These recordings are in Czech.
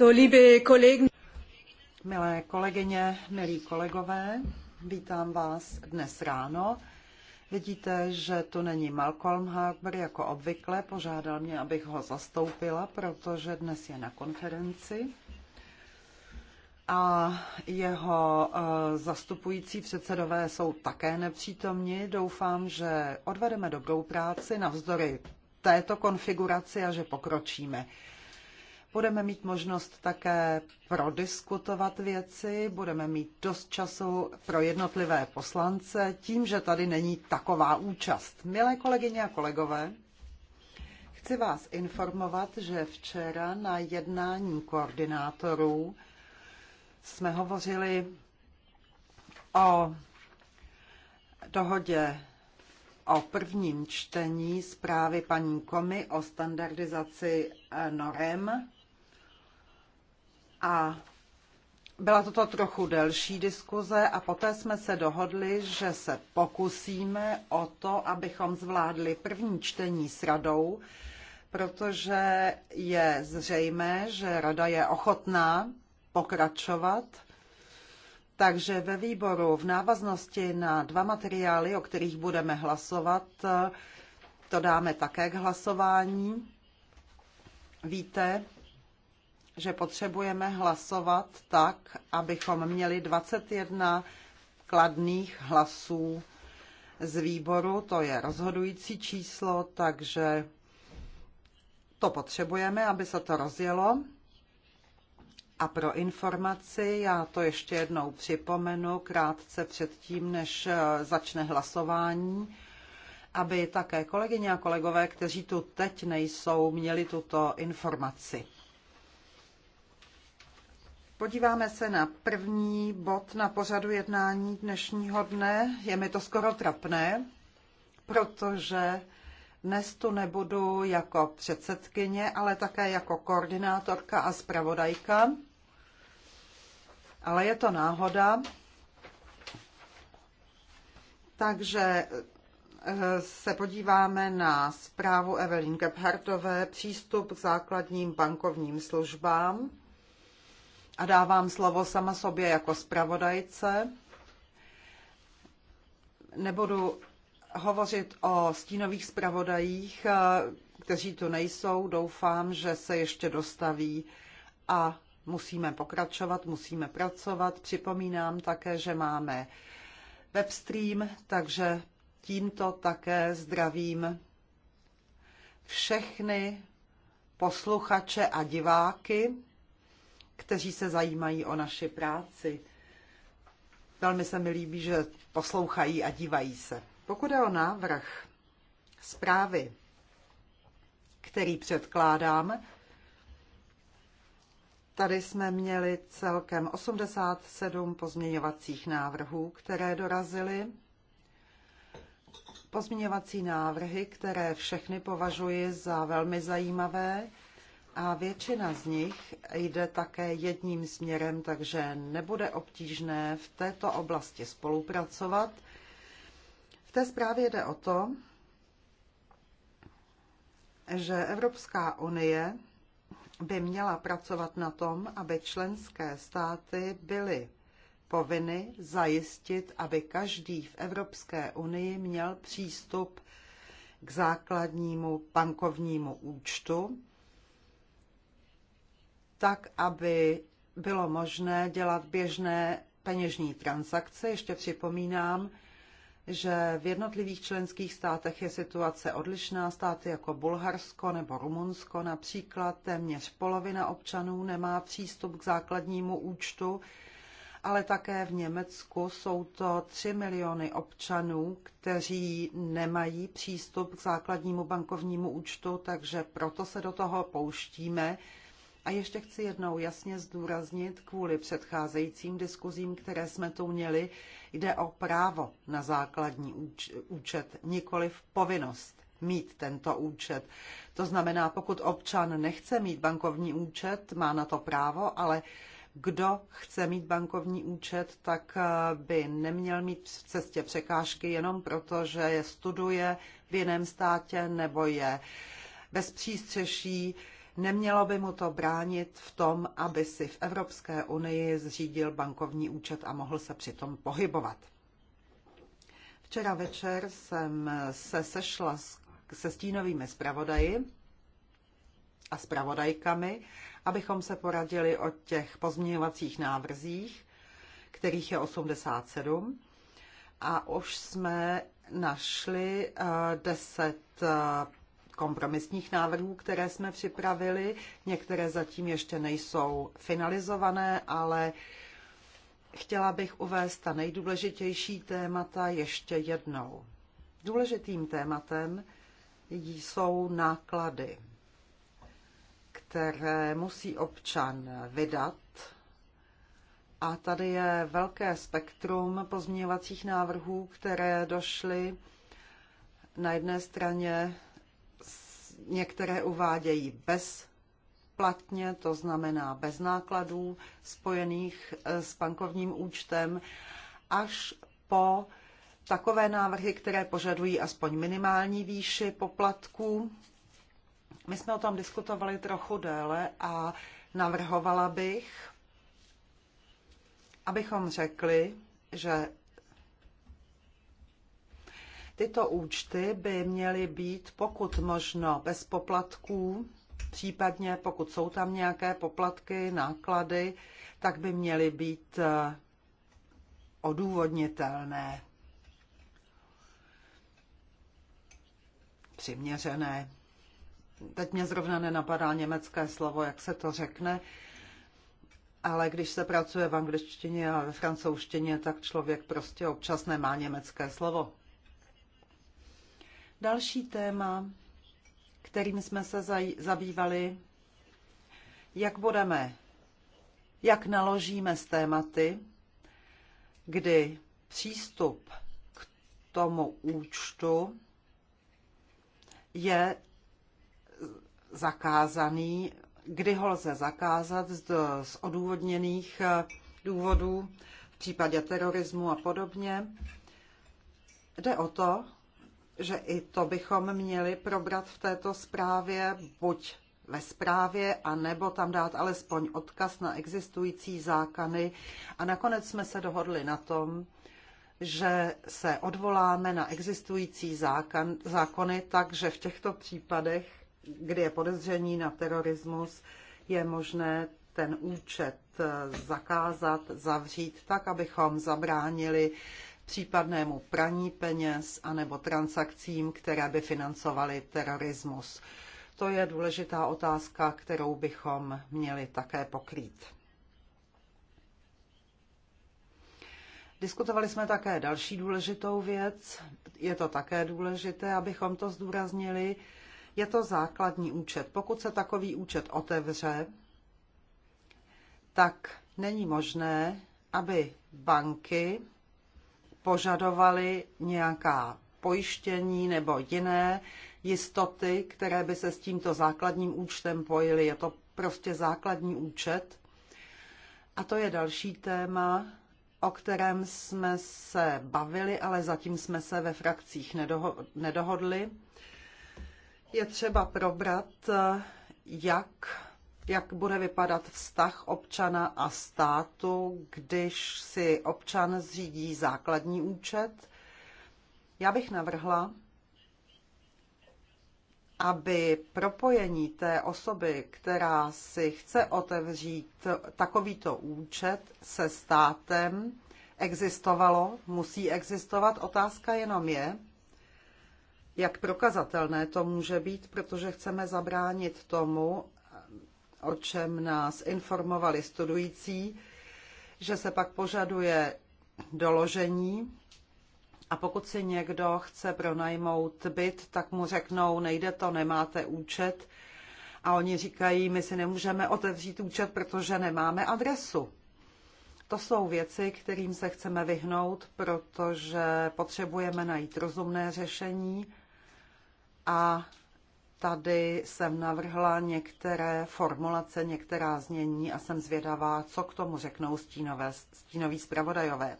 Milé kolegyně, milí kolegové, vítám vás dnes ráno. Vidíte, že tu není Malcolm Harbour jako obvykle, požádal mě, abych ho zastoupila, protože dnes je na konferenci a jeho eh, zastupující předsedové jsou také nepřítomni. Doufám, že odvedeme dobrou práci navzdory této konfiguraci a že pokročíme. Budeme mít možnost také prodiskutovat věci, budeme mít dost času pro jednotlivé poslance, tím, že tady není taková účast. Milé kolegyně a kolegové, chci vás informovat, že včera na jednání koordinátorů jsme hovořili o dohodě o prvním čtení zprávy paní Komy o standardizaci norem a byla to trochu delší diskuze a poté jsme se dohodli, že se pokusíme o to, abychom zvládli první čtení s radou, protože je zřejmé, že rada je ochotná pokračovat. Takže ve výboru v návaznosti na dva materiály, o kterých budeme hlasovat, to dáme také k hlasování. Víte, že potřebujeme hlasovat tak, abychom měli 21 kladných hlasů z výboru. To je rozhodující číslo, takže to potřebujeme, aby se to rozjelo. A pro informaci, já to ještě jednou připomenu krátce předtím, než eh, začne hlasování, aby také kolegyně a kolegové, kteří tu teď nejsou, měli tuto informaci. Podíváme se na první bod na pořadu jednání dnešního dne. Je mi to skoro trapné, protože dnes tu nebudu jako předsedkyně, ale také jako koordinátorka a zpravodajka. Ale je to náhoda. Takže eh, se podíváme na zprávu Evelyn Gebhardové přístup k základním bankovním službám a dávám slovo sama sobě jako zpravodajce. Nebudu hovořit o stínových zpravodajích, eh, kteří tu nejsou. Doufám, že se ještě dostaví a musíme pokračovat, musíme pracovat. Připomínám také, že máme webstream, takže tímto také zdravím všechny posluchače a diváky kteří se zajímají o naši práci. Velmi se mi líbí, že poslouchají a dívají se. Pokud je o návrh zprávy, který předkládám, tady jsme měli celkem 87 pozměňovacích návrhů, které dorazily. Pozměňovací návrhy, které všechny považuji za velmi zajímavé, a většina z nich jde také jedním směrem, takže nebude obtížné v této oblasti spolupracovat. V té zprávě jde o to, že Evropská unie by měla pracovat na tom, aby členské státy byly povinny zajistit, aby každý v Evropské unii měl přístup k základnímu bankovnímu účtu, tak aby bylo možné dělat běžné peněžní transakce. Ještě připomínám, že v jednotlivých členských státech je situace odlišná. Státy jako Bulharsko nebo Rumunsko například téměř polovina občanů nemá přístup k základnímu účtu, ale také v Německu jsou to 3 miliony občanů, kteří nemají přístup k základnímu bankovnímu účtu, takže proto se do toho pouštíme a ještě chci jednou jasně zdůraznit, kvůli předcházejícím diskuzím, které jsme tu měli, jde o právo na základní účet, nikoli v povinnost mít tento účet. To znamená, pokud občan nechce mít bankovní účet, má na to právo, ale kdo chce mít bankovní účet, tak eh, by neměl mít v cestě překážky jenom proto, že je studuje v jiném státě nebo je bez přístřeší Nemělo by mu to bránit v tom, aby si v Evropské unii zřídil bankovní účet a mohl se přitom pohybovat. Včera večer jsem se sešla se stínovými zpravodaji a zpravodajkami, abychom se poradili o těch pozměňovacích návrzích, kterých je 87. A už jsme našli 10 eh, kompromisních návrhů, které jsme připravili. Některé zatím ještě nejsou finalizované, ale chtěla bych uvést ta nejdůležitější témata ještě jednou. Důležitým tématem jsou náklady, které musí občan vydat. A tady je velké spektrum pozměňovacích návrhů, které došly na jedné straně Některé uvádějí bezplatně, to znamená bez nákladů spojených eh, s bankovním účtem, až po takové návrhy, které požadují aspoň minimální výši poplatků. My jsme o tom diskutovali trochu déle a navrhovala bych, abychom řekli, že Tyto účty by měly být pokud možno bez poplatků, případně pokud jsou tam nějaké poplatky, náklady, tak by měly být eh, odůvodnitelné, přiměřené. Teď mě zrovna nenapadá německé slovo, jak se to řekne, ale když se pracuje v angličtině a ve francouzštině, tak člověk prostě občas nemá německé slovo. Další téma, kterým jsme se zabývali, jak budeme, jak naložíme s tématy, kdy přístup k tomu účtu je zakázaný, kdy ho lze zakázat z, odůvodněných eh, důvodů v případě terorismu a podobně. Jde o to, že i to bychom měli probrat v této zprávě, buď ve zprávě, nebo tam dát alespoň odkaz na existující zákony. A nakonec jsme se dohodli na tom, že se odvoláme na existující zákon, zákony, takže v těchto případech, kdy je podezření na terorismus, je možné ten účet zakázat, zavřít, tak, abychom zabránili případnému praní peněz anebo transakcím, které by financovaly terorismus. To je důležitá otázka, kterou bychom měli také pokrýt. Diskutovali jsme také další důležitou věc. Je to také důležité, abychom to zdůraznili. Je to základní účet. Pokud se takový účet otevře, tak není možné, aby banky požadovali nějaká pojištění nebo jiné jistoty, které by se s tímto základním účtem pojily. Je to prostě základní účet. A to je další téma, o kterém jsme se bavili, ale zatím jsme se ve frakcích nedohodli. Je třeba probrat, jak jak bude vypadat vztah občana a státu, když si občan zřídí základní účet. Já bych navrhla, aby propojení té osoby, která si chce otevřít takovýto účet se státem, existovalo, musí existovat. Otázka jenom je, jak prokazatelné to může být, protože chceme zabránit tomu, o čem nás informovali studující, že se pak požaduje doložení a pokud si někdo chce pronajmout byt, tak mu řeknou, nejde to, nemáte účet. A oni říkají, my si nemůžeme otevřít účet, protože nemáme adresu. To jsou věci, kterým se chceme vyhnout, protože potřebujeme najít rozumné řešení a Tady jsem navrhla některé formulace, některá znění a jsem zvědavá, co k tomu řeknou stínové, stínoví zpravodajové.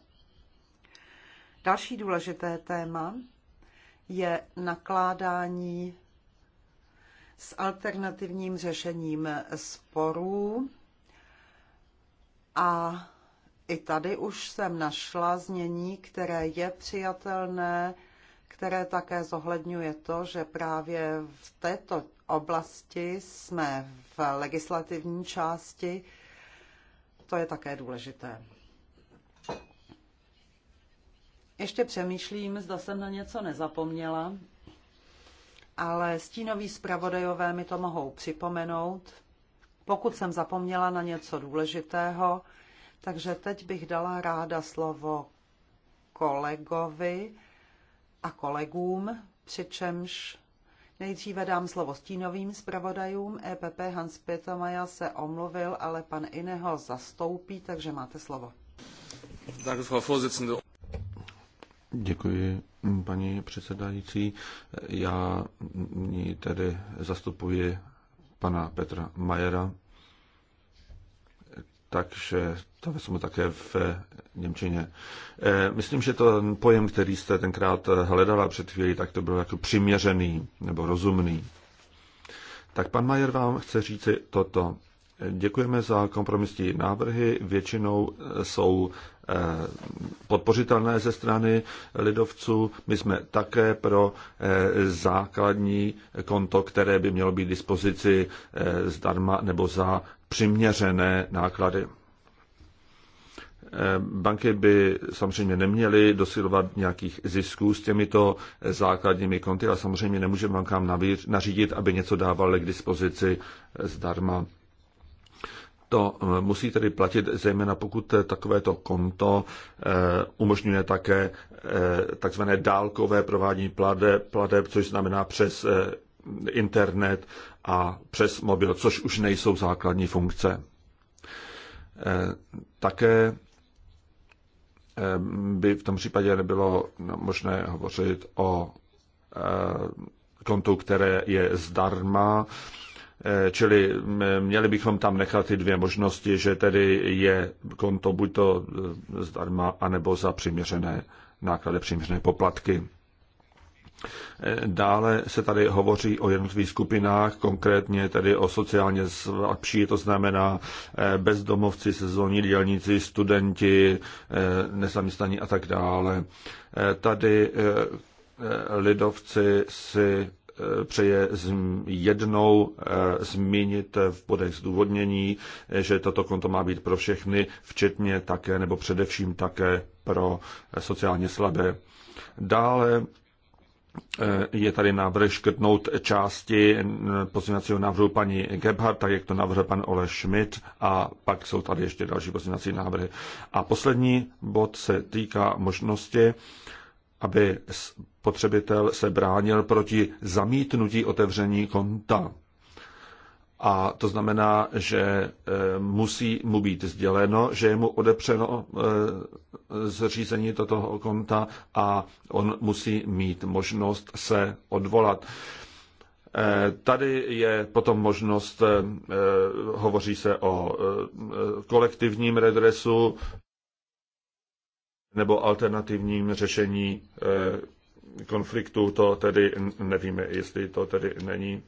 Další důležité téma je nakládání s alternativním řešením sporů. A i tady už jsem našla znění, které je přijatelné které také zohledňuje to, že právě v této oblasti jsme v legislativní části. To je také důležité. Ještě přemýšlím, zda jsem na něco nezapomněla, ale stínoví zpravodajové mi to mohou připomenout. Pokud jsem zapomněla na něco důležitého, takže teď bych dala ráda slovo kolegovi, a kolegům, přičemž nejdříve dám slovo stínovým zpravodajům. EPP Hans Pětomaja se omluvil, ale pan Ineho zastoupí, takže máte slovo. Děkuji, paní předsedající. Já tedy zastupuji pana Petra Majera, takže to vezmu také v eh, Němčině. Eh, myslím, že to pojem, který jste tenkrát eh, hledala před chvílí, tak to byl jako přiměřený nebo rozumný. Tak pan Majer vám chce říci toto. Děkujeme za kompromisní návrhy. Většinou jsou eh, podpořitelné ze strany lidovců. My jsme také pro eh, základní konto, které by mělo být dispozici eh, zdarma nebo za přiměřené náklady. Banky by samozřejmě neměly dosilovat nějakých zisků s těmito základními konty ale samozřejmě nemůžeme bankám nařídit, aby něco dávali k dispozici zdarma. To eh, musí tedy platit zejména pokud eh, takovéto konto eh, umožňuje také takzvané dálkové provádění pladeb, což znamená přes internet a přes mobil, což už nejsou základní funkce. Také by v tom případě nebylo no, možné hovořit o kontu, které je zdarma, Eh, čili měli bychom tam nechat ty dvě možnosti, že tedy je konto buď to eh, zdarma, anebo za přiměřené náklady, přiměřené poplatky. Eh, dále se tady hovoří o jednotlivých skupinách, konkrétně tedy o sociálně slabší, to znamená bezdomovci, sezónní dělníci, studenti, nezaměstnaní a tak dále. Tady lidovci si Eh, přeje jednou eh, zmínit v bodech zdůvodnění, eh, že toto konto má být pro všechny, včetně také nebo především také pro sociálně slabé. Dále je tady návrh škrtnout části pozměňovacího návrhu paní Gebhardt, tak jak to navrhl pan Ole Schmidt, a pak jsou tady ještě další pozměňovací návrhy. A poslední bod se týká možnosti, aby spotřebitel se bránil proti zamítnutí otevření konta. A to znamená, že e, musí mu být sděleno, že je mu odepřeno e, zřízení toto konta a on musí mít možnost se odvolat. E, tady je potom možnost, hovoří se o kolektivním redresu nebo alternativním řešení konfliktu, to tedy nevíme, jestli to tedy není,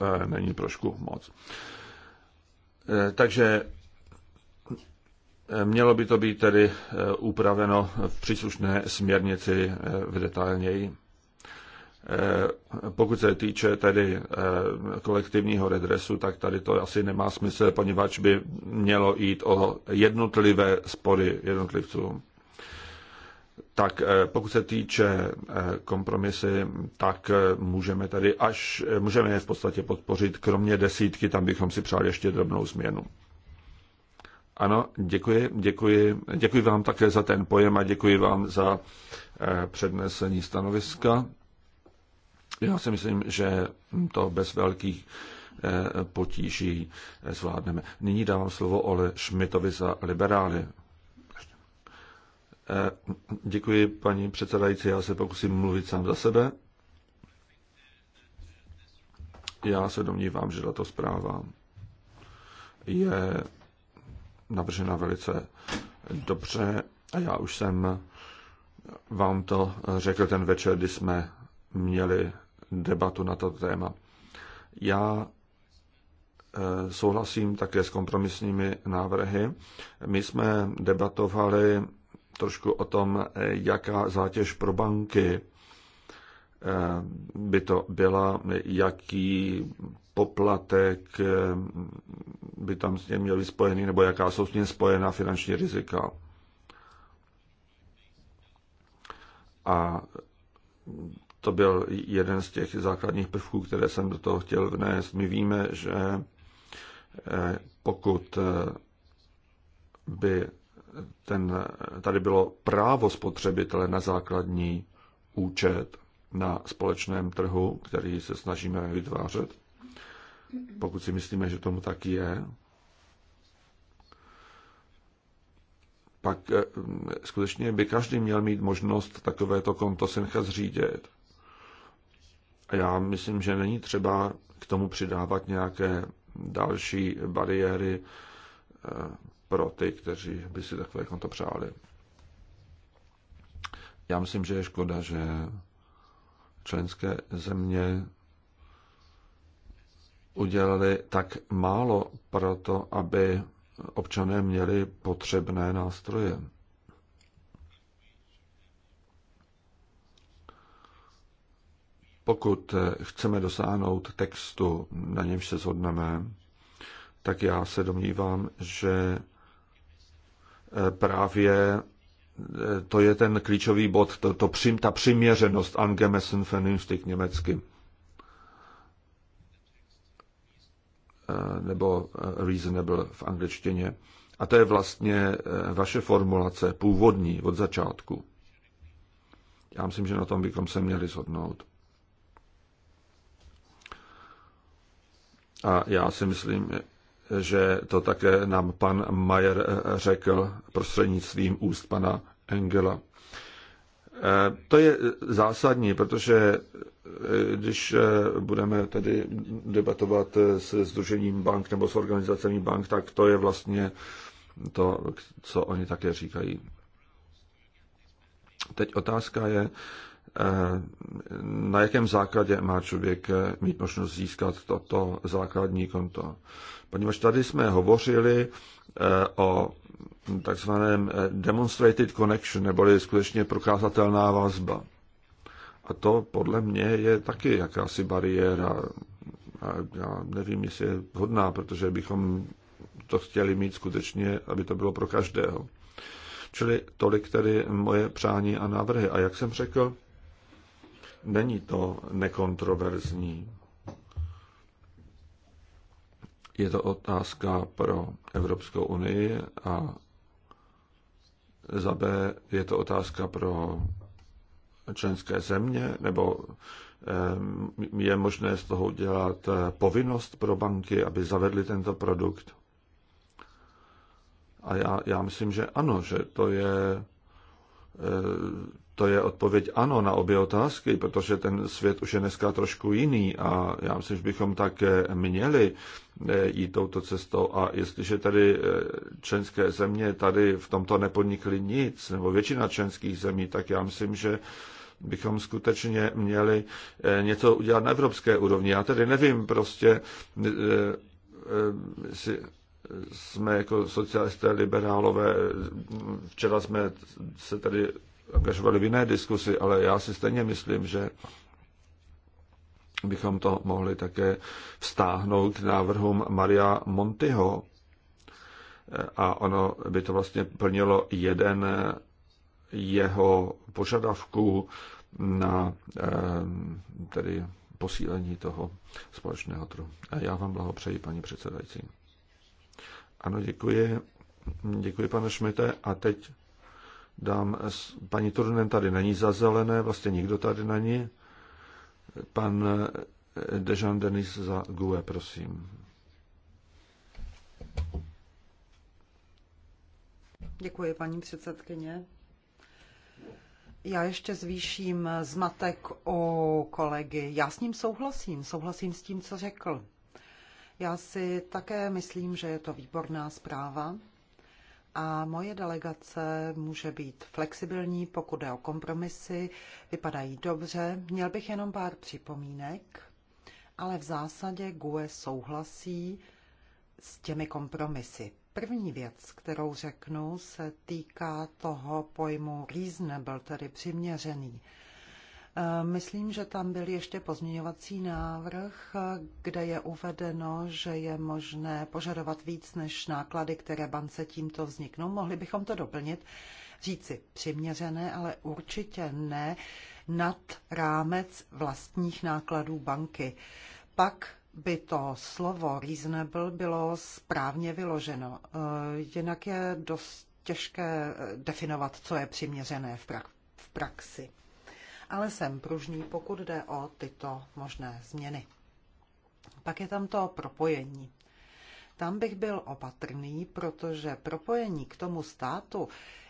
e, není trošku moc. E, takže e, mělo by to být tedy upraveno v příslušné směrnici v detailněji. Pokud se týče tedy kolektivního redresu, tak tady to asi nemá smysl, poněvadž by mělo jít o jednotlivé spory jednotlivců tak eh, pokud se týče eh, kompromisy, tak eh, můžeme tady až, můžeme je v podstatě podpořit, kromě desítky, tam bychom si přáli ještě drobnou změnu. Ano, děkuji, děkuji, děkuji vám také za ten pojem a děkuji vám za přednesení stanoviska. Já si myslím, že to bez velkých potíží zvládneme. Nyní dávám slovo Ole Šmitovi za liberály. Eh, děkuji, paní předsedající. Já se pokusím mluvit sám za sebe. Já se domnívám, že tato zpráva je navržena velice dobře a já už jsem vám to řekl ten večer, kdy jsme měli debatu na toto téma. Já eh, souhlasím také s kompromisními návrhy. My jsme debatovali trošku o tom, jaká zátěž pro banky eh, by to byla, jaký poplatek eh, by tam s ním měly spojený, nebo jaká jsou s ním spojená finanční rizika. A to byl jeden z těch základních prvků, které jsem do toho chtěl vnést. My víme, že eh, pokud by ten, tady bylo právo spotřebitele na základní účet na společném trhu, který se snažíme vytvářet, pokud si myslíme, že tomu tak je, pak eh, skutečně by každý měl mít možnost takovéto konto si nechat zřídit. A já myslím, že není třeba k tomu přidávat nějaké další bariéry, eh, pro ty, kteří by si takové konto přáli. Já myslím, že je škoda, že členské země udělali tak málo pro to, aby občané měli potřebné nástroje. Pokud chceme dosáhnout textu, na němž se shodneme, tak já se domnívám, že Eh, právě eh, to je ten klíčový bod, to, to přim, ta přiměřenost angemessen vernünftig německy. Eh, nebo reasonable v angličtině. A to je vlastně vaše formulace původní od začátku. Já myslím, že na tom bychom se měli shodnout. A já si myslím, že to také nám pan Mayer eh, řekl prostřednictvím úst pana Engela. Eh, to je zásadní, protože eh, když budeme tedy debatovat s Združením bank nebo s organizacemi bank, tak to je vlastně to, co oni také říkají. Teď otázka je, na jakém základě má člověk mít možnost získat toto základní konto poněvadž tady jsme hovořili eh, o takzvaném eh, demonstrated connection, neboli skutečně prokázatelná vazba. A to podle mě je taky jakási bariéra. Já nevím, jestli je vhodná, protože bychom to chtěli mít skutečně, aby to bylo pro každého. Čili tolik tedy moje přání a návrhy. A jak jsem řekl, není to nekontroverzní. Je to otázka pro Evropskou unii a za B je to otázka pro členské země, nebo eh, je možné z toho udělat eh, povinnost pro banky, aby zavedli tento produkt. A já, já myslím, že ano, že to je eh, to je odpověď ano na obě otázky, protože ten svět už je dneska trošku jiný a já myslím, že bychom tak měli eh, jít touto cestou. A jestliže tady eh, členské země tady v tomto nepodnikly nic, nebo většina členských zemí, tak já myslím, že bychom skutečně měli eh, něco udělat na evropské úrovni. Já tedy nevím, prostě si jsme jako socialisté, liberálové, včera jsme se tady angažovali v jiné diskusi, ale já si stejně myslím, že bychom to mohli také vztáhnout k návrhům Maria Montyho. A ono by to vlastně plnilo jeden jeho požadavků na eh, tedy posílení toho společného trhu. A já vám blahopřeji, paní předsedající. Ano, děkuji. Děkuji, pane Šmite. A teď dám, paní Turunen tady není za zelené, vlastně nikdo tady není. Pan eh, Dejan Denis za GUE, prosím. Děkuji, paní předsedkyně. Já ještě zvýším zmatek o kolegy. Já s ním souhlasím, souhlasím s tím, co řekl. Já si také myslím, že je to výborná zpráva, a moje delegace může být flexibilní, pokud je o kompromisy, vypadají dobře. Měl bych jenom pár připomínek, ale v zásadě GUE souhlasí s těmi kompromisy. První věc, kterou řeknu, se týká toho pojmu reasonable, tedy přiměřený. Eh, myslím, že tam byl ještě pozměňovací návrh, kde je uvedeno, že je možné požadovat víc než náklady, které bance tímto vzniknou. Mohli bychom to doplnit, říci přiměřené, ale určitě ne nad rámec vlastních nákladů banky. Pak by to slovo reasonable bylo správně vyloženo. Eh, jinak je dost těžké eh, definovat, co je přiměřené v, v praxi ale jsem pružný, pokud jde o tyto možné změny. Pak je tam to propojení. Tam bych byl opatrný, protože propojení k tomu státu,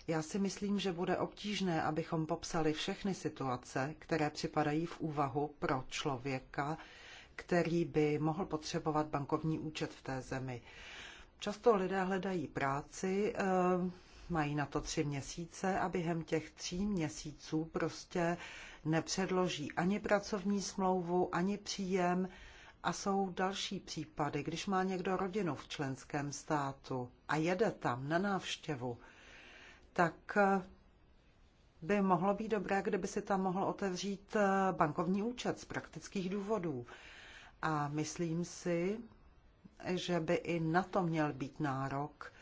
já si myslím, že bude obtížné, abychom popsali všechny situace, které připadají v úvahu pro člověka, který by mohl potřebovat bankovní účet v té zemi. Často lidé hledají práci, eh, mají na to tři měsíce a během těch tří měsíců prostě nepředloží ani pracovní smlouvu, ani příjem. A jsou další případy, když má někdo rodinu v členském státu a jede tam na návštěvu, tak eh, by mohlo být dobré, kdyby si tam mohl otevřít eh, bankovní účet z praktických důvodů. A myslím si, že by i na to měl být nárok,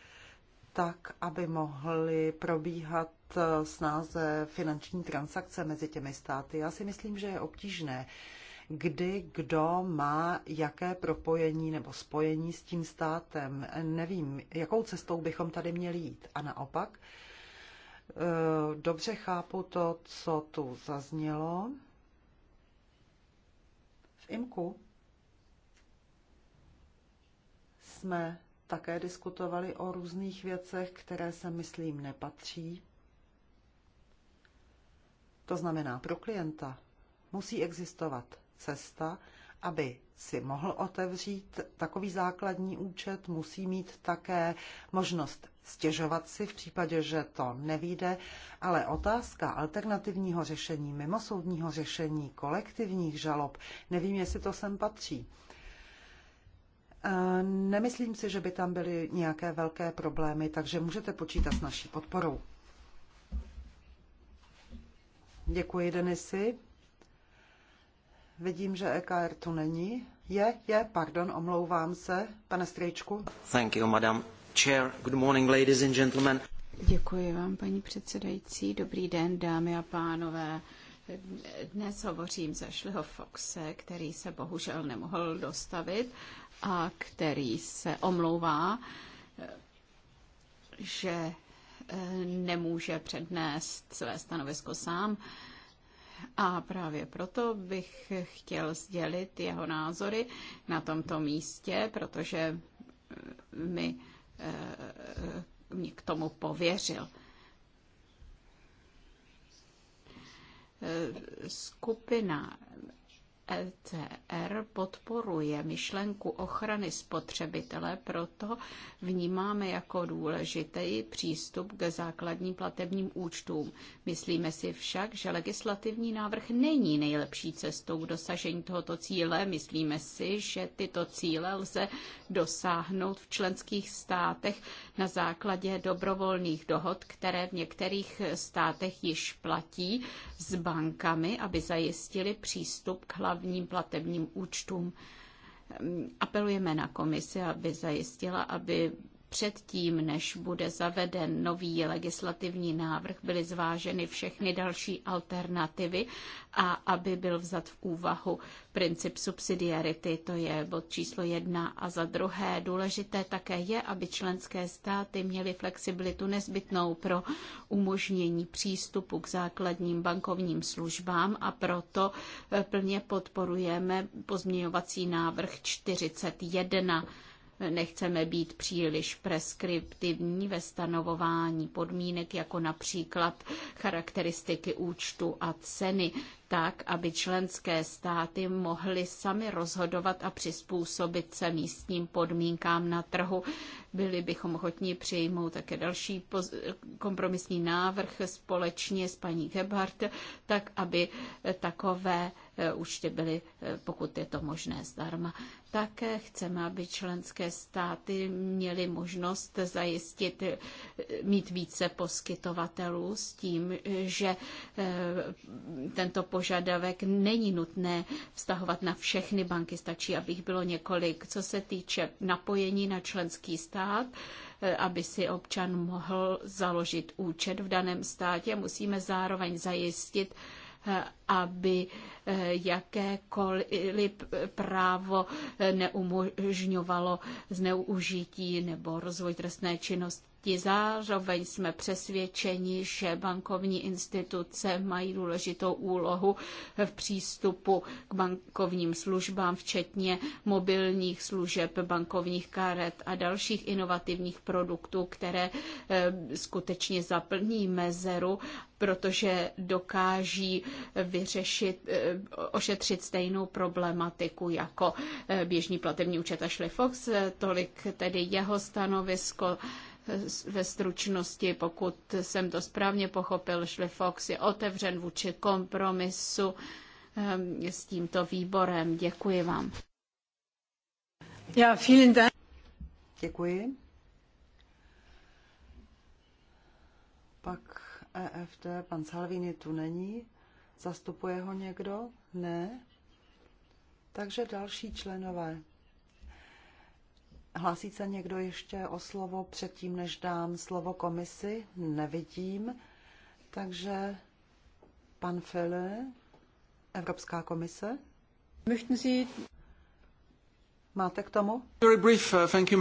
tak, aby mohly probíhat eh, snáze finanční transakce mezi těmi státy. Já si myslím, že je obtížné, kdy kdo má jaké propojení nebo spojení s tím státem. Nevím, jakou cestou bychom tady měli jít. A naopak, eh, dobře chápu to, co tu zaznělo. V IMKU jsme také diskutovali o různých věcech, které se, myslím, nepatří. To znamená, pro klienta musí existovat cesta, aby si mohl otevřít takový základní účet, musí mít také možnost stěžovat si v případě, že to nevíde, ale otázka alternativního řešení, mimosoudního řešení, kolektivních žalob, nevím, jestli to sem patří. Nemyslím si, že by tam byly nějaké velké problémy, takže můžete počítat s naší podporou. Děkuji, Denisy. Vidím, že EKR tu není. Je, je, pardon, omlouvám se, pane Strejčku. Thank you, madam chair. Good morning, ladies and gentlemen. Děkuji vám, paní předsedající. Dobrý den, dámy a pánové. Dnes hovořím za Šliho Foxe, který se bohužel nemohl dostavit a který se omlouvá, že eh, nemůže přednést své stanovisko sám. A právě proto bych chtěl sdělit jeho názory na tomto místě, protože eh, mi eh, mě k tomu pověřil. Skupina ECR podporuje myšlenku ochrany spotřebitele, proto vnímáme jako důležitý přístup k základním platebním účtům. Myslíme si však, že legislativní návrh není nejlepší cestou k dosažení tohoto cíle. Myslíme si, že tyto cíle lze dosáhnout v členských státech na základě dobrovolných dohod, které v některých státech již platí s bankami, aby zajistili přístup k hlavní hlavním platebním účtům apelujeme na komisi, aby zajistila, aby předtím, než bude zaveden nový legislativní návrh, byly zváženy všechny další alternativy a aby byl vzat v úvahu princip subsidiarity, to je bod číslo jedna. A za druhé důležité také je, aby členské státy měly flexibilitu nezbytnou pro umožnění přístupu k základním bankovním službám a proto eh, plně podporujeme pozměňovací návrh 41 Nechceme být příliš preskriptivní ve stanovování podmínek, jako například charakteristiky účtu a ceny, tak, aby členské státy mohly sami rozhodovat a přizpůsobit se místním podmínkám na trhu. Byli bychom ochotní přijmout také další kompromisní návrh společně s paní Gebhardt, tak, aby takové účty eh, byly, eh, pokud je to možné, zdarma. Také chceme, aby členské státy měly možnost zajistit, eh, mít více poskytovatelů s tím, že tento požadavek není nutné vztahovat na všechny banky, stačí, abych bylo několik. Co se týče napojení na členský stát, aby si občan mohl založit účet v daném státě, musíme zároveň zajistit, Eh, aby eh, jakékoliv právo neumožňovalo zneužití nebo rozvoj trestné činnosti. Zároveň jsme přesvědčeni, že bankovní instituce mají důležitou úlohu v přístupu k bankovním službám, včetně mobilních služeb, bankovních karet a dalších inovativních produktů, které eh, skutečně zaplní mezeru protože dokáží vyřešit, eh, ošetřit stejnou problematiku jako eh, běžný platební účet a šlifox. Tolik tedy jeho stanovisko ve stručnosti, pokud jsem to správně pochopil, Fox je otevřen vůči kompromisu ehm, s tímto výborem. Děkuji vám. Já, vielen Děkuji. Pak EFT, pan Salvini tu není. Zastupuje ho někdo? Ne. Takže další členové. Hlásí se někdo ještě o slovo předtím, než dám slovo komisi? Nevidím. Takže pan Fille, Evropská komise. Möchten Sie... Máte k tomu? Very brief, uh, thank you,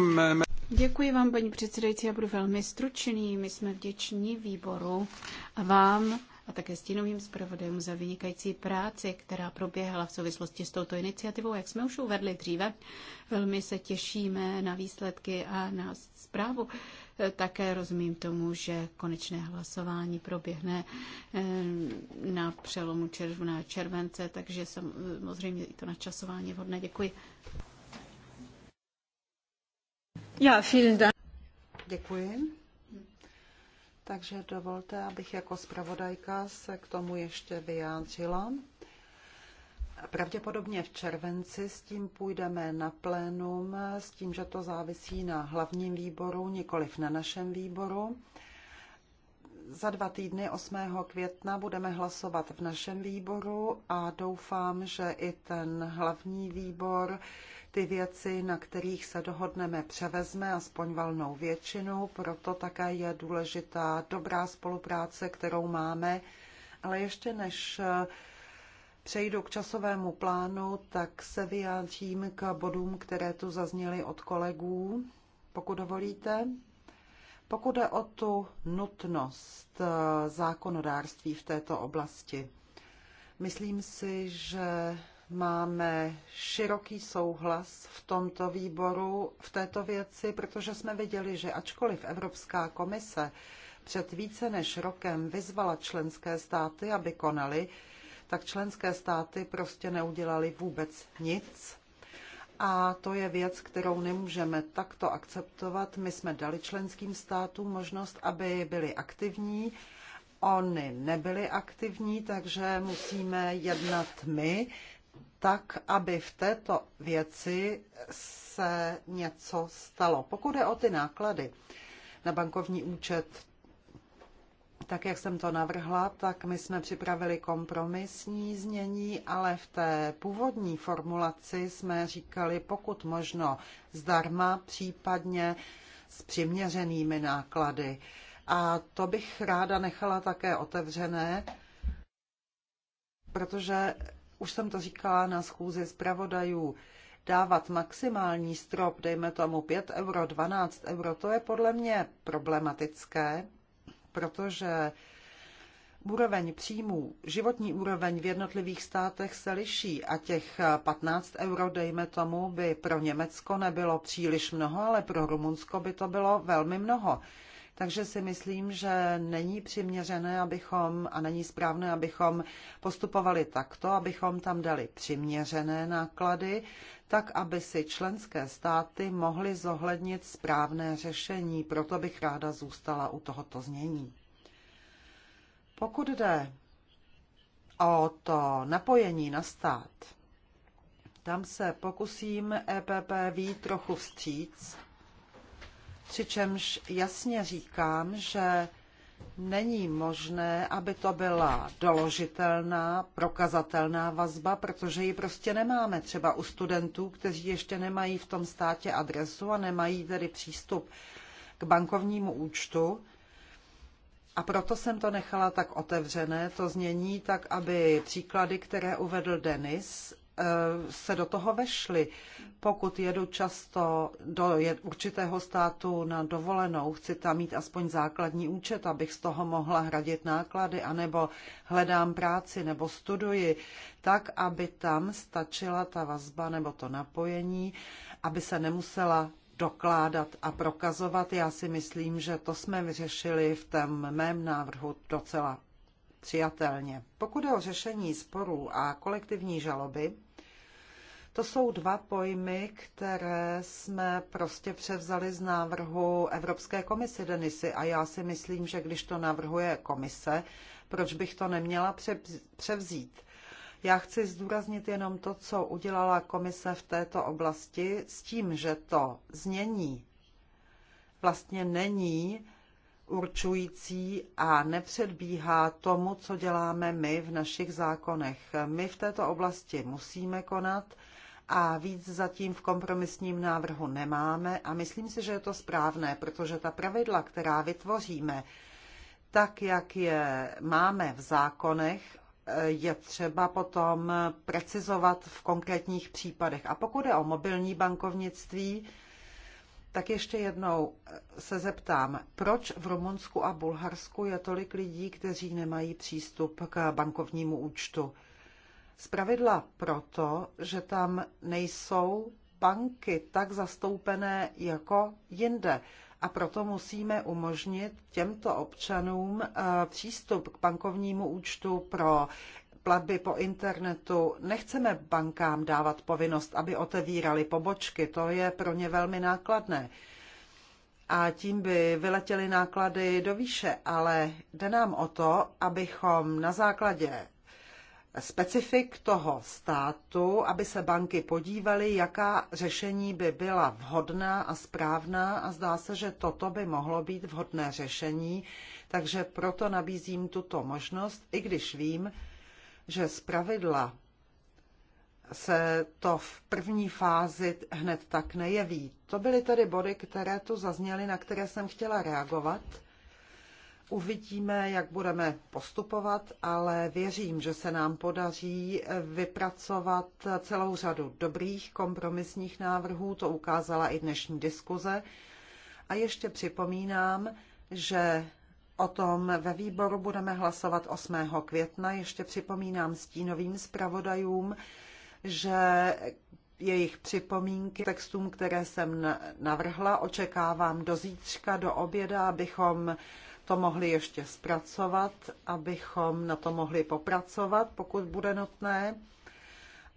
Děkuji vám, paní předsedající, já budu velmi stručný. My jsme vděční výboru a vám a také stínovým zpravodajům za vynikající práci, která proběhla v souvislosti s touto iniciativou. Jak jsme už uvedli dříve, velmi se těšíme na výsledky a na zprávu. E, také rozumím tomu, že konečné hlasování proběhne e, na přelomu června a července, takže samozřejmě i to načasování je vhodné. Děkuji. Já, vielen Dank. Děkuji takže dovolte, abych jako zpravodajka se k tomu ještě vyjádřila. Pravděpodobně v červenci s tím půjdeme na plénum, s tím, že to závisí na hlavním výboru, nikoliv na našem výboru. Za dva týdny 8. května budeme hlasovat v našem výboru a doufám, že i ten hlavní výbor ty věci, na kterých se dohodneme, převezme aspoň valnou většinu, proto také je důležitá dobrá spolupráce, kterou máme. Ale ještě než eh, přejdu k časovému plánu, tak se vyjádřím k bodům, které tu zazněly od kolegů, pokud dovolíte. Pokud jde o tu nutnost eh, zákonodárství v této oblasti, myslím si, že máme široký souhlas v tomto výboru v této věci, protože jsme viděli, že ačkoliv Evropská komise před více než rokem vyzvala členské státy, aby konali, tak členské státy prostě neudělali vůbec nic. A to je věc, kterou nemůžeme takto akceptovat. My jsme dali členským státům možnost, aby byli aktivní. Oni nebyli aktivní, takže musíme jednat my tak, aby v této věci se něco stalo. Pokud je o ty náklady na bankovní účet, tak jak jsem to navrhla, tak my jsme připravili kompromisní znění, ale v té původní formulaci jsme říkali, pokud možno zdarma, případně s přiměřenými náklady. A to bych ráda nechala také otevřené, protože už jsem to říkala na schůzi zpravodajů, dávat maximální strop, dejme tomu 5 euro, 12 euro, to je podle mě problematické, protože úroveň příjmů, životní úroveň v jednotlivých státech se liší a těch 15 euro, dejme tomu, by pro Německo nebylo příliš mnoho, ale pro Rumunsko by to bylo velmi mnoho. Takže si myslím, že není přiměřené, abychom, a není správné, abychom postupovali takto, abychom tam dali přiměřené náklady, tak aby si členské státy mohly zohlednit správné řešení. Proto bych ráda zůstala u tohoto znění. Pokud jde o to napojení na stát, tam se pokusím EPP ví trochu vstříc přičemž jasně říkám, že není možné, aby to byla doložitelná, prokazatelná vazba, protože ji prostě nemáme. Třeba u studentů, kteří ještě nemají v tom státě adresu a nemají tedy přístup k bankovnímu účtu. A proto jsem to nechala tak otevřené, to znění, tak aby příklady, které uvedl Denis, Eh, se do toho vešli. Pokud jedu často do určitého státu na dovolenou, chci tam mít aspoň základní účet, abych z toho mohla hradit náklady, anebo hledám práci nebo studuji, tak, aby tam stačila ta vazba nebo to napojení, aby se nemusela dokládat a prokazovat. Já si myslím, že to jsme vyřešili v tom mém návrhu docela přijatelně. Pokud je o řešení sporů a kolektivní žaloby, to jsou dva pojmy, které jsme prostě převzali z návrhu Evropské komise Denisy a já si myslím, že když to navrhuje komise, proč bych to neměla převzít? Já chci zdůraznit jenom to, co udělala komise v této oblasti s tím, že to znění vlastně není určující a nepředbíhá tomu, co děláme my v našich zákonech. My v této oblasti musíme konat, a víc zatím v kompromisním návrhu nemáme a myslím si, že je to správné, protože ta pravidla, která vytvoříme, tak jak je máme v zákonech, eh, je třeba potom precizovat v konkrétních případech. A pokud je o mobilní bankovnictví, tak ještě jednou eh, se zeptám, proč v Rumunsku a Bulharsku je tolik lidí, kteří nemají přístup k bankovnímu účtu? Zpravidla proto, že tam nejsou banky tak zastoupené jako jinde. A proto musíme umožnit těmto občanům eh, přístup k bankovnímu účtu pro platby po internetu. Nechceme bankám dávat povinnost, aby otevírali pobočky. To je pro ně velmi nákladné. A tím by vyletěly náklady do výše, ale jde nám o to, abychom na základě specifik toho státu, aby se banky podívaly, jaká řešení by byla vhodná a správná a zdá se, že toto by mohlo být vhodné řešení, takže proto nabízím tuto možnost, i když vím, že z pravidla se to v první fázi hned tak nejeví. To byly tedy body, které tu zazněly, na které jsem chtěla reagovat. Uvidíme, jak budeme postupovat, ale věřím, že se nám podaří vypracovat celou řadu dobrých kompromisních návrhů, to ukázala i dnešní diskuze. A ještě připomínám, že o tom ve výboru budeme hlasovat 8. května. Ještě připomínám stínovým zpravodajům, že jejich připomínky textům, které jsem navrhla, očekávám do zítřka, do oběda, abychom to mohli ještě zpracovat, abychom na to mohli popracovat, pokud bude nutné.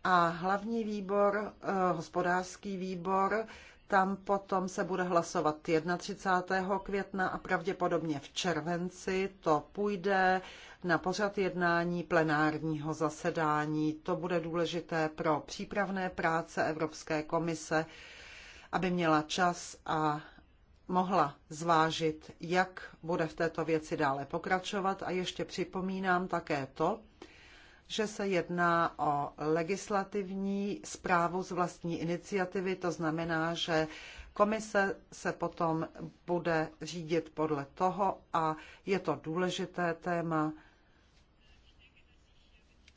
A hlavní výbor, eh, hospodářský výbor, tam potom se bude hlasovat 31. května a pravděpodobně v červenci to půjde na pořad jednání plenárního zasedání. To bude důležité pro přípravné práce Evropské komise, aby měla čas a mohla zvážit, jak bude v této věci dále pokračovat. A ještě připomínám také to, že se jedná o legislativní zprávu z vlastní iniciativy, to znamená, že komise se potom bude řídit podle toho a je to důležité téma.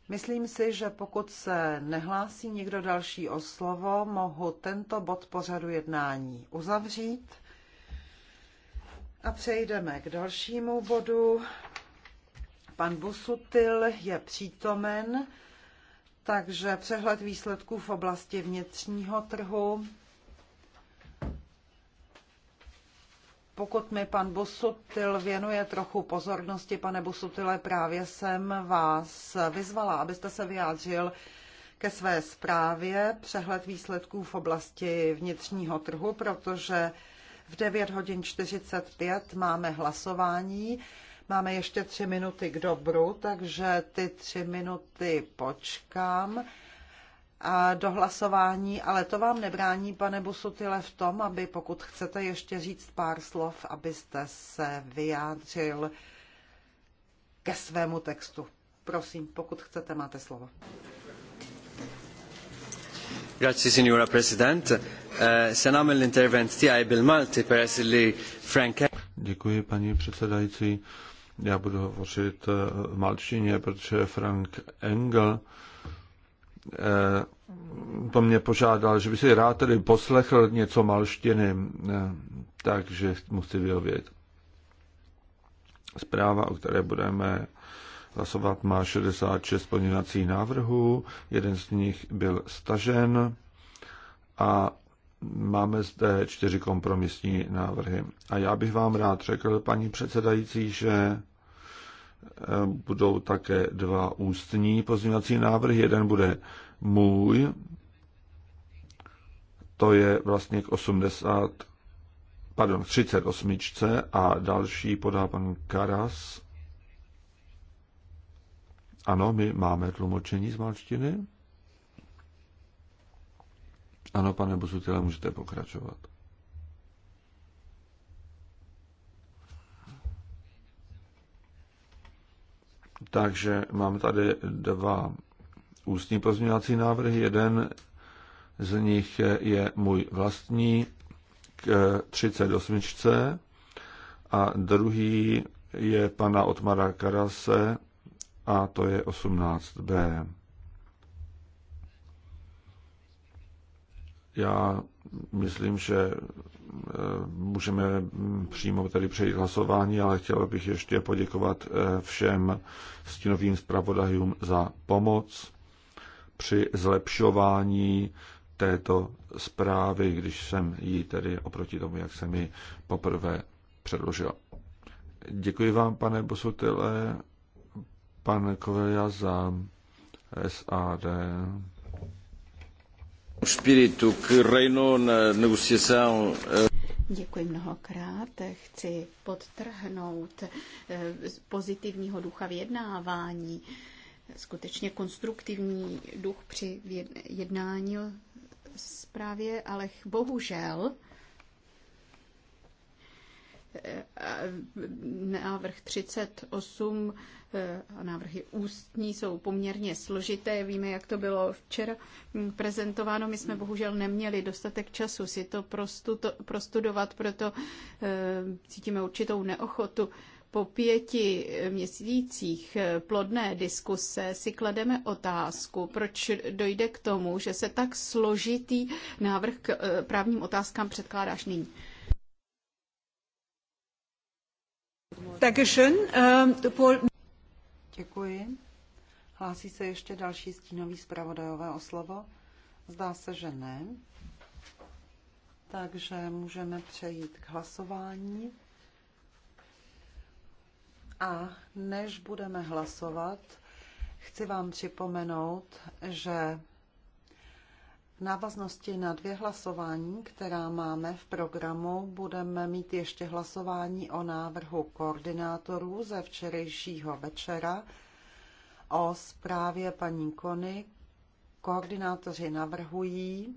Myslím si, že pokud se nehlásí někdo další o slovo, mohu tento bod pořadu jednání uzavřít. A přejdeme k dalšímu bodu. Pan Busutil je přítomen, takže přehled výsledků v oblasti vnitřního trhu. Pokud mi pan Busutil věnuje trochu pozornosti, pane Busutile, právě jsem vás vyzvala, abyste se vyjádřil ke své zprávě přehled výsledků v oblasti vnitřního trhu, protože v 9 hodin 45 máme hlasování. Máme ještě tři minuty k dobru, takže ty tři minuty počkám a do hlasování, ale to vám nebrání, pane Busutile, v tom, aby pokud chcete ještě říct pár slov, abyste se vyjádřil ke svému textu. Prosím, pokud chcete, máte slovo. Signora eh, Se Děkuji paní předsedající. Já budu hovořit eh, v malčině, protože Frank Engel eh, po mě požádal, že by si rád tedy poslechl něco malštiny, takže musí vyhovět. Zpráva, o které budeme Hlasovat má 66 pozměňovacích návrhů, jeden z nich byl stažen a máme zde čtyři kompromisní návrhy. A já bych vám rád řekl, paní předsedající, že eh, budou také dva ústní pozměňovací návrhy. Jeden bude můj, to je vlastně k 80, pardon, 38. a další podá pan Karas ano, my máme tlumočení z malštiny. Ano, pane Bosutile, můžete pokračovat. Takže máme tady dva ústní pozměňovací návrhy. Jeden z nich je můj vlastní k 38. a druhý je pana Otmara Karase a to je 18b. Já myslím, že eh, můžeme hm, přímo tady přejít hlasování, ale chtěl bych ještě poděkovat eh, všem stínovým zpravodajům za pomoc při zlepšování této zprávy, když jsem ji tedy oproti tomu, jak jsem ji poprvé předložil. Děkuji vám, pane Bosutile. Pan Kovelja za SAD. Spiritu, k negociação eh, Děkuji mnohokrát. Chci podtrhnout eh, pozitivního ducha vyjednávání, skutečně konstruktivní duch při jednání zprávě, ale bohužel návrh 38 eh, a návrhy ústní jsou poměrně složité. Víme, jak to bylo včera hm, prezentováno. My jsme bohužel neměli dostatek času si to prostudovat, proto eh, cítíme určitou neochotu. Po pěti měsících eh, plodné diskuse si klademe otázku, proč dojde k tomu, že se tak složitý návrh k právním otázkám předkládáš nyní. Ähm, Děkuji. Hlásí se ještě další stínový zpravodajové o slovo? Zdá se, že ne. Takže můžeme přejít k hlasování. A než budeme hlasovat, chci vám připomenout, že v návaznosti na dvě hlasování, která máme v programu, budeme mít ještě hlasování o návrhu koordinátorů ze včerejšího večera o zprávě paní Kony. Koordinátoři navrhují,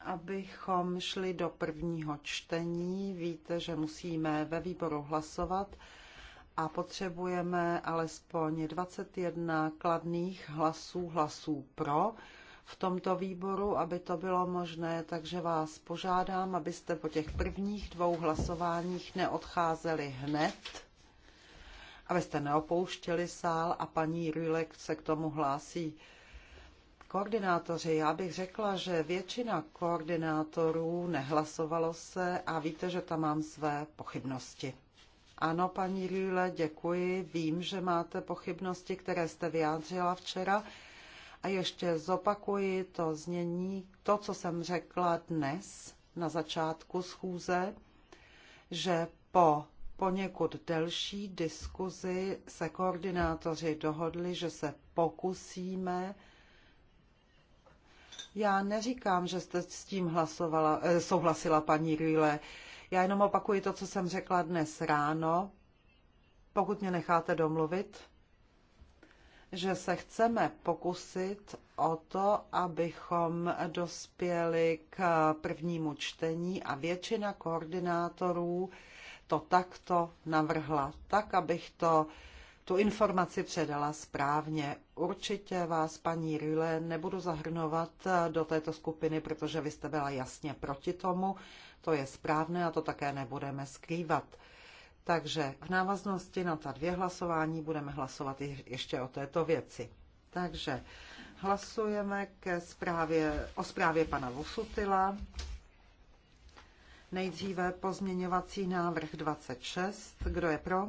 abychom šli do prvního čtení. Víte, že musíme ve výboru hlasovat a potřebujeme alespoň 21 kladných hlasů, hlasů pro v tomto výboru, aby to bylo možné, takže vás požádám, abyste po těch prvních dvou hlasováních neodcházeli hned, abyste neopouštěli sál a paní Rulek se k tomu hlásí. Koordinátoři, já bych řekla, že většina koordinátorů nehlasovalo se a víte, že tam mám své pochybnosti. Ano, paní Rýle, děkuji. Vím, že máte pochybnosti, které jste vyjádřila včera. A ještě zopakuji to znění, to, co jsem řekla dnes na začátku schůze, že po poněkud delší diskuzi se koordinátoři dohodli, že se pokusíme. Já neříkám, že jste s tím hlasovala, eh, souhlasila paní Rýle. Já jenom opakuji to, co jsem řekla dnes ráno, pokud mě necháte domluvit, že se chceme pokusit o to, abychom dospěli k prvnímu čtení a většina koordinátorů to takto navrhla, tak, abych to tu informaci předala správně. Určitě vás, paní Rüle, nebudu zahrnovat do této skupiny, protože vy jste byla jasně proti tomu to je správné a to také nebudeme skrývat. Takže v návaznosti na ta dvě hlasování budeme hlasovat ještě o této věci. Takže hlasujeme ke zprávě, o zprávě pana Vosutila. Nejdříve pozměňovací návrh 26. Kdo je pro?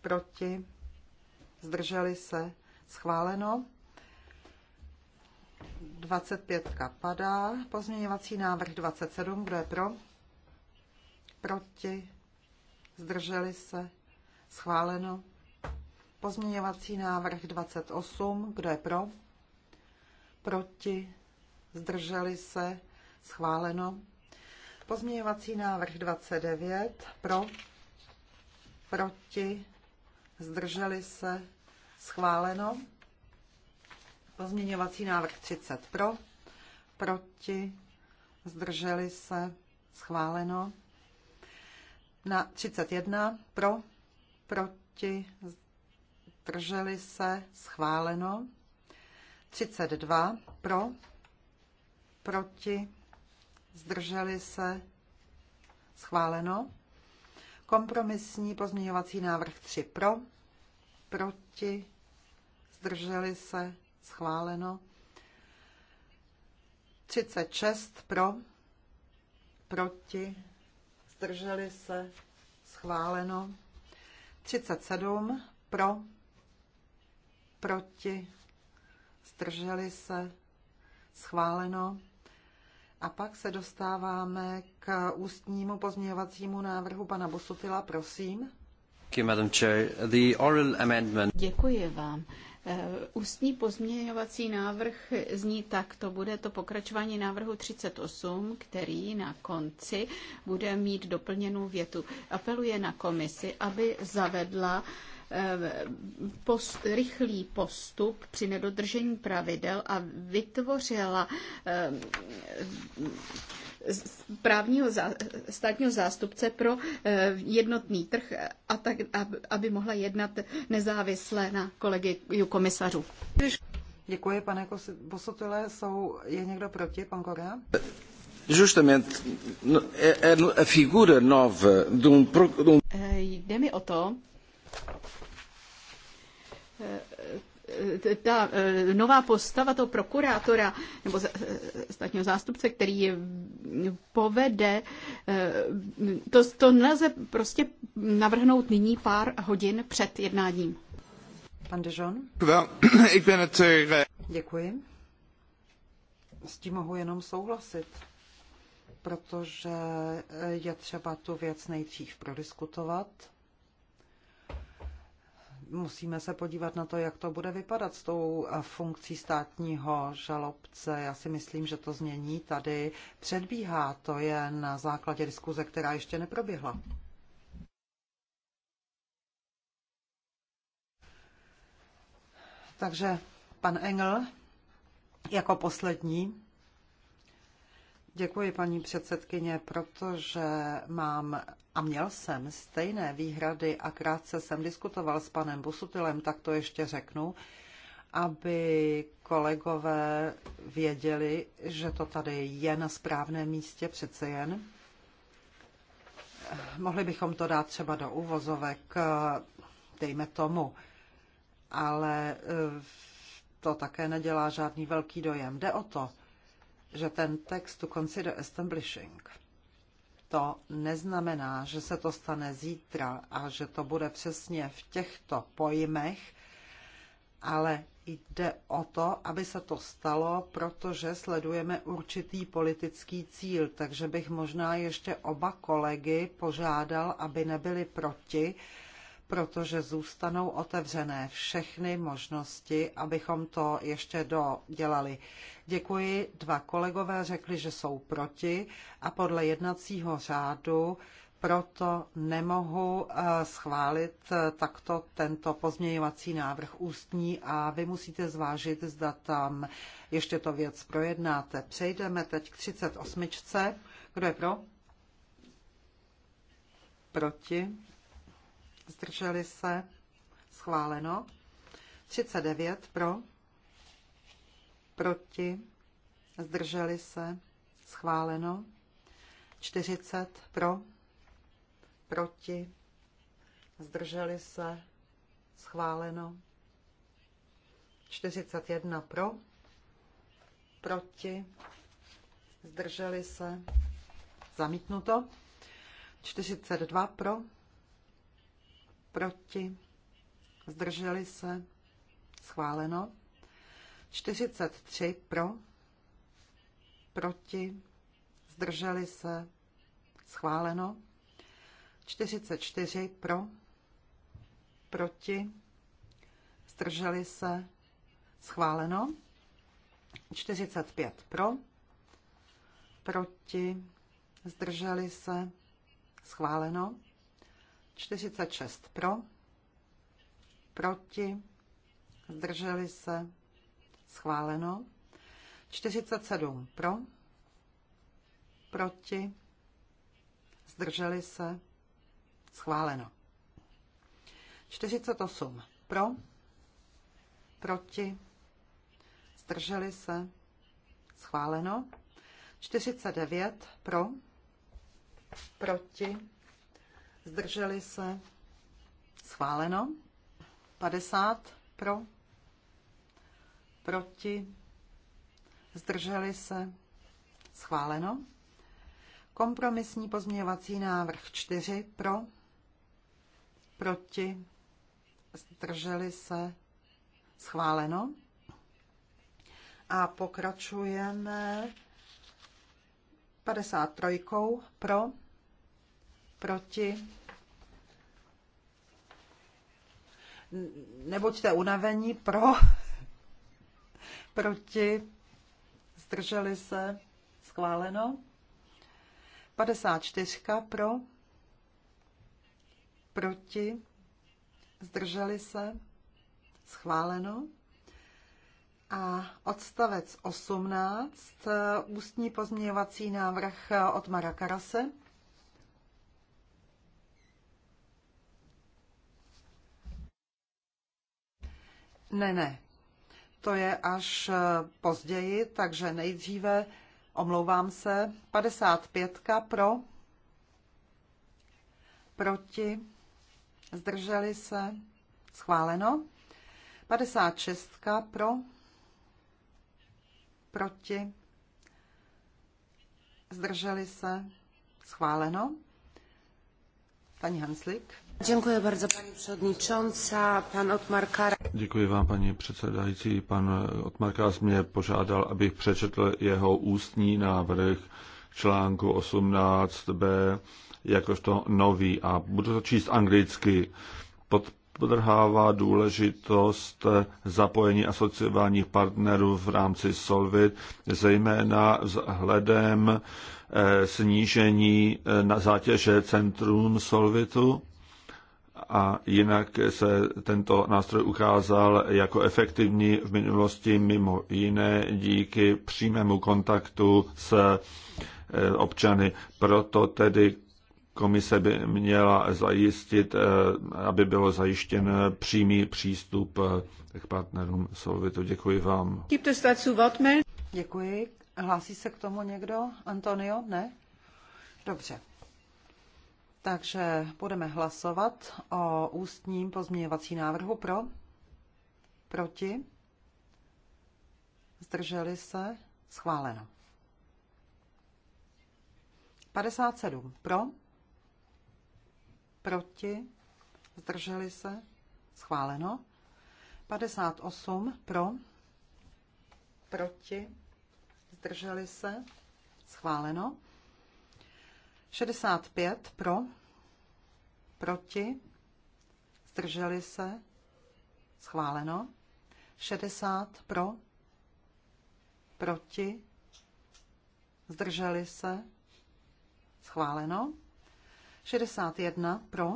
Proti? Zdrželi se? Schváleno. 25 padá. Pozměňovací návrh 27, kdo je pro? Proti? Zdrželi se? Schváleno. Pozměňovací návrh 28, kdo je pro? Proti? Zdrželi se? Schváleno. Pozměňovací návrh 29, pro? Proti? Zdrželi se? Schváleno. Pozměňovací návrh 30 pro, proti, zdrželi se, schváleno. Na 31 pro, proti, zdrželi se, schváleno. 32 pro, proti, zdrželi se, schváleno. Kompromisní pozměňovací návrh 3 pro, proti, zdrželi se, schváleno. 36 pro, proti, zdrželi se, schváleno. 37 pro, proti, zdrželi se, schváleno. A pak se dostáváme k ústnímu pozměňovacímu návrhu pana Bosutila, prosím. Děkuji vám. Eh, ústní pozměňovací návrh zní tak, to bude to pokračování návrhu 38, který na konci bude mít doplněnou větu. Apeluje na komisi, aby zavedla eh, post, rychlý postup při nedodržení pravidel a vytvořila eh, právního zá, státního zástupce pro eh, jednotný trh, a tak, aby mohla jednat nezávisle na kolegiu komisařů. Děkuji, pane posotile. Jsou, je někdo proti, pan Korea? Justamente, no, a e, no, e, figura nova eh, de um... Dê-me o to, eh, Eh, ta eh, nová postava toho prokurátora nebo eh, státního zástupce, který je mm, povede, to, to nelze prostě navrhnout nyní pár hodin před jednáním. Pan Dežon? Děkuji. S tím mohu jenom souhlasit, protože je třeba tu věc nejdřív prodiskutovat musíme se podívat na to, jak to bude vypadat s tou eh, funkcí státního žalobce. Já si myslím, že to změní tady předbíhá. To je na základě diskuze, která ještě neproběhla. Takže pan Engel jako poslední. Děkuji, paní předsedkyně, protože mám a měl jsem stejné výhrady a krátce jsem diskutoval s panem Busutilem, tak to ještě řeknu, aby kolegové věděli, že to tady je na správném místě přece jen. Mohli bychom to dát třeba do úvozovek, dejme tomu, ale e, to také nedělá žádný velký dojem. Jde o to, že ten text to consider establishing – to neznamená, že se to stane zítra a že to bude přesně v těchto pojmech, ale jde o to, aby se to stalo, protože sledujeme určitý politický cíl, takže bych možná ještě oba kolegy požádal, aby nebyli proti, protože zůstanou otevřené všechny možnosti, abychom to ještě dodělali. Děkuji, dva kolegové řekli, že jsou proti a podle jednacího řádu proto nemohu eh, schválit eh, takto tento pozměňovací návrh ústní a vy musíte zvážit, zda tam ještě to věc projednáte. Přejdeme teď k 38. Kdo je pro? Proti? zdrželi se, schváleno. 39 pro, proti, zdrželi se, schváleno. 40 pro, proti, zdrželi se, schváleno. 41 pro, proti, zdrželi se, zamítnuto. 42 pro, proti, zdrželi se, schváleno. 43 pro, proti, zdrželi se, schváleno. 44 pro, proti, zdrželi se, schváleno. 45 pro, proti, zdrželi se, schváleno. 46 pro, proti, zdrželi se, schváleno. 47 pro, proti, zdrželi se, schváleno. 48 pro, proti, zdrželi se, schváleno. 49 pro, proti, zdrželi se, schváleno. 50 pro, proti, zdrželi se, schváleno. Kompromisní pozměňovací návrh 4 pro, proti, zdrželi se, schváleno. A pokračujeme 53 pro, proti. Nebuďte unavení, pro, proti, zdrželi se, schváleno. 54 pro, proti, zdrželi se, schváleno. A odstavec 18, ústní pozměňovací návrh od Mara Karase. Ne, ne. To je až eh, později, takže nejdříve, omlouvám se, 55 pro, proti, zdrželi se, schváleno. 56 pro, proti, zdrželi se, schváleno. Pani Hanslik. Děkuji bardzo, paní předsedající. Pan Otmar Karas. Děkuji vám, paní předsedající. Pan Otmar Karas mě požádal, abych přečetl jeho ústní návrh článku 18b jakožto nový a budu to číst anglicky. Pod podrhává důležitost zapojení asociovaných partnerů v rámci Solvit, zejména vzhledem eh, snížení eh, na zátěže centrum Solvitu a jinak se tento nástroj ukázal jako efektivní v minulosti mimo jiné díky přímému kontaktu s eh, občany. Proto tedy komise by měla zajistit, eh, aby bylo zajištěn přímý přístup eh, k partnerům Solvitu. Děkuji vám. Děkuji. Hlásí se k tomu někdo? Antonio? Ne? Dobře. Takže budeme hlasovat o ústním pozměňovací návrhu pro, proti, zdrželi se, schváleno. 57 pro, proti, zdrželi se, schváleno. 58 pro, proti, zdrželi se, schváleno. 65 pro, proti, zdrželi se, schváleno. 60 pro, proti, zdrželi se, schváleno. 61 pro,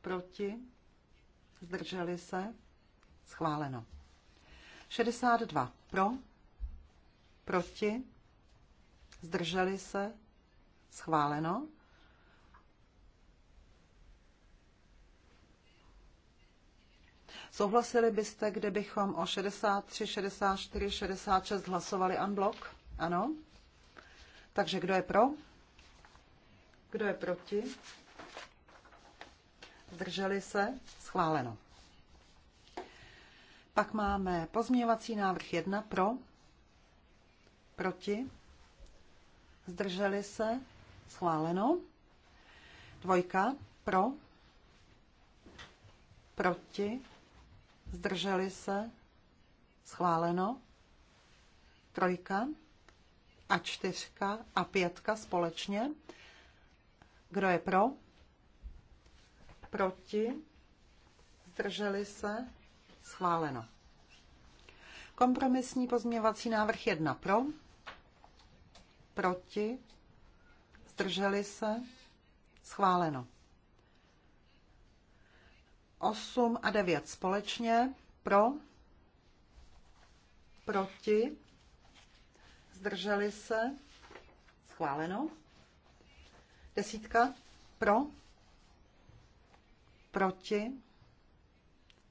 proti, zdrželi se, schváleno. 62 pro, proti, zdrželi se, schváleno. Souhlasili byste, kdybychom o 63, 64, 66 hlasovali unblock? Ano. Takže kdo je pro? Kdo je proti? Zdrželi se? Schváleno. Pak máme pozměňovací návrh 1 pro, proti, zdrželi se, schváleno. Dvojka pro, proti, zdrželi se, schváleno. Trojka a čtyřka a pětka společně. Kdo je pro? Proti? Zdrželi se? Schváleno. Kompromisní pozměvací návrh 1 pro, proti, zdrželi se, schváleno. 8 a 9 společně. Pro? Proti? Zdrželi se? Schváleno. Desítka? Pro? Proti?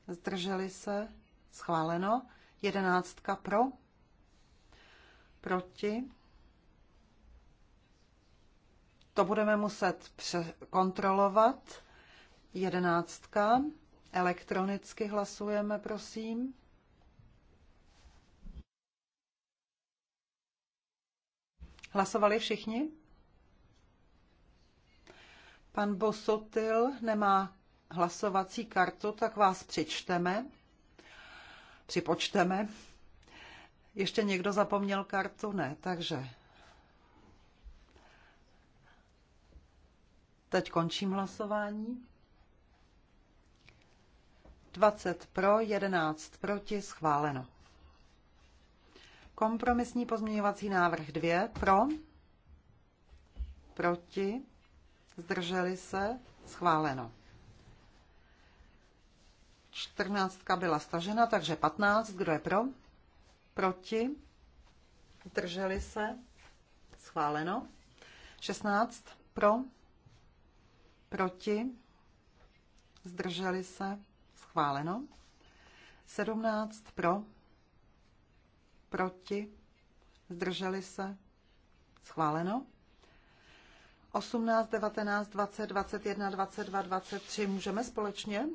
Zdrželi se? Schváleno. Jedenáctka pro? Proti? To budeme muset kontrolovat. Jedenáctka. Elektronicky hlasujeme, prosím. Hlasovali všichni? Pan Bosotil nemá hlasovací kartu, tak vás přičteme. Připočteme. Ještě někdo zapomněl kartu? Ne, takže. Teď končím hlasování. 20 pro, 11 proti, schváleno. Kompromisní pozměňovací návrh 2 pro, proti, zdrželi se, schváleno. 14 byla stažena, takže 15. Kdo je pro? Proti? Zdrželi se? Schváleno. 16 pro? Proti? Zdrželi se? Schváleno. 17 pro, proti, zdrželi se, schváleno. 18, 19, 20, 21, 22, 23 můžeme společně.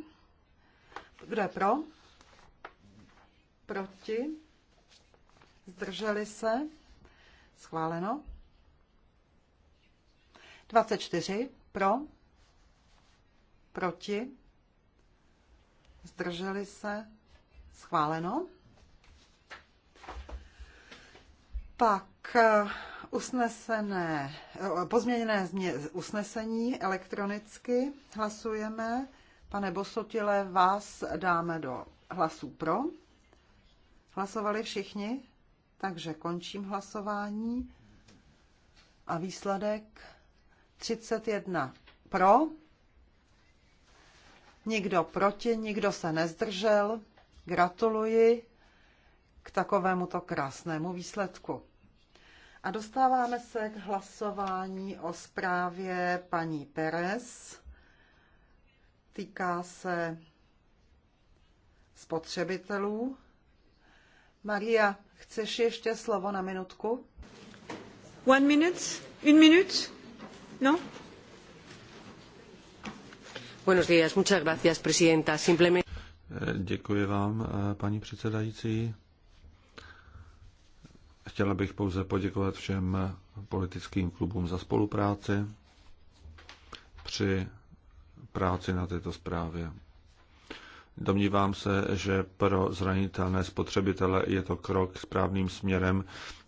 Kdo je pro? Proti? Zdrželi se? Schváleno. 24 pro? Proti? zdrželi se, schváleno. Pak eh, usnesené, eh, pozměněné usnesení elektronicky hlasujeme. Pane Bosotile, vás dáme do hlasů pro. Hlasovali všichni, takže končím hlasování. A výsledek 31 pro, nikdo proti, nikdo se nezdržel. Gratuluji k takovému to krásnému výsledku. A dostáváme se k hlasování o zprávě paní Perez. Týká se spotřebitelů. Maria, chceš ještě slovo na minutku? One minute? In minute? No? Eh, děkuji vám, eh, paní předsedající. Chtěla bych pouze poděkovat všem eh, politickým klubům za spolupráci při práci na této zprávě. Domnívám se, že pro zranitelné spotřebitele je to krok správným směrem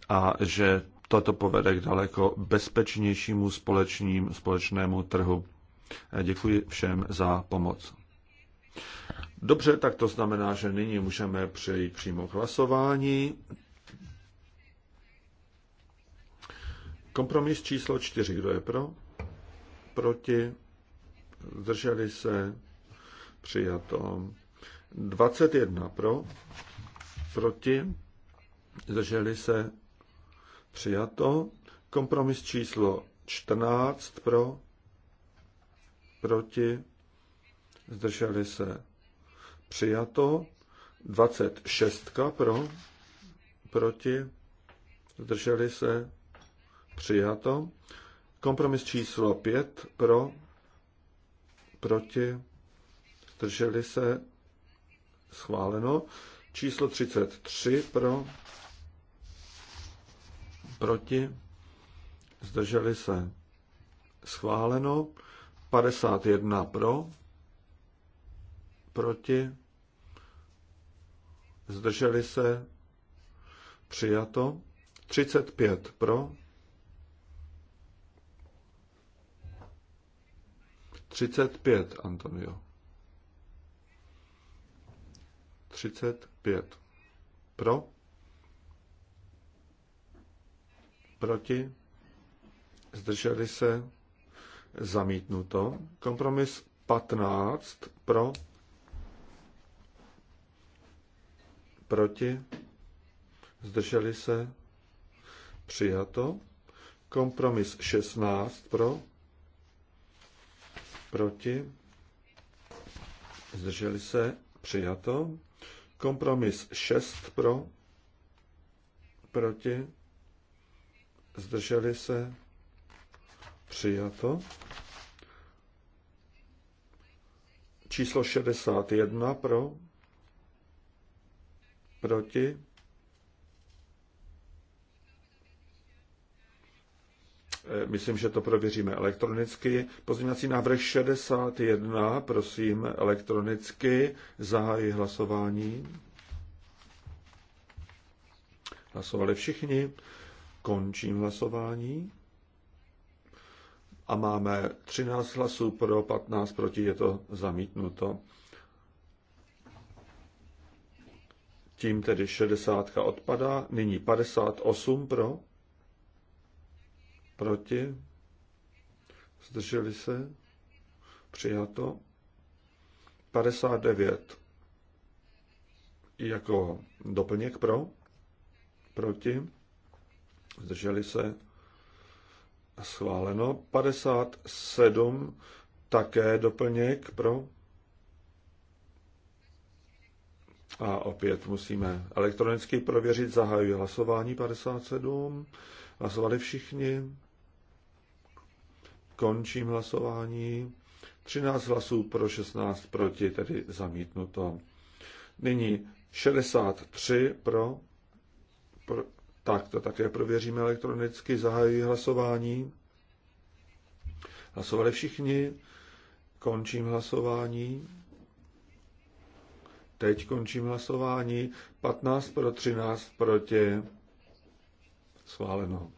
a že toto povede k daleko bezpečnějšímu společnímu společnému trhu. Děkuji všem za pomoc. Dobře, tak to znamená, že nyní můžeme přejít přímo k hlasování. Kompromis číslo čtyři. Kdo je pro? Proti? Zdrželi se? Přijato. 21 pro? Proti? Zdrželi se? Přijato. Kompromis číslo 14 pro? proti, zdrželi se přijato, 26 pro, proti, zdrželi se přijato, kompromis číslo 5 pro, proti, zdrželi se schváleno, číslo 33 pro, proti, zdrželi se schváleno, 51 pro, proti, zdrželi se, přijato, 35 pro, 35, Antonio. 35. Pro? Proti? Zdrželi se? zamítnuto. Kompromis 15 pro, proti, zdrželi se, přijato. Kompromis 16 pro, proti, zdrželi se, přijato. Kompromis 6 pro, proti, zdrželi se, Přijato. Číslo 61 pro. Proti. E, myslím, že to prověříme elektronicky. Pozměňovací návrh 61, prosím, elektronicky. Zahájí hlasování. Hlasovali všichni. Končím hlasování a máme 13 hlasů pro, 15 proti, je to zamítnuto. Tím tedy 60 odpadá, nyní 58 pro, proti, zdrželi se, přijato. 59 jako doplněk pro, proti, zdrželi se, schváleno. 57 také doplněk pro. A opět musíme elektronicky prověřit. Zahajuji hlasování 57. Hlasovali všichni. Končím hlasování. 13 hlasů pro, 16 proti, tedy zamítnuto. Nyní 63 pro, pro tak to také prověříme elektronicky, zahajuji hlasování. Hlasovali všichni, končím hlasování. Teď končím hlasování. 15 pro 13 proti. Schváleno.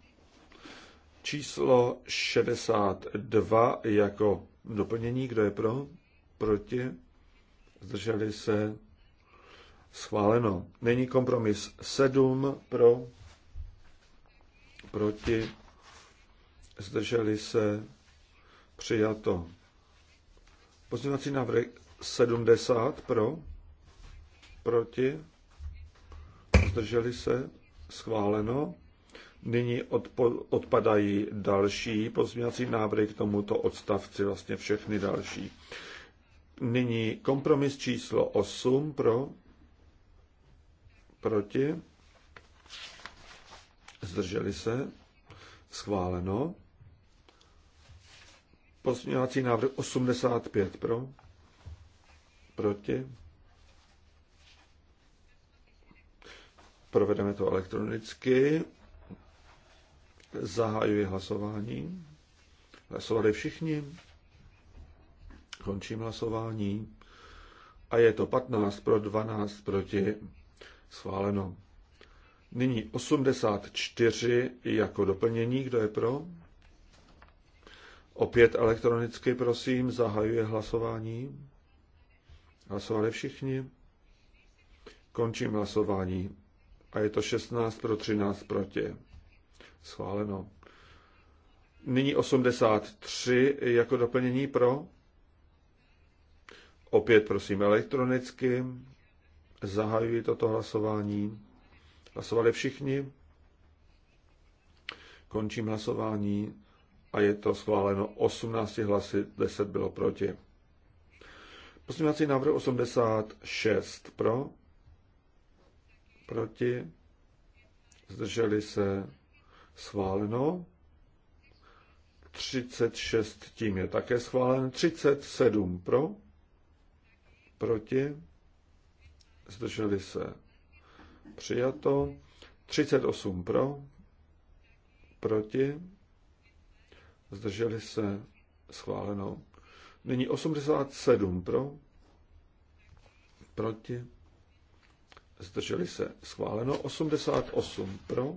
Číslo 62 jako doplnění. Kdo je pro? Proti? Zdrželi se? Schváleno. Není kompromis 7 pro proti, zdrželi se, přijato. Pozměňovací návrh 70 pro, proti, zdrželi se, schváleno. Nyní odpo- odpadají další pozměňovací návrhy k tomuto odstavci, vlastně všechny další. Nyní kompromis číslo 8 pro, proti, zdrželi se, schváleno. Pozměňovací návrh 85 pro, proti. Provedeme to elektronicky. Zahajuji hlasování. Hlasovali všichni. Končím hlasování. A je to 15 pro 12 proti. Schváleno. Nyní 84 jako doplnění. Kdo je pro? Opět elektronicky, prosím, zahajuje hlasování. Hlasovali všichni. Končím hlasování. A je to 16 pro 13 proti. Schváleno. Nyní 83 jako doplnění pro. Opět prosím elektronicky. Zahajuji toto hlasování. Hlasovali všichni. Končím hlasování a je to schváleno 18 hlasy, 10 bylo proti. Pozměňovací návrh 86 pro, proti, zdrželi se, schváleno. 36 tím je také schválen. 37 pro, proti, zdrželi se, Přijato. 38 pro. Proti. Zdrželi se. Schváleno. Nyní 87 pro. Proti. Zdrželi se. Schváleno. 88 pro.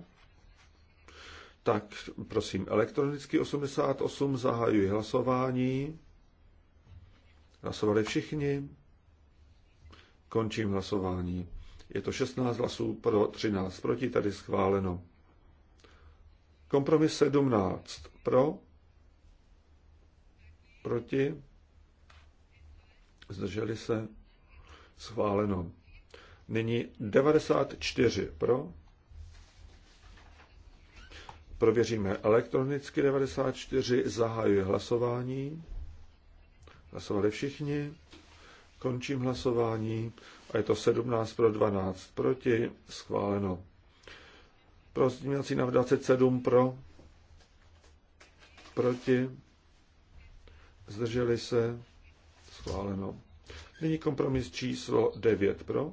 Tak prosím, elektronicky 88 zahajuji hlasování. Hlasovali všichni. Končím hlasování. Je to 16 hlasů pro, 13 proti, tady schváleno. Kompromis 17 pro, proti, zdrželi se, schváleno. Nyní 94 pro, prověříme elektronicky 94, zahajuje hlasování. Hlasovali všichni. Končím hlasování a je to 17 pro 12 proti, schváleno. Prostředňovací na 27 pro, proti, zdrželi se, schváleno. Nyní kompromis číslo 9 pro,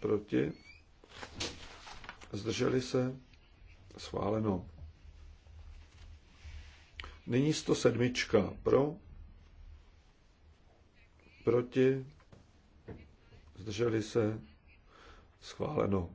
proti, zdrželi se, schváleno. Nyní 107 pro, proti, zdrželi se, schváleno.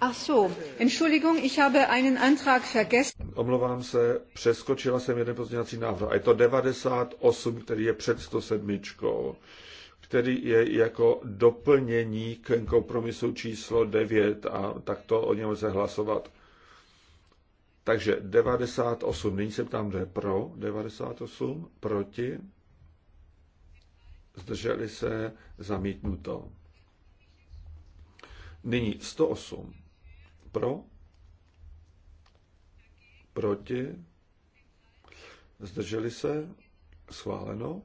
Ach so, Entschuldigung, ich habe einen Antrag vergessen. Omlouvám se, přeskočila jsem jeden pozměňovací návrh. A je to 98, který je před 107, který je jako doplnění k kompromisu číslo 9 a takto o něm lze hlasovat. Takže 98, nyní se ptám, kdo je pro 98, proti, zdrželi se, zamítnuto. Nyní 108, pro, proti, zdrželi se, schváleno,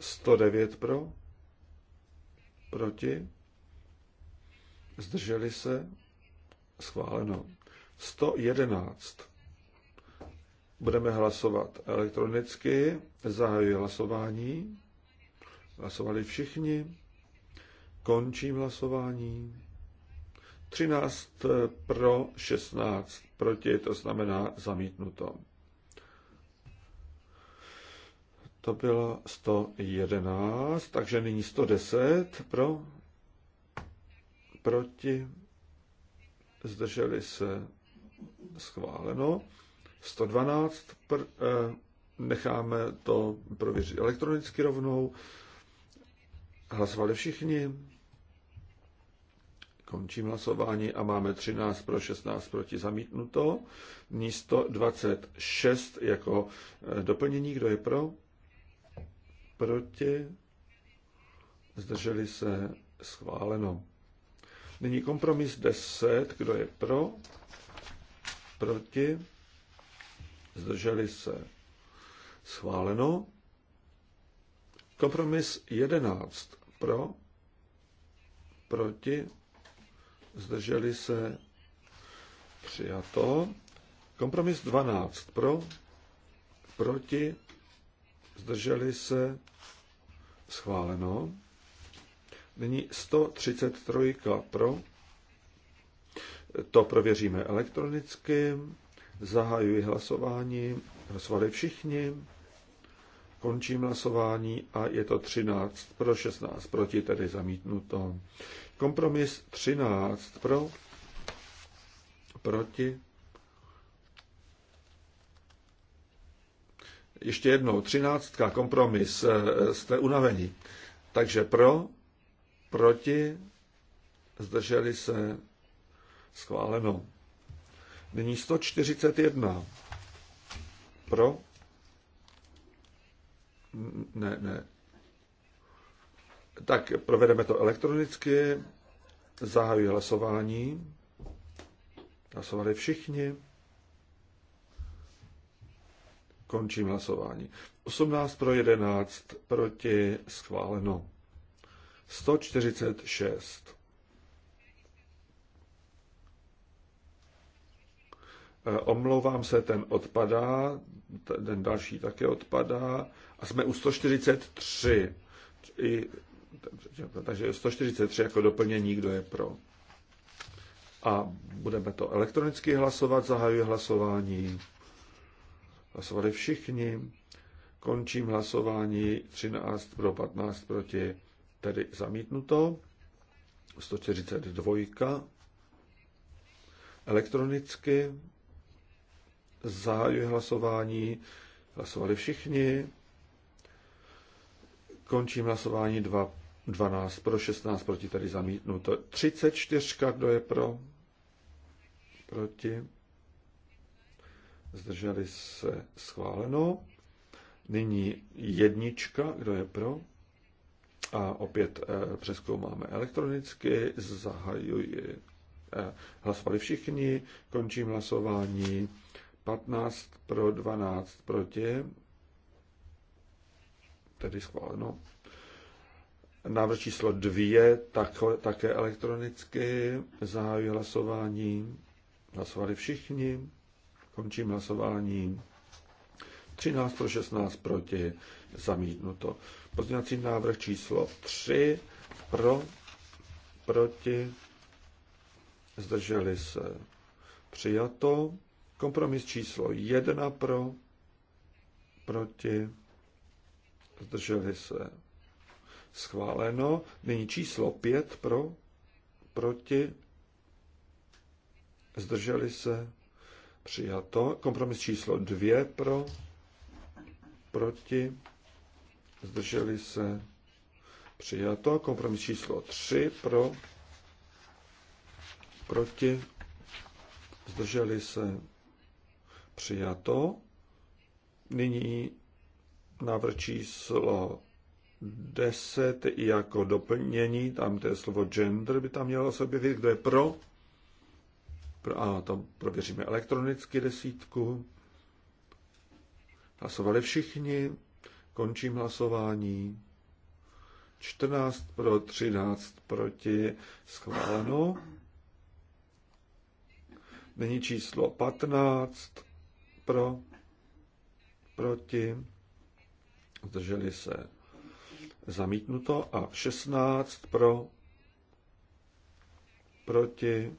109 pro, proti, zdrželi se, schváleno. 111. Budeme hlasovat elektronicky. Zahajuji hlasování. Hlasovali všichni. Končím hlasování. 13 pro, 16 proti, to znamená zamítnuto. To bylo 111, takže nyní 110 pro, proti, zdrželi se schváleno. 112 pr, eh, necháme to prověřit elektronicky rovnou. Hlasovali všichni. Končím hlasování a máme 13 pro 16 proti zamítnuto. Místo 26 jako eh, doplnění. Kdo je pro? Proti? Zdrželi se schváleno. Nyní kompromis 10. Kdo je pro? proti, zdrželi se schváleno. Kompromis 11 pro, proti, zdrželi se přijato. Kompromis 12 pro, proti, zdrželi se schváleno. Nyní 133 pro, to prověříme elektronicky. Zahajuji hlasování. Hlasovali všichni. Končím hlasování a je to 13 pro 16 proti, tedy zamítnuto. Kompromis 13 pro, proti. Ještě jednou, 13. kompromis, eh, jste unavení. Takže pro, proti, zdrželi se Schváleno. Nyní 141. Pro? Ne, ne. Tak provedeme to elektronicky. Zahajuji hlasování. Hlasovali všichni. Končím hlasování. 18 pro 11, proti schváleno. 146. Eh, omlouvám se, ten odpadá, ten další také odpadá a jsme u 143. I, takže 143 jako doplnění, kdo je pro. A budeme to elektronicky hlasovat, zahajuji hlasování. Hlasovali všichni. Končím hlasování 13 pro 15 proti, tedy zamítnuto. 142 elektronicky. Zahajuji hlasování. Hlasovali všichni. Končím hlasování 2, 12 pro, 16 proti, tady zamítnuto. 34, kdo je pro? Proti. Zdrželi se schváleno. Nyní jednička, kdo je pro? A opět eh, přeskoumáme elektronicky. Zahajuji. Eh, hlasovali všichni, končím hlasování. 15 pro 12 proti, tedy schváleno. Návrh číslo 2, tak, také elektronicky, zahájí hlasování. Hlasovali všichni, končím hlasování. 13 pro 16 proti, zamítnuto. Pozměňovací návrh číslo 3, pro, proti, zdrželi se, přijato. Kompromis číslo jedna pro, proti, zdrželi se. Schváleno. Nyní číslo pět pro, proti, zdrželi se. Přijato. Kompromis číslo dvě pro, proti, zdrželi se. Přijato. Kompromis číslo tři pro, proti, zdrželi se Přijato. Nyní návrh číslo 10 jako doplnění, tam to je slovo gender, by tam mělo se objevit, kdo je pro. pro a tam prověříme elektronicky desítku. Hlasovali všichni, končím hlasování. 14 pro, 13 proti, schváleno. Nyní číslo 15 pro, proti, zdrželi se zamítnuto a 16 pro, proti,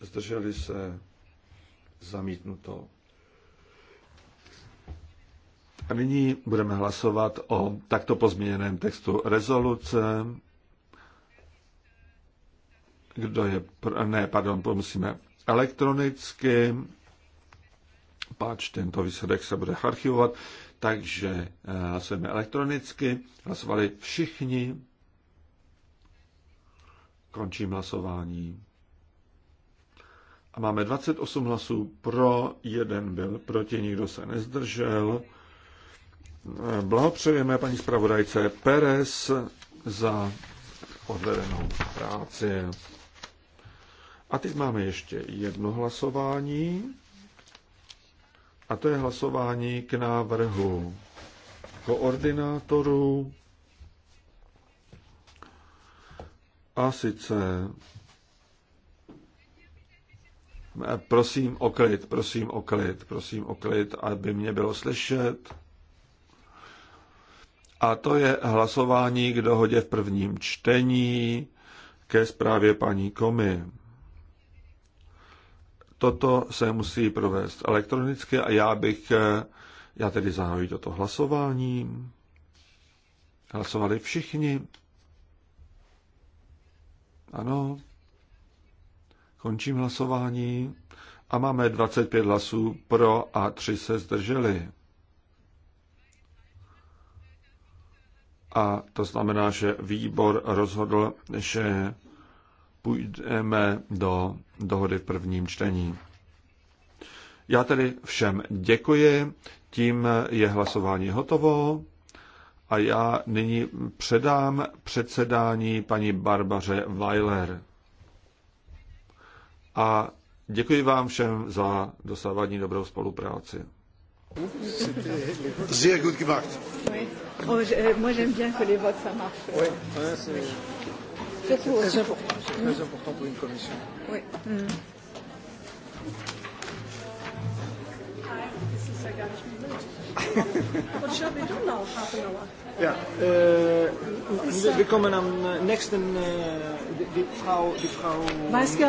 zdrželi se zamítnuto. A nyní budeme hlasovat o takto pozměněném textu rezoluce. Kdo je, pr- ne, pardon, musíme elektronicky páč tento výsledek se bude archivovat, takže eh, hlasujeme elektronicky, hlasovali všichni, končím hlasování. A máme 28 hlasů pro, jeden byl proti, nikdo se nezdržel. Eh, blahopřejeme paní zpravodajce Perez za odvedenou práci. A teď máme ještě jedno hlasování. A to je hlasování k návrhu koordinátorů. A sice eh, prosím o klid, prosím o klid, prosím o klid, aby mě bylo slyšet. A to je hlasování k dohodě v prvním čtení ke zprávě paní Komy toto se musí provést elektronicky a já bych, eh, já tedy zahájí toto hlasování. Hlasovali všichni. Ano. Končím hlasování a máme 25 hlasů pro a 3 se zdrželi. A to znamená, že výbor rozhodl, že půjdeme do dohody v prvním čtení. Já tedy všem děkuji, tím je hlasování hotovo a já nyní předám předsedání paní Barbaře Weiler. A děkuji vám všem za dosávání dobrou spolupráci. Sehr gut gemacht. Oh, je, moi j'aime bien que les votes ça marche. Oui. Ouais, C'est très, très important pour une commission. Oui. Mm. Ja, uh, eh, we, we komen aan uh, next een, uh, eh, die vrouw, die vrouw.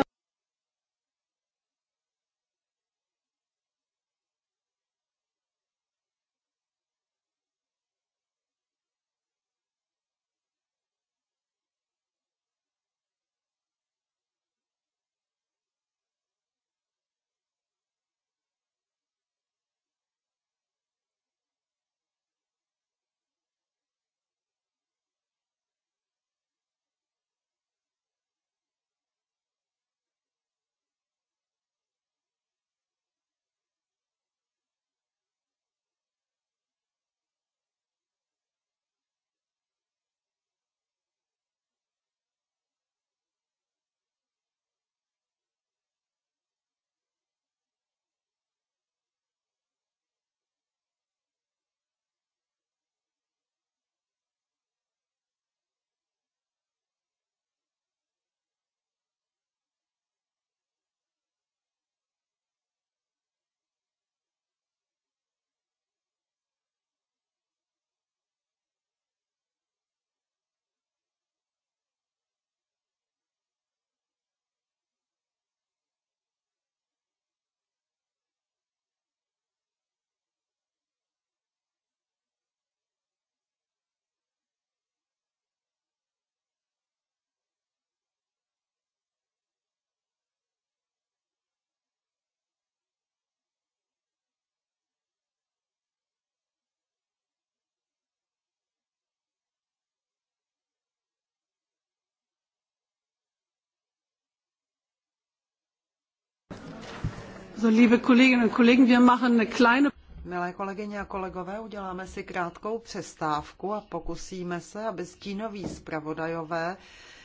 Milé kolegyně a kolegové, uděláme si krátkou přestávku a pokusíme se, aby stínoví zpravodajové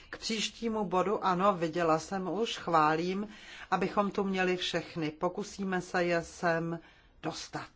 k příštímu bodu, ano, viděla jsem už, chválím, abychom tu měli všechny. Pokusíme se je sem dostat.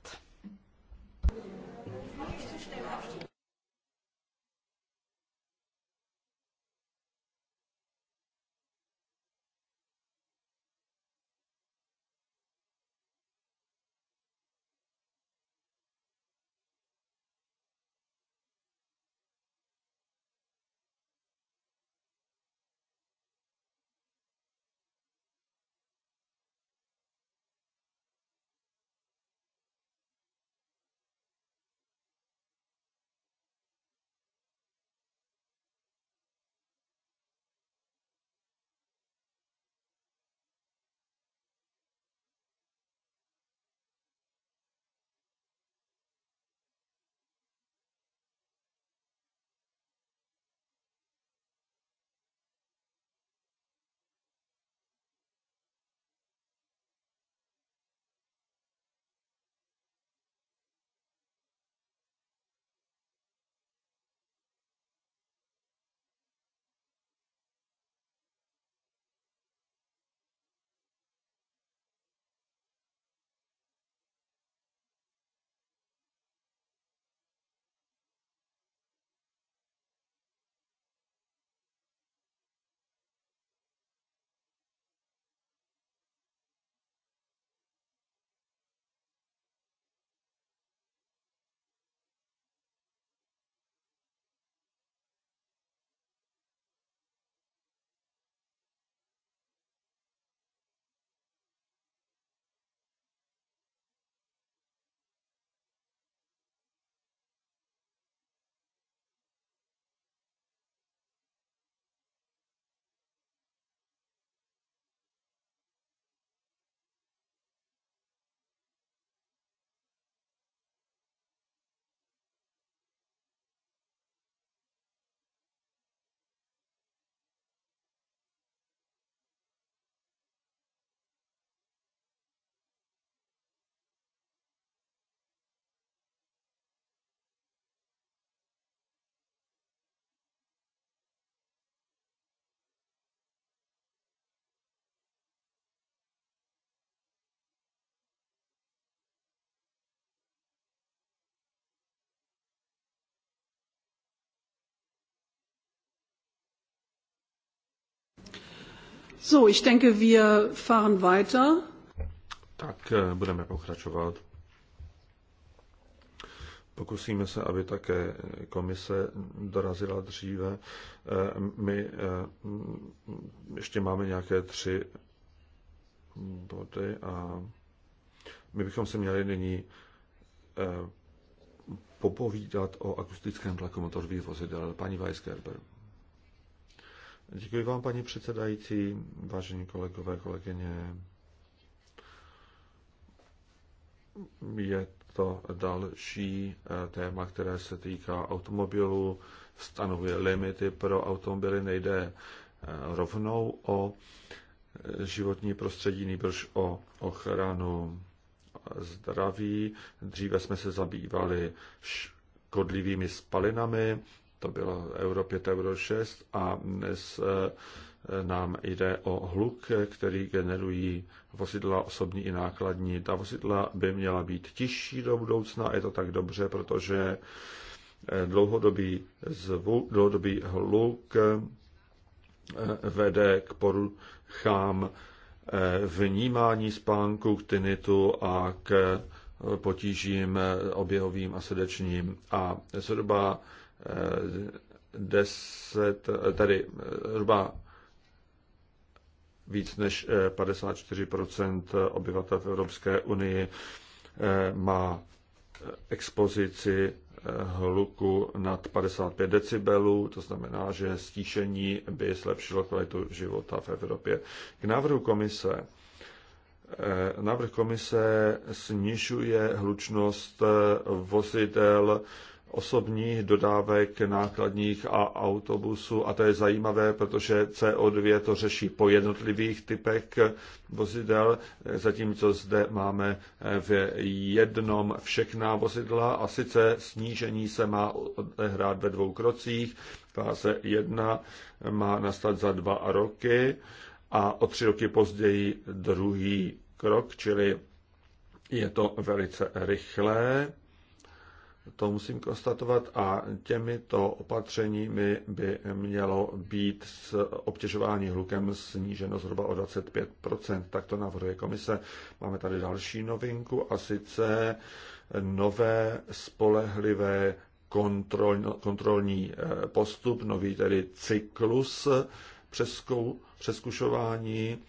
So, ich denke, wir fahren weiter. Tak eh, budeme pokračovat. Pokusíme se, aby také komise dorazila dříve. Eh, my eh, ještě máme nějaké tři body a my bychom se měli nyní popovídat o akustickém tlakomotorových vozidel. Paní Weisgerber. Děkuji vám, paní předsedající, vážení kolegové, kolegyně. Je to další eh, téma, které se týká automobilů, stanovuje limity pro automobily, nejde eh, rovnou o eh, životní prostředí, nejbrž o ochranu zdraví. Dříve jsme se zabývali škodlivými spalinami, to bylo euro 5, euro 6 a dnes eh, nám jde o hluk, který generují vozidla osobní i nákladní. Ta vozidla by měla být tižší do budoucna je to tak dobře, protože eh, dlouhodobý, zvuk, dlouhodobý hluk eh, vede k poruchám vnímání spánku, k tinitu a k potížím oběhovým a srdečním. A zhruba 10, tedy eh, zhruba víc než 54 eh, obyvatel v Evropské unii eh, má expozici hluku nad 55 decibelů, to znamená, že stíšení by zlepšilo kvalitu života v Evropě. K návrhu komise. Návrh komise snižuje hlučnost vozidel osobních dodávek nákladních a autobusů a to je zajímavé, protože CO2 to řeší po jednotlivých typech vozidel, zatímco zde máme v jednom všechna vozidla a sice snížení se má odehrát ve dvou krocích. Fáze 1 má nastat za dva roky a o tři roky později druhý krok, čili je to velice rychlé to musím konstatovat, a těmito opatřeními by mělo být s obtěžování hlukem sníženo zhruba o 25 tak to navrhuje komise. Máme tady další novinku a sice nové spolehlivé kontrol, kontrolní eh, postup, nový tedy cyklus přeskou, přeskušování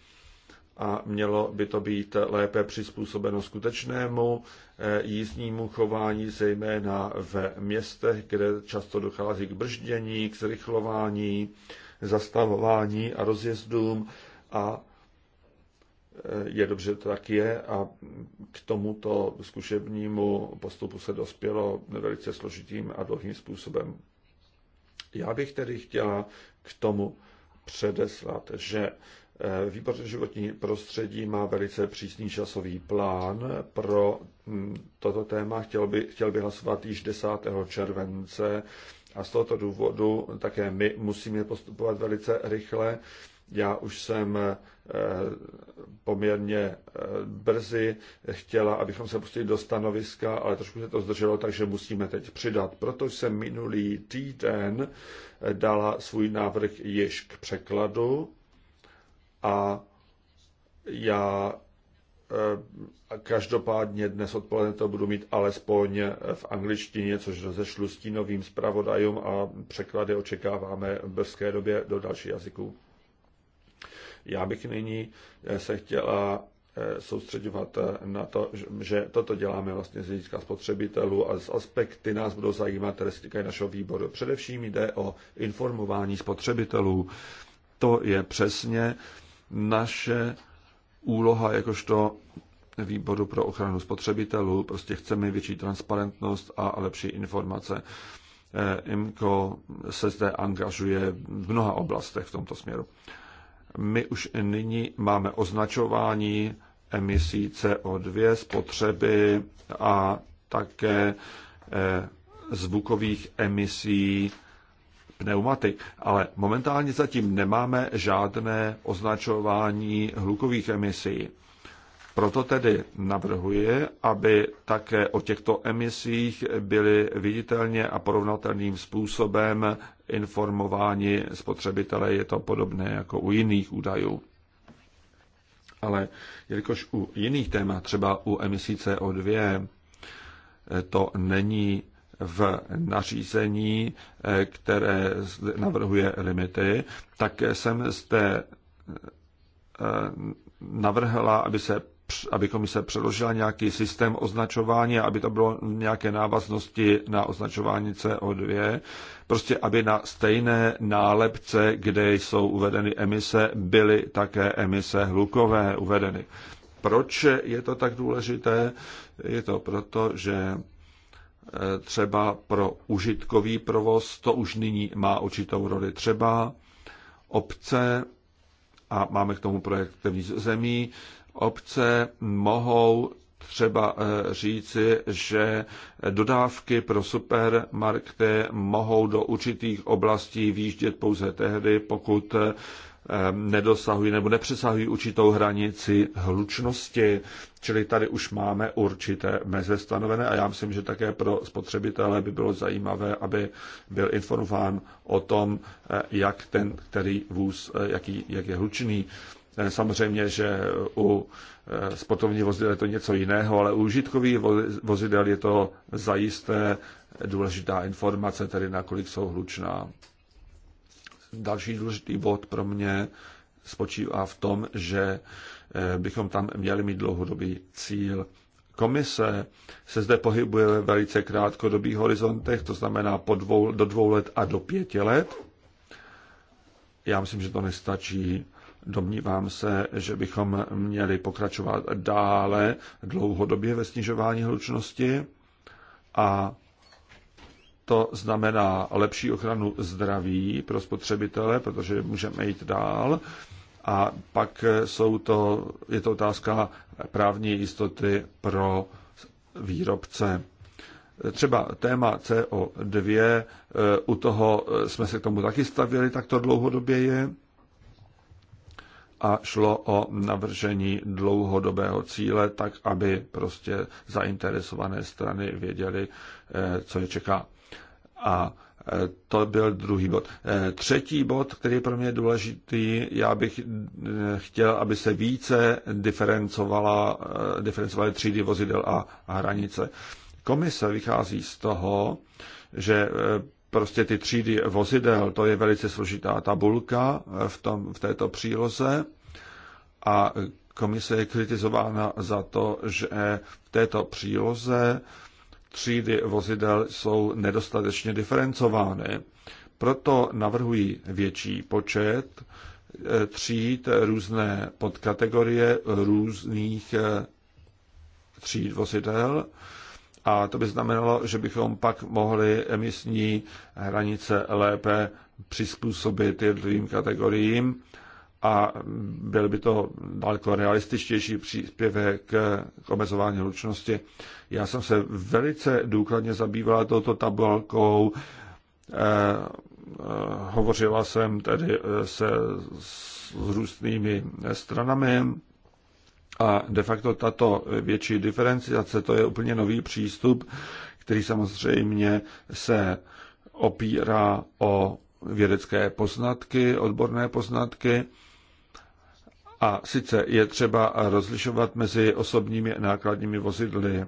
a mělo by to být lépe přizpůsobeno skutečnému eh, jízdnímu chování, zejména ve městech, kde často dochází k brždění, k zrychlování, zastavování a rozjezdům a eh, je dobře, to tak je a k tomuto zkušebnímu postupu se dospělo velice složitým a dlouhým způsobem. Já bych tedy chtěla k tomu předeslat, že Eh, výbor životní prostředí má velice přísný časový plán pro hm, toto téma. Chtěl by, chtěl by hlasovat již 10. července a z tohoto důvodu také my musíme postupovat velice rychle. Já už jsem eh, poměrně eh, brzy chtěla, abychom se pustili do stanoviska, ale trošku se to zdrželo, takže musíme teď přidat. Proto jsem minulý týden dala svůj návrh již k překladu a já eh, každopádně dnes odpoledne to budu mít alespoň v angličtině, což rozešlu novým zpravodajům a překlady očekáváme v brzké době do další jazyků. Já bych nyní eh, se chtěla eh, soustředovat na to, že toto děláme vlastně z hlediska spotřebitelů a z aspekty nás budou zajímat, které se týkají našeho výboru. Především jde o informování spotřebitelů. To je přesně naše úloha jakožto výboru pro ochranu spotřebitelů. Prostě chceme větší transparentnost a lepší informace. Eh, IMCO se zde angažuje v mnoha oblastech v tomto směru. My už nyní máme označování emisí CO2, spotřeby a také eh, zvukových emisí pneumatik, ale momentálně zatím nemáme žádné označování hlukových emisí. Proto tedy navrhuje, aby také o těchto emisích byly viditelně a porovnatelným způsobem informováni spotřebitelé. Je to podobné jako u jiných údajů. Ale jelikož u jiných témat, třeba u emisí CO2, to není v nařízení, eh, které navrhuje limity, tak jsem zde eh, navrhla, aby se aby komise předložila nějaký systém označování, aby to bylo nějaké návaznosti na označování CO2, prostě aby na stejné nálepce, kde jsou uvedeny emise, byly také emise hlukové uvedeny. Proč je to tak důležité? Je to proto, že Eh, třeba pro užitkový provoz, to už nyní má určitou roli třeba obce, a máme k tomu projekt v zemí, obce mohou třeba eh, říci, že dodávky pro supermarkty mohou do určitých oblastí výjíždět pouze tehdy, pokud eh, Ehm, nedosahují nebo nepřesahují určitou hranici hlučnosti, čili tady už máme určité meze stanovené a já myslím, že také pro spotřebitele by bylo zajímavé, aby byl informován o tom, eh, jak ten, který vůz, eh, jaký, jak je hlučný. Eh, samozřejmě, že u sportovních vozidel je to něco jiného, ale u užitkových vozidel je to zajisté důležitá informace, tedy nakolik jsou hlučná další důležitý bod pro mě spočívá v tom, že eh, bychom tam měli mít dlouhodobý cíl. Komise se zde pohybuje ve velice krátkodobých horizontech, to znamená po dvou, do dvou let a do pěti let. Já myslím, že to nestačí. Domnívám se, že bychom měli pokračovat dále dlouhodobě ve snižování hlučnosti a to znamená lepší ochranu zdraví pro spotřebitele, protože můžeme jít dál. A pak jsou to, je to otázka právní jistoty pro výrobce. Třeba téma CO2, eh, u toho jsme se k tomu taky stavěli, tak to dlouhodobě je. A šlo o navržení dlouhodobého cíle, tak aby prostě zainteresované strany věděly, eh, co je čeká. A e, to byl druhý bod. E, třetí bod, který je pro mě důležitý, já bych e, chtěl, aby se více diferencovala, diferencovaly třídy vozidel a hranice. Komise vychází z toho, že prostě ty třídy vozidel, to je velice složitá tabulka v, tom, v této příloze a komise je kritizována za to, že v této příloze třídy vozidel jsou nedostatečně diferencovány. Proto navrhují větší počet eh, tříd, různé podkategorie různých eh, tříd vozidel. A to by znamenalo, že bychom pak mohli emisní hranice lépe přizpůsobit jednotlivým kategoriím a byl by to daleko realističtější příspěvek k omezování hlučnosti. Já jsem se velice důkladně zabývala touto tabulkou, eh, eh, hovořila jsem tedy eh, se s různými stranami a de facto tato větší diferenciace, to je úplně nový přístup, který samozřejmě se opírá o vědecké poznatky, odborné poznatky, a sice je třeba rozlišovat mezi osobními a nákladními vozidly.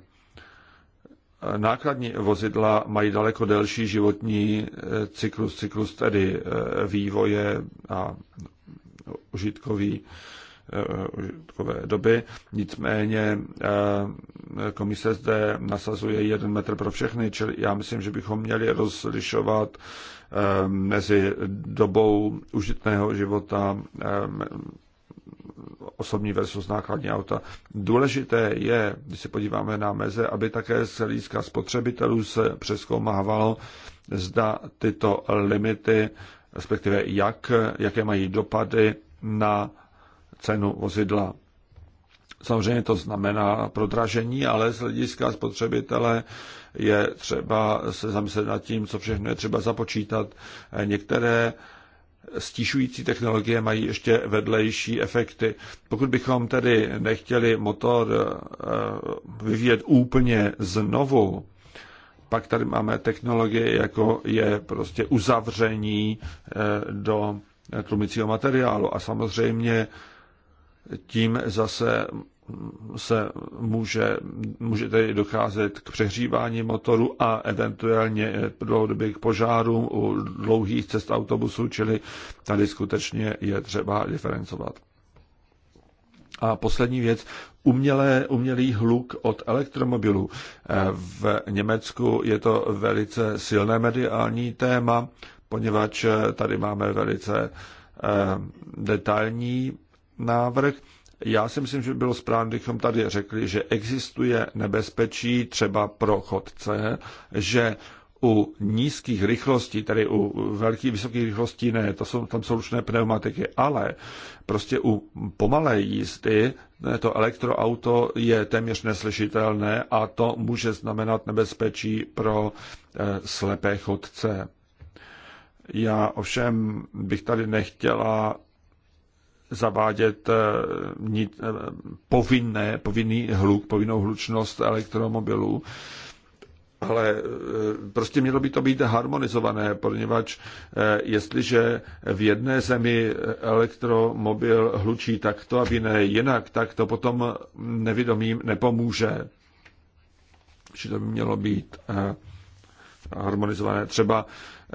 Nákladní vozidla mají daleko delší životní eh, cyklus, cyklus tedy eh, vývoje a užitkový, eh, užitkové doby. Nicméně komise zde nasazuje jeden metr pro všechny, čili já myslím, že bychom měli rozlišovat mezi dobou užitného života, osobní versus nákladní auta. Důležité je, když se podíváme na meze, aby také z hlediska spotřebitelů se přeskoumávalo, zda tyto limity, respektive jak, jaké mají dopady na cenu vozidla. Samozřejmě to znamená prodražení, ale z hlediska spotřebitele je třeba se zamyslet nad tím, co všechno je třeba započítat. Některé stížující technologie mají ještě vedlejší efekty. Pokud bychom tedy nechtěli motor eh, vyvíjet úplně znovu, pak tady máme technologie, jako je prostě uzavření eh, do tlumicího materiálu a samozřejmě tím zase se může, může tedy docházet k přehřívání motoru a eventuálně dlouhodobě k požárům u dlouhých cest autobusů, čili tady skutečně je třeba diferencovat. A poslední věc, umělé, umělý hluk od elektromobilů. V Německu je to velice silné mediální téma, poněvadž tady máme velice eh, detailní návrh já si myslím, že by bylo správně, kdybychom tady řekli, že existuje nebezpečí třeba pro chodce, že u nízkých rychlostí, tedy u velkých, vysokých rychlostí ne, to jsou, tam jsou ručné pneumatiky, ale prostě u pomalé jízdy to elektroauto je téměř neslyšitelné a to může znamenat nebezpečí pro eh, slepé chodce. Já ovšem bych tady nechtěla zavádět eh, eh, povinné, povinný hluk, povinnou hlučnost elektromobilů, ale eh, prostě mělo by to být harmonizované, poněvadž jestliže v jedné zemi elektromobil hlučí takto a v jiné jinak, tak to potom nevědomím nepomůže. Že to by mělo být harmonizované. Třeba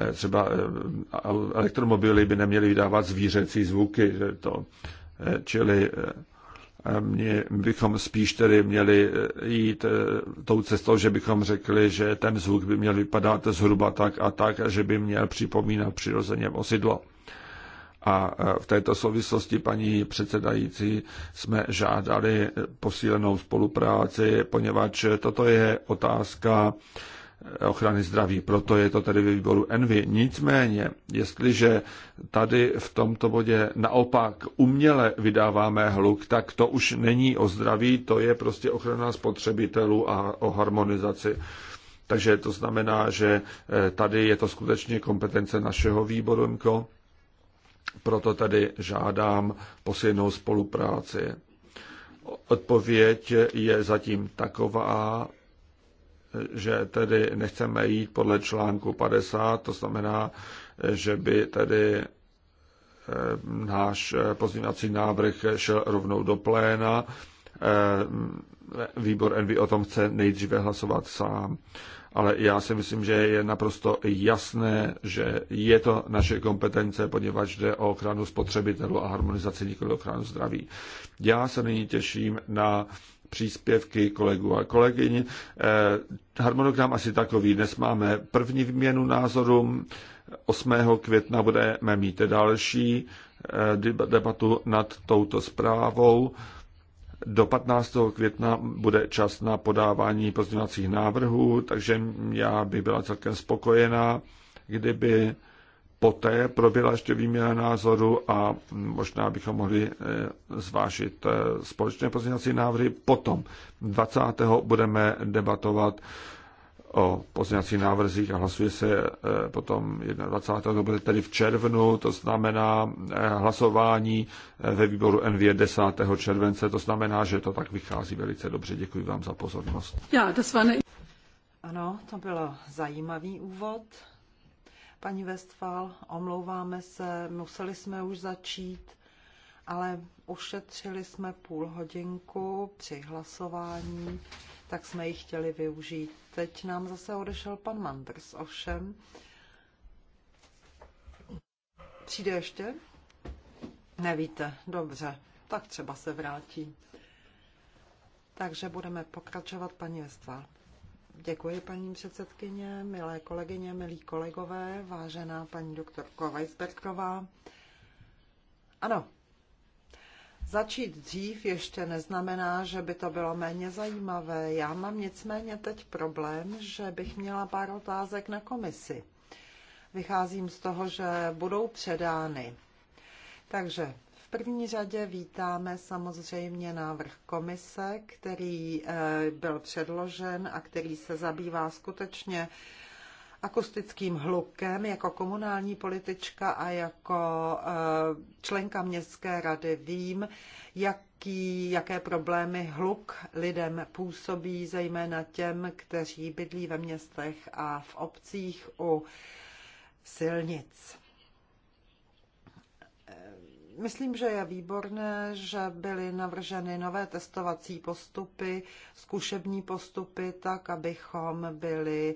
Eh, třeba eh, elektromobily by neměly vydávat zvířecí zvuky, to, eh, čili mě, bychom spíš tedy měli jít tou cestou, že bychom řekli, že ten zvuk by měl vypadat zhruba tak a tak, že by měl připomínat přirozeně osidlo. A v této souvislosti, paní předsedající, jsme žádali posílenou spolupráci, poněvadž toto je otázka ochrany zdraví. Proto je to tedy ve výboru Envy. Nicméně, jestliže tady v tomto bodě naopak uměle vydáváme hluk, tak to už není o zdraví, to je prostě ochrana spotřebitelů a o harmonizaci. Takže to znamená, že eh, tady je to skutečně kompetence našeho výboru MKO, proto tady žádám posilnou spolupráci. Odpověď je zatím taková, že tedy nechceme jít podle článku 50, to znamená, že by tedy eh, náš eh, pozměňovací návrh šel rovnou do pléna. Eh, výbor Envy o tom chce nejdříve hlasovat sám. Ale já si myslím, že je naprosto jasné, že je to naše kompetence, poněvadž jde o ochranu spotřebitelů a harmonizaci nikoli ochranu zdraví. Já se nyní těším na příspěvky kolegů a kolegyň. Eh, harmonogram asi takový. Dnes máme první výměnu názorů. 8. května budeme mít další eh, debatu nad touto zprávou. Do 15. května bude čas na podávání pozměňovacích návrhů, takže já bych byla celkem spokojená, kdyby poté proběhla ještě výměna názoru a možná bychom mohli eh, zvážit eh, společné pozměňovací návrhy. Potom 20. budeme debatovat o pozměňovacích návrzích a hlasuje se eh, potom 21. to bude tedy v červnu, to znamená hlasování ve výboru NV 10. července, to znamená, že to tak vychází velice dobře. Děkuji vám za pozornost. Já, to ne... Ano, to bylo zajímavý úvod. Paní Westfal, omlouváme se, museli jsme už začít, ale ušetřili jsme půl hodinku při hlasování, tak jsme ji chtěli využít. Teď nám zase odešel pan Manders, ovšem. Přijde ještě? Nevíte, dobře, tak třeba se vrátí. Takže budeme pokračovat, paní Estvál. Děkuji, paní předsedkyně, milé kolegyně, milí kolegové, vážená paní doktorko Weisbergová. Ano, Začít dřív ještě neznamená, že by to bylo méně zajímavé. Já mám nicméně teď problém, že bych měla pár otázek na komisi. Vycházím z toho, že budou předány. Takže v první řadě vítáme samozřejmě návrh komise, který eh, byl předložen a který se zabývá skutečně akustickým hlukem jako komunální politička a jako eh, členka městské rady vím, jaký, jaké problémy hluk lidem působí, zejména těm, kteří bydlí ve městech a v obcích u silnic. Myslím, že je výborné, že byly navrženy nové testovací postupy, zkušební postupy, tak abychom byli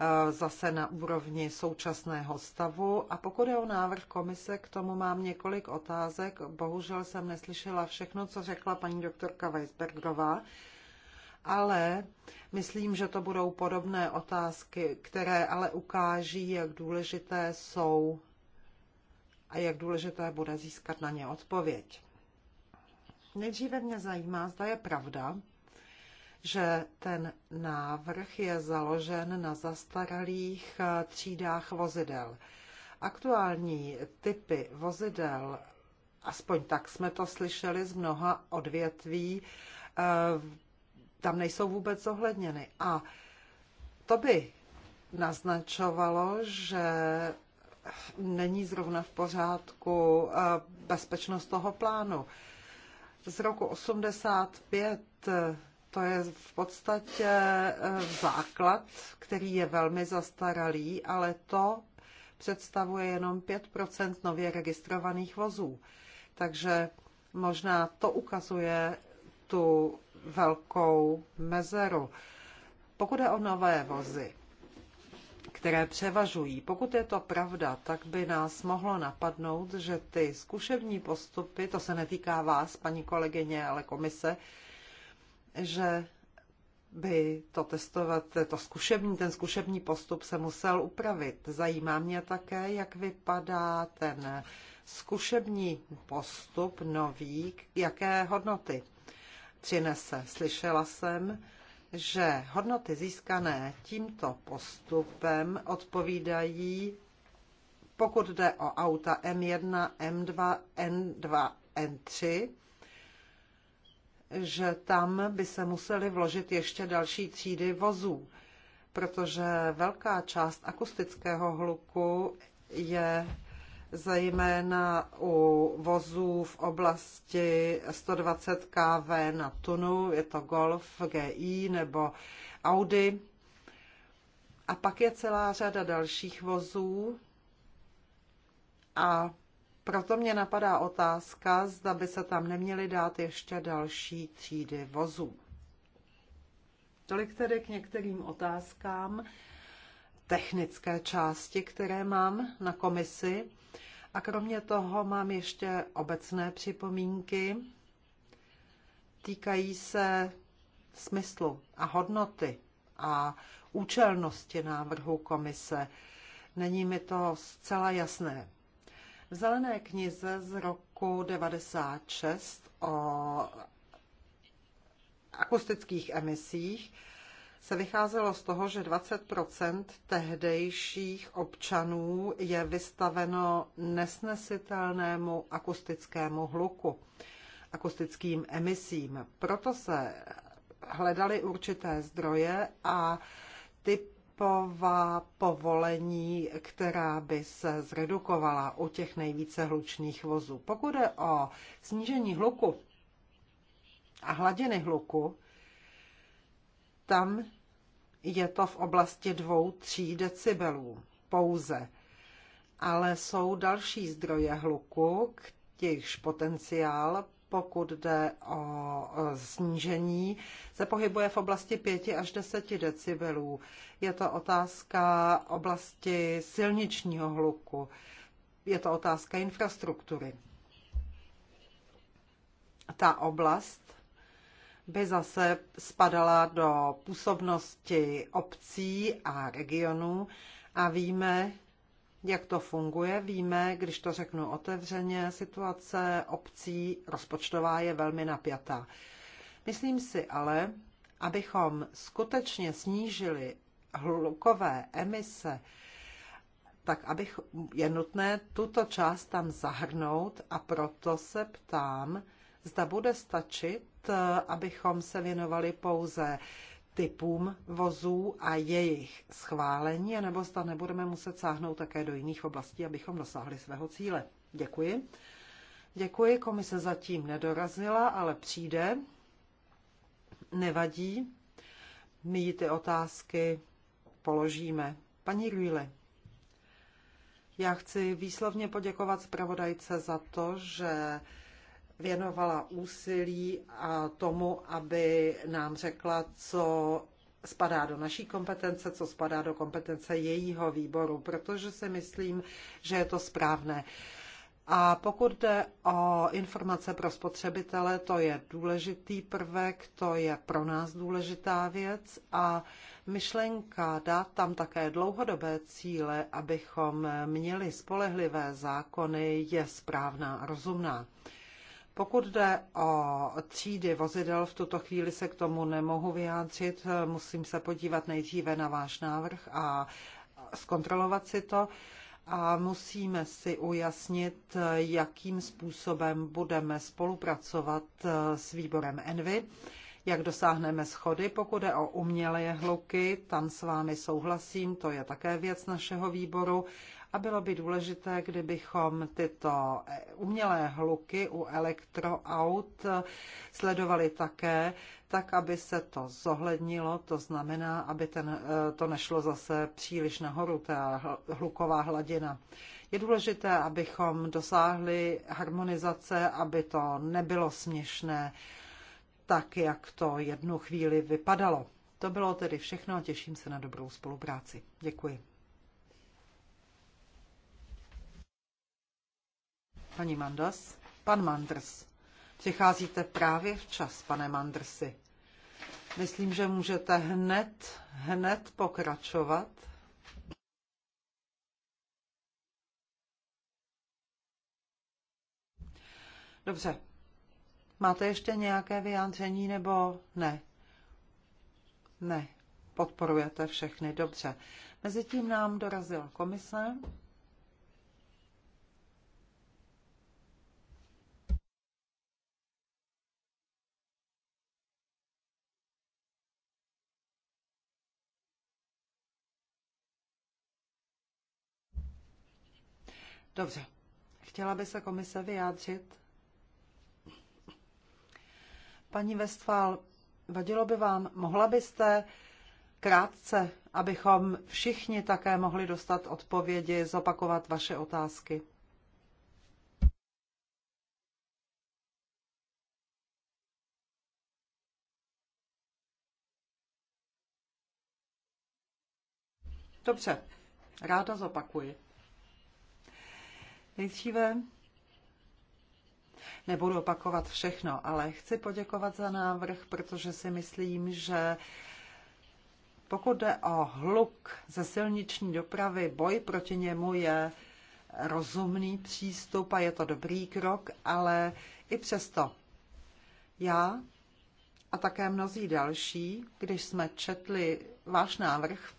eh, zase na úrovni současného stavu. A pokud je o návrh komise, k tomu mám několik otázek. Bohužel jsem neslyšela všechno, co řekla paní doktorka Weisbergová, ale myslím, že to budou podobné otázky, které ale ukáží, jak důležité jsou a jak důležité bude získat na ně odpověď. Nejdříve mě zajímá, zda je pravda, že ten návrh je založen na zastaralých eh, třídách vozidel. Aktuální typy vozidel, aspoň tak jsme to slyšeli z mnoha odvětví, eh, tam nejsou vůbec zohledněny. A to by naznačovalo, že není zrovna v pořádku eh, bezpečnost toho plánu. Z roku 85 eh, to je v podstatě eh, základ, který je velmi zastaralý, ale to představuje jenom 5 nově registrovaných vozů. Takže možná to ukazuje tu velkou mezeru. Pokud je o nové vozy, které převažují. Pokud je to pravda, tak by nás mohlo napadnout, že ty zkušební postupy, to se netýká vás, paní kolegyně, ale komise, že by to testovat, to zkušební, ten zkušební postup se musel upravit. Zajímá mě také, jak vypadá ten zkušební postup nový, jaké hodnoty přinese. Slyšela jsem, že hodnoty získané tímto postupem odpovídají, pokud jde o auta M1, M2, N2, N3, že tam by se museli vložit ještě další třídy vozů, protože velká část akustického hluku je zejména u vozů v oblasti 120 kV na tunu, je to Golf GI nebo Audi. A pak je celá řada dalších vozů. A proto mě napadá otázka, zda by se tam neměly dát ještě další třídy vozů. Tolik tedy k některým otázkám technické části, které mám na komisi. A kromě toho mám ještě obecné připomínky. Týkají se smyslu a hodnoty a účelnosti návrhu komise. Není mi to zcela jasné. V zelené knize z roku 96 o akustických emisích se vycházelo z toho, že 20 tehdejších občanů je vystaveno nesnesitelnému akustickému hluku, akustickým emisím. Proto se hledali určité zdroje a typová povolení, která by se zredukovala u těch nejvíce hlučných vozů. Pokud je o snížení hluku a hladiny hluku, tam je to v oblasti 2-3 decibelů pouze. Ale jsou další zdroje hluku, jejichž potenciál, pokud jde o snížení, se pohybuje v oblasti 5 až 10 decibelů. Je to otázka oblasti silničního hluku. Je to otázka infrastruktury. Ta oblast by zase spadala do působnosti obcí a regionů a víme, jak to funguje. Víme, když to řeknu otevřeně, situace obcí rozpočtová je velmi napjatá. Myslím si ale, abychom skutečně snížili hlukové emise, tak abych, je nutné tuto část tam zahrnout a proto se ptám, zda bude stačit, abychom se věnovali pouze typům vozů a jejich schválení, nebo zda nebudeme muset sáhnout také do jiných oblastí, abychom dosáhli svého cíle. Děkuji. Děkuji, komise zatím nedorazila, ale přijde. Nevadí. My ty otázky položíme. Paní Rýle, já chci výslovně poděkovat zpravodajce za to, že věnovala úsilí a tomu, aby nám řekla, co spadá do naší kompetence, co spadá do kompetence jejího výboru, protože si myslím, že je to správné. A pokud jde o informace pro spotřebitele, to je důležitý prvek, to je pro nás důležitá věc a myšlenka dát tam také dlouhodobé cíle, abychom měli spolehlivé zákony, je správná a rozumná. Pokud jde o třídy vozidel, v tuto chvíli se k tomu nemohu vyjádřit. Musím se podívat nejdříve na váš návrh a zkontrolovat si to. A musíme si ujasnit, jakým způsobem budeme spolupracovat s výborem Envy, jak dosáhneme schody, pokud jde o umělé hluky, tam s vámi souhlasím, to je také věc našeho výboru a bylo by důležité, kdybychom tyto eh, umělé hluky u elektroaut eh, sledovali také, tak aby se to zohlednilo, to znamená, aby ten, eh, to nešlo zase příliš nahoru, ta hluková hladina. Je důležité, abychom dosáhli harmonizace, aby to nebylo směšné, tak jak to jednu chvíli vypadalo. To bylo tedy všechno a těším se na dobrou spolupráci. Děkuji. Paní Mandas, pan Manders. Přicházíte právě včas, pane Mandersi. Myslím, že můžete hned, hned pokračovat. Dobře. Máte ještě nějaké vyjádření nebo ne? Ne. Podporujete všechny. Dobře. Mezitím nám dorazila komise. Dobře. Chtěla by se komise vyjádřit? Paní Westfal, vadilo by vám, mohla byste krátce, abychom všichni také mohli dostat odpovědi, zopakovat vaše otázky? Dobře, ráda zopakuji. Nejdříve nebudu opakovat všechno, ale chci poděkovat za návrh, protože si myslím, že pokud jde o hluk ze silniční dopravy, boj proti němu je rozumný přístup a je to dobrý krok, ale i přesto já a také mnozí další, když jsme četli váš návrh,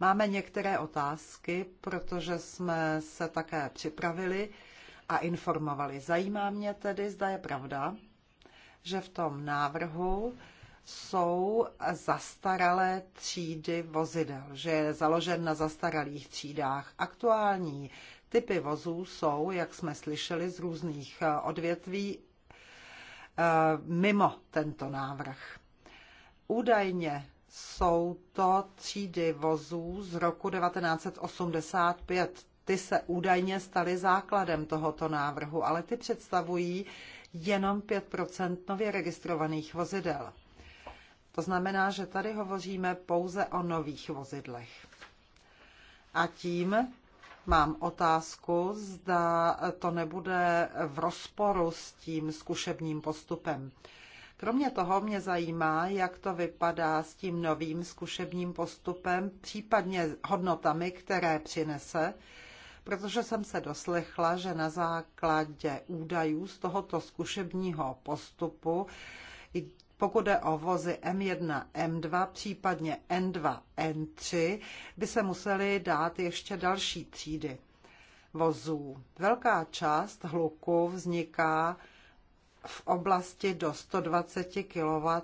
Máme některé otázky, protože jsme se také připravili a informovali. Zajímá mě tedy, zda je pravda, že v tom návrhu jsou zastaralé třídy vozidel, že je založen na zastaralých třídách. Aktuální typy vozů jsou, jak jsme slyšeli z různých eh, odvětví, eh, mimo tento návrh. Údajně jsou to třídy vozů z roku 1985. Ty se údajně staly základem tohoto návrhu, ale ty představují jenom 5 nově registrovaných vozidel. To znamená, že tady hovoříme pouze o nových vozidlech. A tím mám otázku, zda to nebude v rozporu s tím zkušebním postupem. Kromě toho mě zajímá, jak to vypadá s tím novým zkušebním postupem, případně hodnotami, které přinese, protože jsem se doslechla, že na základě údajů z tohoto zkušebního postupu pokud jde o vozy M1, M2, případně N2, N3, by se musely dát ještě další třídy vozů. Velká část hluku vzniká v oblasti do 120 kW eh,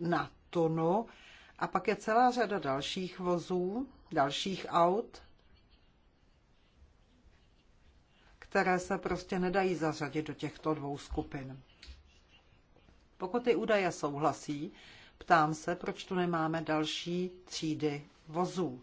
na tunu. A pak je celá řada dalších vozů, dalších aut, které se prostě nedají zařadit do těchto dvou skupin. Pokud ty údaje souhlasí, ptám se, proč tu nemáme další třídy vozů.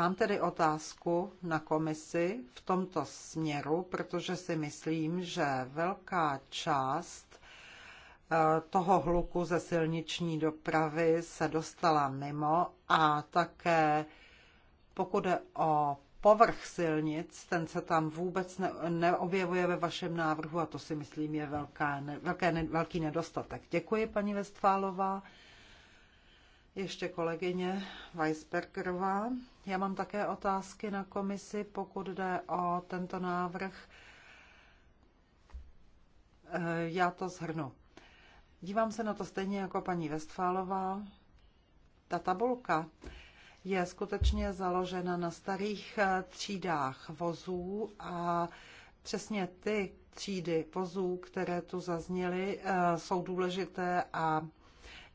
Mám tedy otázku na komisi v tomto směru, protože si myslím, že velká část eh, toho hluku ze silniční dopravy se dostala mimo a také pokud je o povrch silnic, ten se tam vůbec ne, neobjevuje ve vašem návrhu a to si myslím je velká, ne, velké, ne, velký nedostatek. Děkuji, paní Westfálová. Ještě kolegyně Weisbergerová. Já mám také otázky na komisi, pokud jde o tento návrh. Eh, já to zhrnu. Dívám se na to stejně jako paní Westfálová. Ta tabulka je skutečně založena na starých eh, třídách vozů a přesně ty třídy vozů, které tu zazněly, eh, jsou důležité a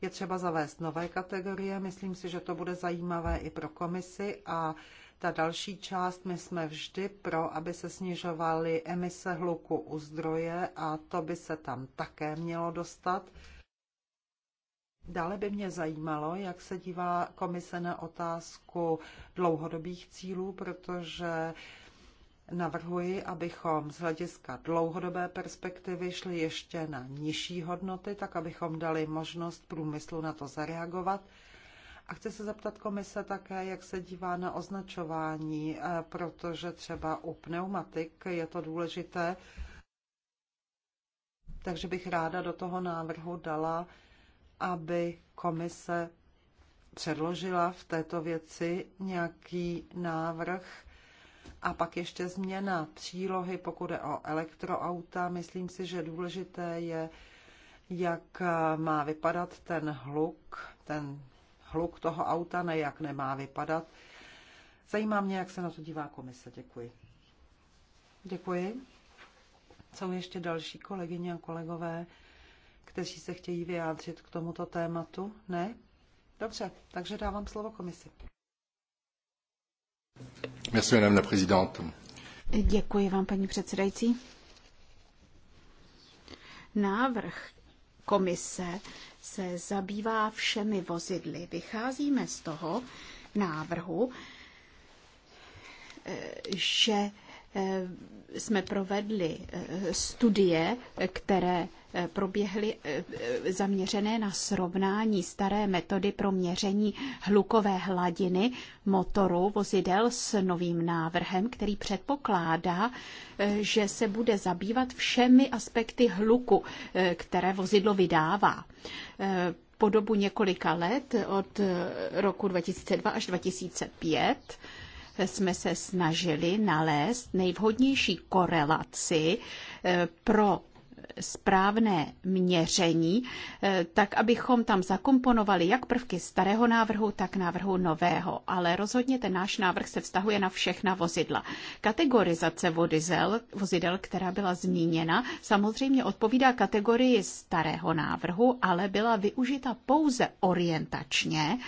je třeba zavést nové kategorie, myslím si, že to bude zajímavé i pro komisi a ta další část, my jsme vždy pro, aby se snižovaly emise hluku u zdroje a to by se tam také mělo dostat. Dále by mě zajímalo, jak se dívá komise na otázku dlouhodobých cílů, protože Navrhuji, abychom z hlediska dlouhodobé perspektivy šli ještě na nižší hodnoty, tak abychom dali možnost průmyslu na to zareagovat. A chci se zeptat komise také, jak se dívá na označování, eh, protože třeba u pneumatik je to důležité. Takže bych ráda do toho návrhu dala, aby komise předložila v této věci nějaký návrh a pak ještě změna přílohy, pokud je o elektroauta. Myslím si, že důležité je, jak eh, má vypadat ten hluk, ten hluk toho auta, ne jak nemá vypadat. Zajímá mě, jak se na to dívá komise. Děkuji. Děkuji. Jsou ještě další kolegyně a kolegové, kteří se chtějí vyjádřit k tomuto tématu? Ne? Dobře, takže dávám slovo komisi. Merci, madame la présidente. Děkuji vám, paní předsedající. Návrh komise se zabývá všemi vozidly. Vycházíme z toho návrhu, eh, že Eh, jsme provedli eh, studie, eh, které proběhly zaměřené na srovnání staré metody pro měření hlukové hladiny motoru vozidel s novým návrhem, který předpokládá, že se bude zabývat všemi aspekty hluku, které vozidlo vydává po dobu několika let od roku 2002 až 2005 jsme se snažili nalézt nejvhodnější korelaci eh, pro správné měření, eh, tak abychom tam zakomponovali jak prvky starého návrhu, tak návrhu nového. Ale rozhodně ten náš návrh se vztahuje na všechna vozidla. Kategorizace vodizel, vozidel, která byla zmíněna, samozřejmě odpovídá kategorii starého návrhu, ale byla využita pouze orientačně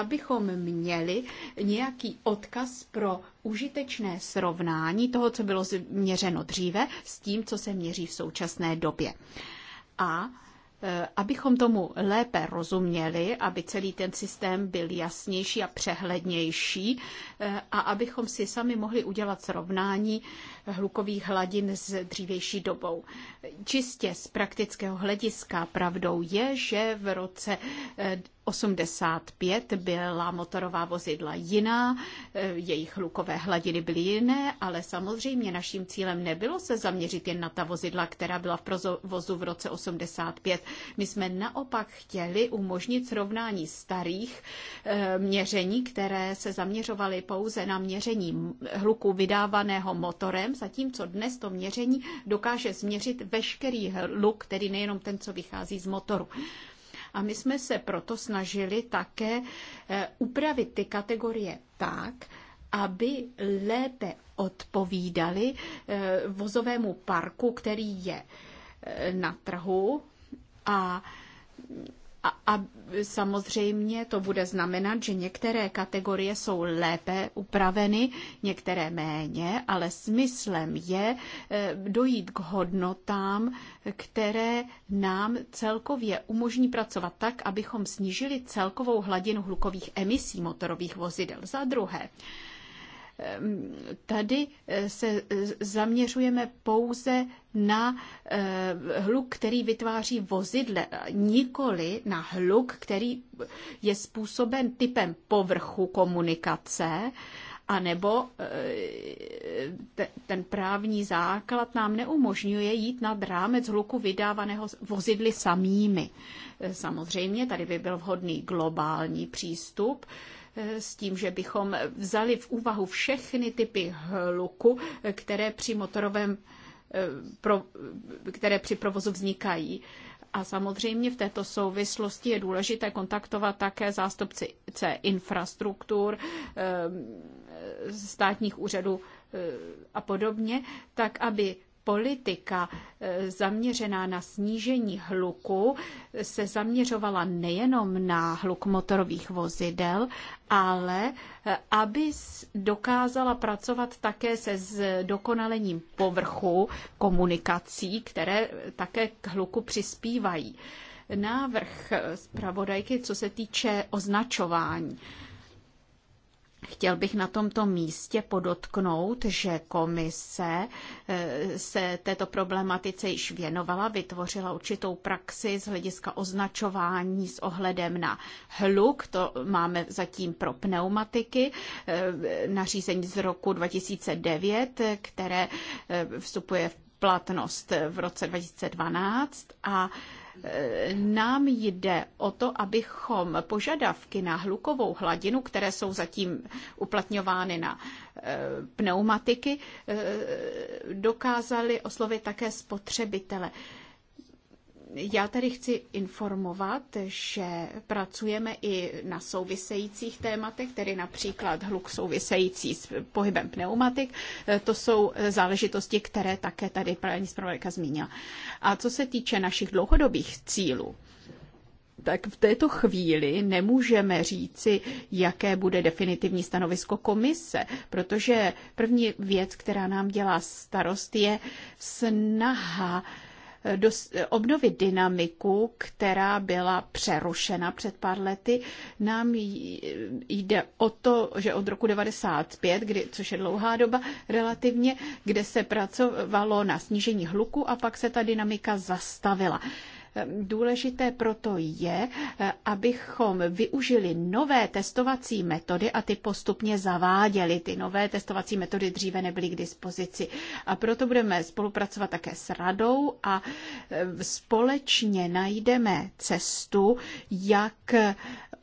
abychom měli nějaký odkaz pro užitečné srovnání toho, co bylo měřeno dříve, s tím, co se měří v současné době. A e, abychom tomu lépe rozuměli, aby celý ten systém byl jasnější a přehlednější e, a abychom si sami mohli udělat srovnání hlukových hladin s dřívější dobou. Čistě z praktického hlediska pravdou je, že v roce e, 85 byla motorová vozidla jiná, eh, jejich hlukové hladiny byly jiné, ale samozřejmě naším cílem nebylo se zaměřit jen na ta vozidla, která byla v provozu v roce 85. My jsme naopak chtěli umožnit srovnání starých eh, měření, které se zaměřovaly pouze na měření hluku vydávaného motorem, zatímco dnes to měření dokáže změřit veškerý hluk, tedy nejenom ten, co vychází z motoru. A my jsme se proto snažili také eh, upravit ty kategorie tak, aby lépe odpovídali eh, vozovému parku, který je eh, na trhu a a, a samozřejmě to bude znamenat, že některé kategorie jsou lépe upraveny, některé méně, ale smyslem je e, dojít k hodnotám, které nám celkově umožní pracovat tak, abychom snížili celkovou hladinu hlukových emisí motorových vozidel. Za druhé, Ehm, tady eh, se eh, zaměřujeme pouze na eh, hluk, který vytváří vozidle, nikoli na hluk, který je způsoben typem povrchu komunikace, anebo ten právní základ nám neumožňuje jít nad rámec hluku vydávaného vozidly samými. Samozřejmě tady by byl vhodný globální přístup, s tím, že bychom vzali v úvahu všechny typy hluku, které při motorovém eh, pro, které při provozu vznikají. A samozřejmě v této souvislosti je důležité kontaktovat také zástupce infrastruktur, eh, státních úřadů eh, a podobně, tak aby politika eh, zaměřená na snížení hluku se zaměřovala nejenom na hluk motorových vozidel, ale eh, aby dokázala pracovat také se zdokonalením povrchu komunikací, které také k hluku přispívají. Návrh eh, zpravodajky, co se týče označování. Chtěl bych na tomto místě podotknout, že komise eh, se této problematice již věnovala, vytvořila určitou praxi z hlediska označování s ohledem na hluk, to máme zatím pro pneumatiky, eh, nařízení z roku 2009, které eh, vstupuje v platnost v roce 2012 a nám jde o to, abychom požadavky na hlukovou hladinu, které jsou zatím uplatňovány na eh, pneumatiky, eh, dokázali oslovit také spotřebitele. Já tady chci informovat, že pracujeme i na souvisejících tématech, tedy například hluk související s pohybem pneumatik. E, to jsou e, záležitosti, které také tady paní zpravodajka zmínila. A co se týče našich dlouhodobých cílů, tak v této chvíli nemůžeme říci, jaké bude definitivní stanovisko komise, protože první věc, která nám dělá starost, je snaha obnovit dynamiku, která byla přerušena před pár lety. Nám jde o to, že od roku 95, kdy, což je dlouhá doba relativně, kde se pracovalo na snížení hluku a pak se ta dynamika zastavila. Důležité proto je, abychom využili nové testovací metody a ty postupně zaváděli. Ty nové testovací metody dříve nebyly k dispozici. A proto budeme spolupracovat také s radou a e, společně najdeme cestu, jak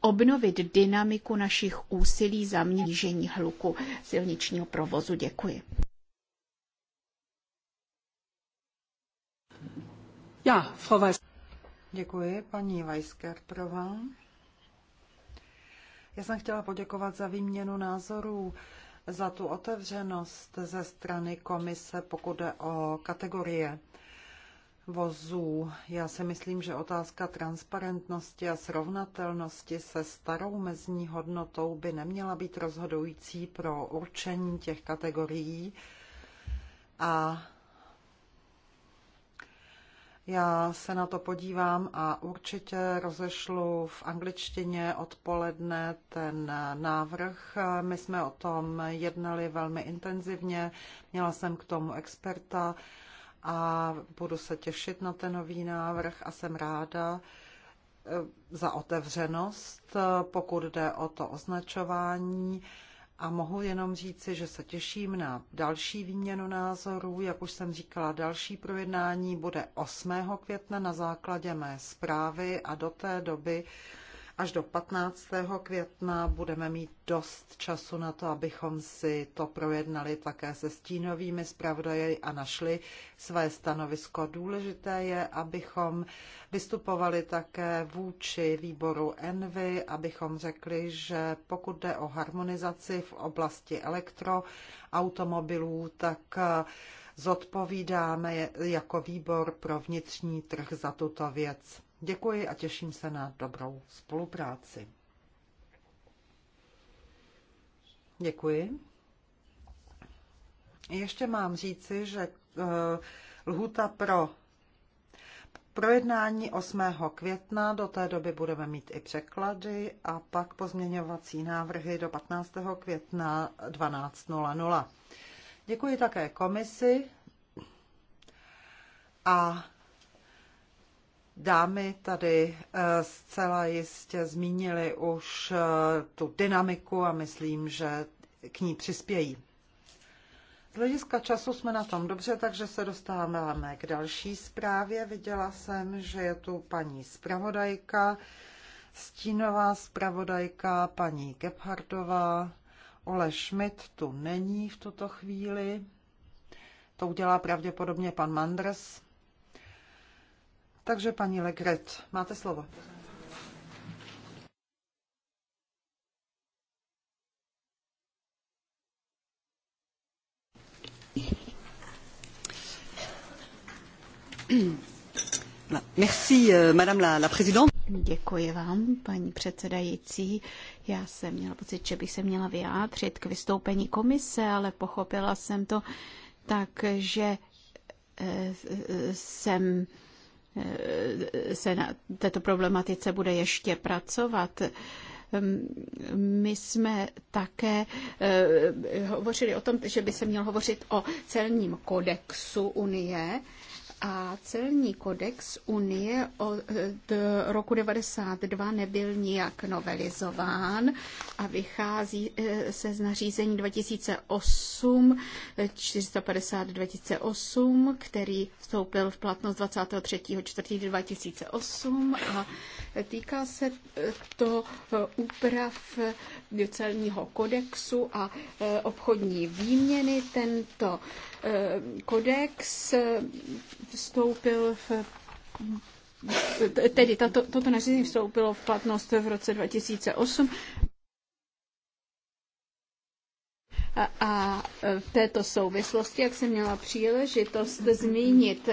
obnovit dynamiku našich úsilí za zaměření hluku silničního provozu. Děkuji. Ja, Frau Weiß. Děkuji, paní Weiskertrová. Já jsem chtěla poděkovat za výměnu názorů, za tu otevřenost ze strany komise, pokud jde o kategorie vozů. Já si myslím, že otázka transparentnosti a srovnatelnosti se starou mezní hodnotou by neměla být rozhodující pro určení těch kategorií. A já se na to podívám a určitě rozešlu v angličtině odpoledne ten návrh. My jsme o tom jednali velmi intenzivně, měla jsem k tomu experta a budu se těšit na ten nový návrh a jsem ráda eh, za otevřenost, eh, pokud jde o to označování a mohu jenom říci, že se těším na další výměnu názorů. Jak už jsem říkala, další projednání bude 8. května na základě mé zprávy a do té doby až do 15. května budeme mít dost času na to, abychom si to projednali také se stínovými zpravodaji a našli své stanovisko. Důležité je, abychom vystupovali také vůči výboru Envy, abychom řekli, že pokud jde o harmonizaci v oblasti elektroautomobilů, tak eh, zodpovídáme jako výbor pro vnitřní trh za tuto věc. Děkuji a těším se na dobrou spolupráci. Děkuji. Ještě mám říci, že eh, lhuta pro projednání 8. května, do té doby budeme mít i překlady a pak pozměňovací návrhy do 15. května 12.00. Děkuji také komisi a Dámy tady eh, zcela jistě zmínili už eh, tu dynamiku a myslím, že k ní přispějí. Z hlediska času jsme na tom dobře, takže se dostáváme k další zprávě. Viděla jsem, že je tu paní zpravodajka, stínová zpravodajka, paní Gebhardová. Ole Schmidt tu není v tuto chvíli. To udělá pravděpodobně pan Manders. Takže paní Legret, máte slovo. Euh, Děkuji vám, paní předsedající. Já jsem měla pocit, že bych se měla vyjádřit k vystoupení komise, ale pochopila jsem to tak, že eh, jsem se na této problematice bude ještě pracovat. My jsme také eh, hovořili o tom, že by se měl hovořit o celním kodexu Unie, a celní kodex Unie od roku 92 nebyl nijak novelizován a vychází eh, se z nařízení 2008 450 2008, který vstoupil v platnost 23. 2008 a týká se eh, to eh, úprav celního kodexu a obchodní výměny. Tento Eh, kodex eh, vstoupil v eh, tedy tato, toto nařízení vstoupilo v platnost v roce 2008 a v této souvislosti, jak jsem měla příležitost zmínit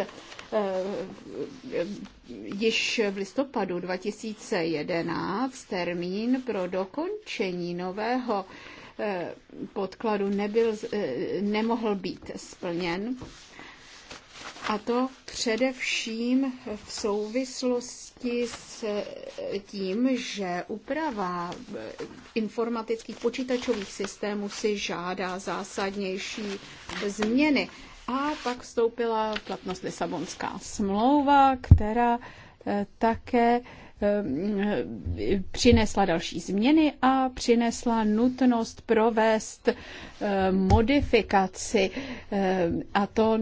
již v listopadu 2011 termín pro dokončení nového podkladu nebyl, eh, nemohl být splněn. A to především v souvislosti s eh, tím, že úprava eh, informatických počítačových systémů si žádá zásadnější změny. A pak vstoupila v platnost Lisabonská smlouva, která také Eh, přinesla další změny a přinesla nutnost provést eh, modifikaci eh, a to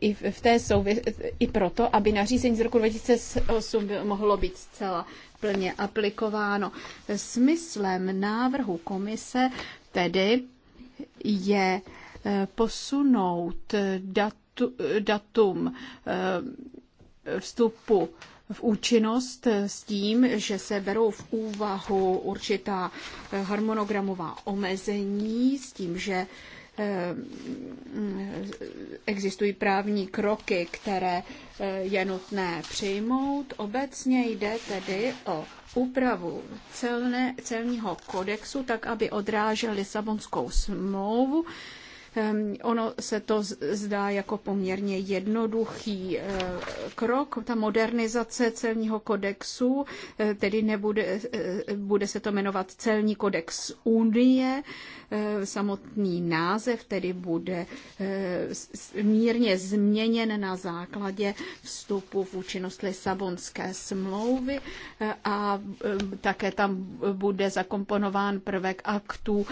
i v té souvis- i proto, aby nařízení z roku 2008 mohlo být zcela plně aplikováno. Smyslem návrhu komise tedy je posunout datu, datum vstupu v účinnost s tím, že se berou v úvahu určitá eh, harmonogramová omezení, s tím, že eh, existují právní kroky, které eh, je nutné přijmout. Obecně jde tedy o úpravu celného celního kodexu, tak aby odrážel Lisabonskou smlouvu Ehm, ono se to zdá jako poměrně jednoduchý eh, krok. Ta modernizace celního kodexu, eh, tedy nebude, eh, bude se to jmenovat celní kodex Unie, samotný název tedy bude mírně změněn na základě vstupu v účinnost Lisabonské smlouvy a také tam bude zakomponován prvek aktů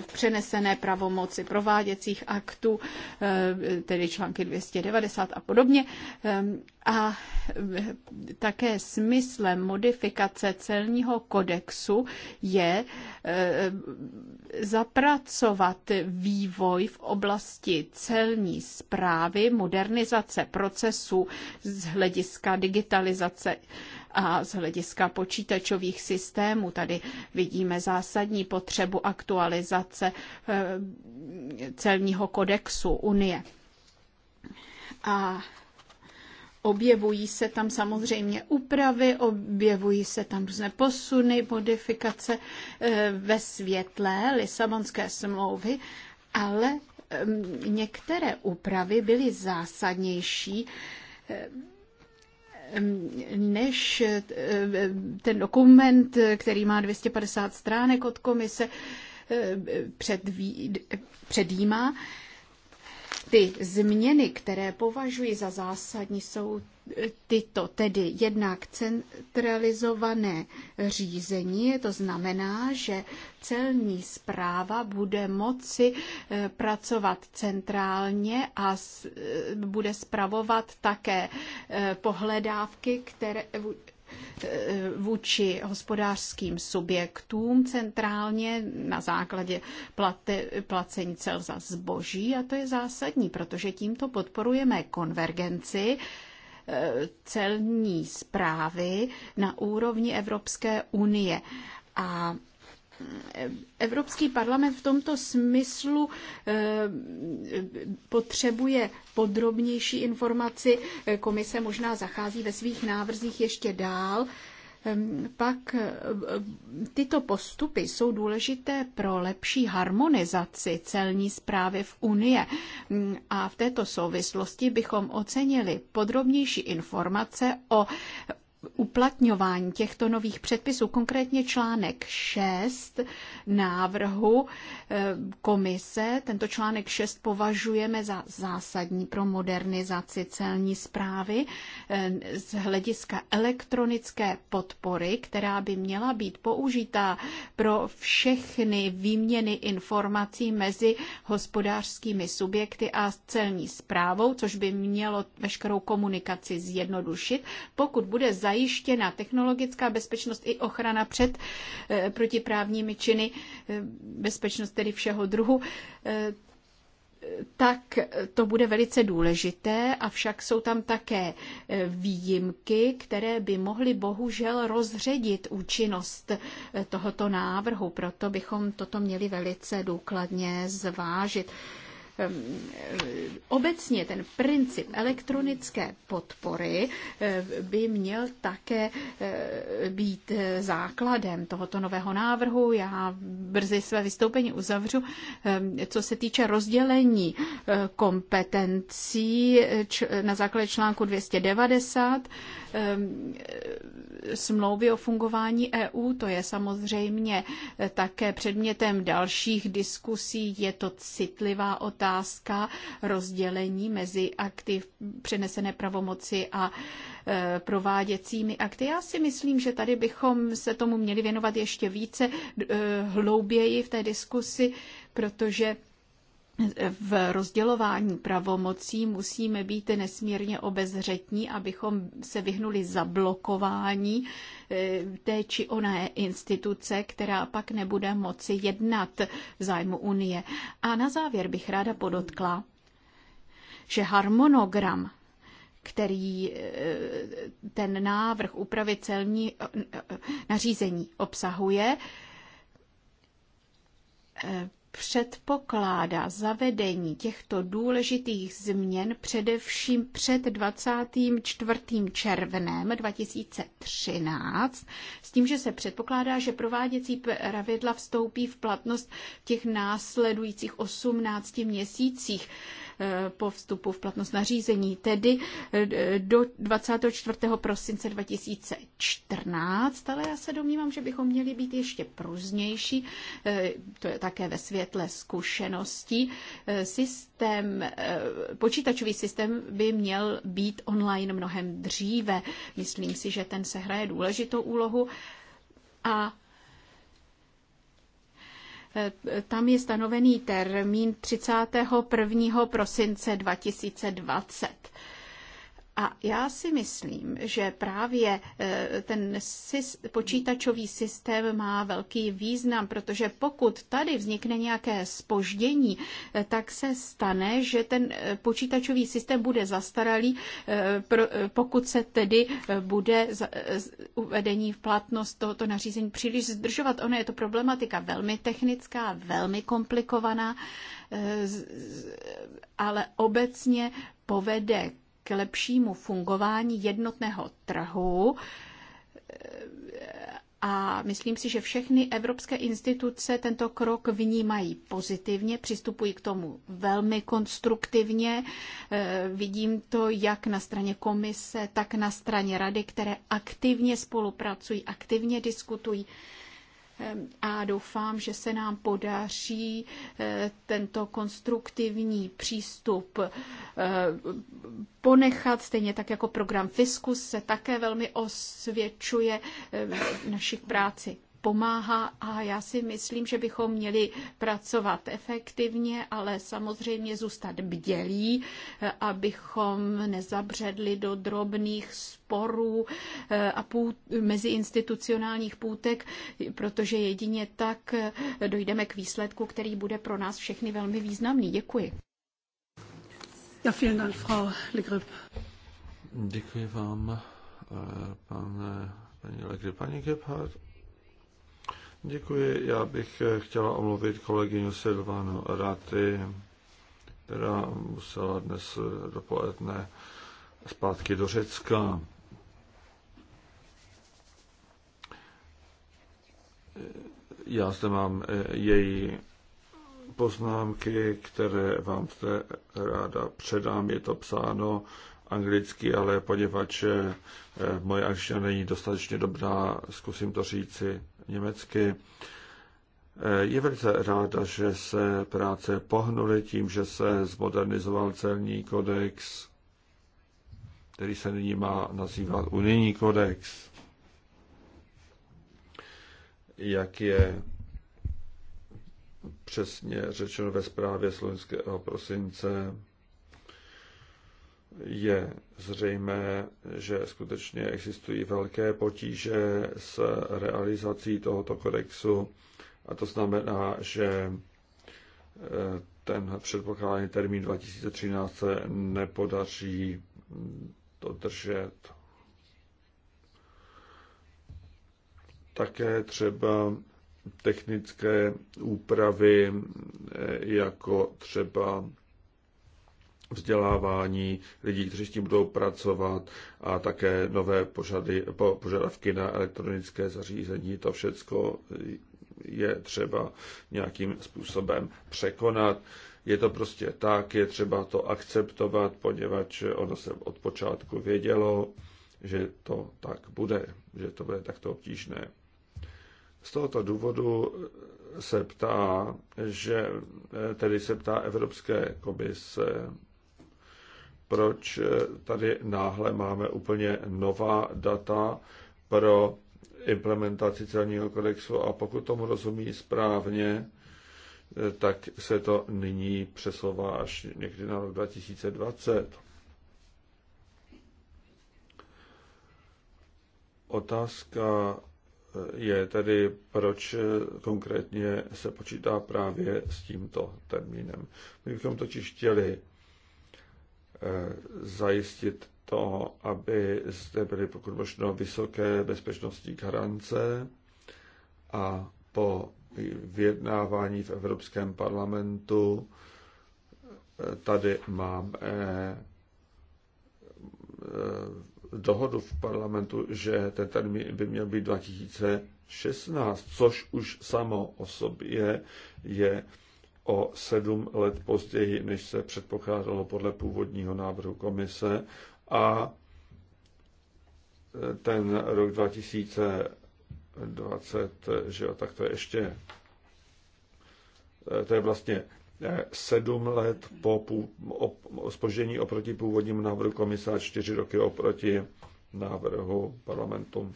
v přenesené pravomoci moci prováděcích aktů, eh, tedy články 290 a podobně. Ehm, a eh, také smyslem modifikace celního kodexu je eh, zapracovat vývoj v oblasti celní zprávy, modernizace procesů z hlediska digitalizace a z hlediska počítačových systémů tady vidíme zásadní potřebu aktualizace eh, celního kodexu Unie. A objevují se tam samozřejmě úpravy, objevují se tam různé posuny, modifikace eh, ve světle Lisabonské smlouvy, ale eh, některé úpravy byly zásadnější než eh, ten dokument, který má 250 stránek od komise, eh, předví, předjímá, ty změny, které považuji za zásadní, jsou e, tyto, tedy jednak centralizované řízení, to znamená, že celní zpráva bude moci e, pracovat centrálně a e, bude spravovat také pohledávky, které vůči hospodářským subjektům centrálně na základě plate, placení cel za zboží a to je zásadní, protože tímto podporujeme konvergenci eh, celní zprávy na úrovni Evropské unie. A Evropský parlament v tomto smyslu eh, potřebuje podrobnější informaci. Komise možná zachází ve svých návrzích ještě dál. Ehm, pak eh, tyto postupy jsou důležité pro lepší harmonizaci celní zprávy v Unie. Mm, a v této souvislosti bychom ocenili podrobnější informace o uplatňování těchto nových předpisů, konkrétně článek 6 návrhu eh, komise. Tento článek 6 považujeme za zásadní pro modernizaci celní zprávy eh, z hlediska elektronické podpory, která by měla být použitá pro všechny výměny informací mezi hospodářskými subjekty a celní zprávou, což by mělo veškerou komunikaci zjednodušit. Pokud bude za zajištěna technologická bezpečnost i ochrana před eh, protiprávními činy, eh, bezpečnost tedy všeho druhu eh, tak to bude velice důležité, avšak jsou tam také výjimky, které by mohly bohužel rozředit účinnost tohoto návrhu. Proto bychom toto měli velice důkladně zvážit. Ehm, eh, obecně ten princip elektronické podpory eh, by měl také eh, být základem tohoto nového návrhu. Já brzy své vystoupení uzavřu. Ehm, co se týče rozdělení kompetencí na základě článku 290 ehm, smlouvy o fungování EU, to je samozřejmě také předmětem dalších diskusí. Je to citlivá otázka otázka rozdělení mezi akty přenesené pravomoci a e, prováděcími akty. Já si myslím, že tady bychom se tomu měli věnovat ještě více e, hlouběji v té diskusi, protože v rozdělování pravomocí musíme být nesmírně obezřetní, abychom se vyhnuli zablokování eh, té či oné instituce, která pak nebude moci jednat v zájmu Unie. A na závěr bych ráda podotkla, že harmonogram který eh, ten návrh úpravy celní eh, nařízení obsahuje, předpokládá zavedení těchto důležitých změn především před 24. červnem 2013, s tím, že se předpokládá, že prováděcí pravidla vstoupí v platnost v těch následujících 18 měsících. Eh, po vstupu v platnost nařízení, tedy eh, do 24. prosince 2014, ale já se domnívám, že bychom měli být ještě průznější, eh, to je také ve světle zkušeností. Systém, počítačový systém by měl být online mnohem dříve. Myslím si, že ten se hraje důležitou úlohu a tam je stanovený termín 31. prosince 2020. A já si myslím, že právě e, ten počítačový systém má velký význam, protože pokud tady vznikne nějaké spoždění, e, tak se stane, že ten e, počítačový systém bude zastaralý, pokud se tedy bude uvedení v platnost tohoto nařízení příliš zdržovat. Ona je to problematika velmi technická, velmi komplikovaná, ale obecně povede lepšímu fungování jednotného trhu. A myslím si, že všechny evropské instituce tento krok vnímají pozitivně, přistupují k tomu velmi konstruktivně. E, vidím to jak na straně komise, tak na straně rady, které aktivně spolupracují, aktivně diskutují a doufám, že se nám podaří eh, tento konstruktivní přístup eh, ponechat, stejně tak jako program Fiskus se také velmi osvědčuje eh, naší práci pomáhá a já si myslím, že bychom měli pracovat efektivně, ale samozřejmě zůstat bdělí, abychom nezabředli do drobných sporů eh, a půd, meziinstitucionálních půtek, protože jedině tak eh, dojdeme k výsledku, který bude pro nás všechny velmi významný. Děkuji. Ja, vielen Dank, Frau Le Grip. Děkuji vám, eh, pane, paní Legry. Paní Gebhardt, Děkuji. Já bych eh, chtěla omluvit kolegyni Silvánu Raty, která musela dnes eh, dopoledne zpátky do Řecka. Já zde mám eh, její poznámky, které vám zde ráda předám. Je to psáno anglicky, ale poněvadž moje angličtina není dostatečně dobrá, zkusím to říci německy. Eh, je velice ráda, že se práce pohnuly tím, že se zmodernizoval celní kodex, který se nyní má nazývat unijní kodex. Jak je přesně řečeno ve zprávě slovenského prosince, je zřejmé, že skutečně existují velké potíže s realizací tohoto kodexu a to znamená, že eh, ten předpokládaný termín 2013 se nepodaří dodržet. Také třeba technické úpravy, eh, jako třeba vzdělávání lidí, kteří s tím budou pracovat a také nové požady, požadavky na elektronické zařízení. To všechno je třeba nějakým způsobem překonat. Je to prostě tak, je třeba to akceptovat, poněvadž ono se od počátku vědělo, že to tak bude, že to bude takto obtížné. Z tohoto důvodu se ptá, že tedy se ptá Evropské komise, proč eh, tady náhle máme úplně nová data pro implementaci celního kodexu a pokud tomu rozumí správně, eh, tak se to nyní přesouvá až někdy na rok 2020. Otázka eh, je tedy, proč konkrétně se počítá právě s tímto termínem. My bychom totiž chtěli Eh, zajistit to, aby zde byly pokud možno vysoké bezpečnostní garance a po vyjednávání v Evropském parlamentu eh, tady máme eh, dohodu v parlamentu, že ten termín by měl být 2016, což už samo o sobě je, je o sedm let později, než se předpokládalo podle původního návrhu komise a ten rok 2020, že jo, tak to je ještě, to je vlastně eh, sedm let po spoždění oproti původnímu návrhu komise a čtyři roky oproti návrhu parlamentu.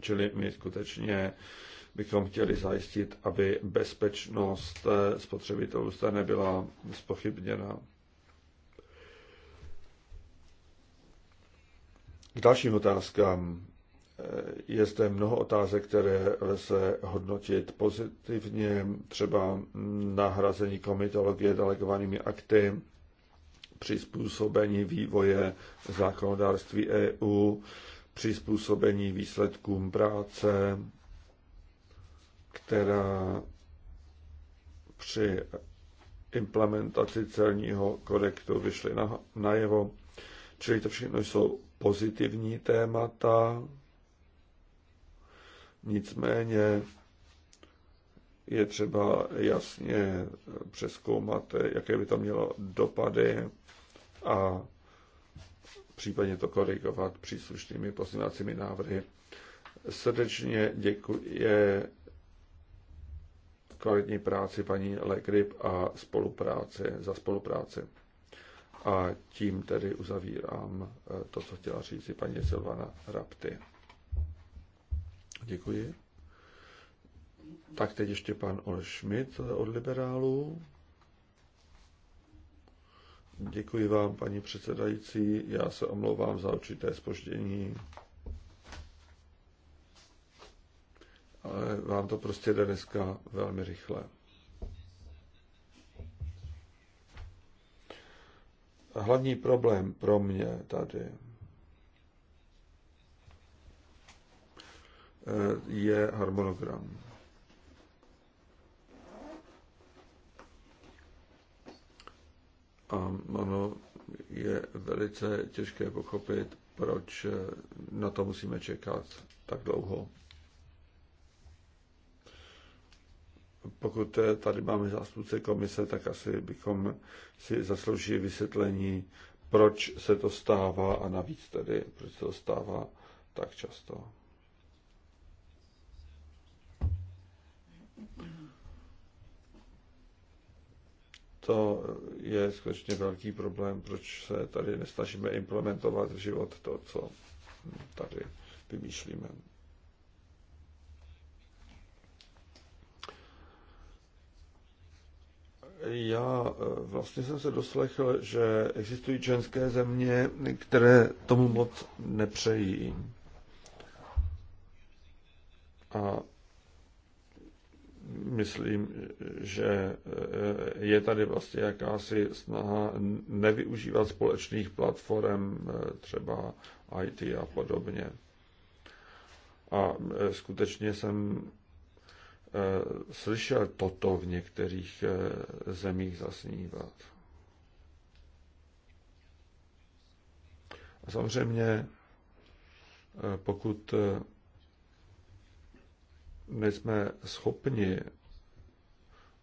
Čili my skutečně bychom chtěli zajistit, aby bezpečnost eh, spotřebitelů zde nebyla spochybněna. K dalším otázkám. Eh, je zde mnoho otázek, které lze hodnotit pozitivně, třeba nahrazení komitologie delegovanými akty, přizpůsobení vývoje zákonodárství EU, přizpůsobení výsledkům práce, která při implementaci celního korektu vyšly na, najevo. Čili to všechno jsou pozitivní témata. Nicméně je třeba jasně přeskoumat, jaké by to mělo dopady a případně to korigovat příslušnými pozměňovacími návrhy. Srdečně děkuji kvalitní práci paní Legrip a spolupráci, za spolupráci. A tím tedy uzavírám eh, to, co chtěla říct paní Silvana Rapty. Děkuji. Tak teď ještě pan Ol Schmidt od liberálů. Děkuji vám, paní předsedající. Já se omlouvám za určité spoždění. ale vám to prostě jde dneska velmi rychle. hlavní problém pro mě tady eh, je harmonogram. A ono je velice těžké pochopit, proč na to musíme čekat tak dlouho. pokud eh, tady máme zástupce komise, tak asi bychom si zasloužili vysvětlení, proč se to stává a navíc tedy, proč se to stává tak často. To je skutečně velký problém, proč se tady nesnažíme implementovat v život to, co tady vymýšlíme. Já e, vlastně jsem se doslechl, že existují členské země, které tomu moc nepřejí. A myslím, že e, je tady vlastně jakási snaha nevyužívat společných platform, e, třeba IT a podobně. A skutečně jsem Eh, slyšel toto v některých eh, zemích zasnívat. A samozřejmě, eh, pokud nejsme schopni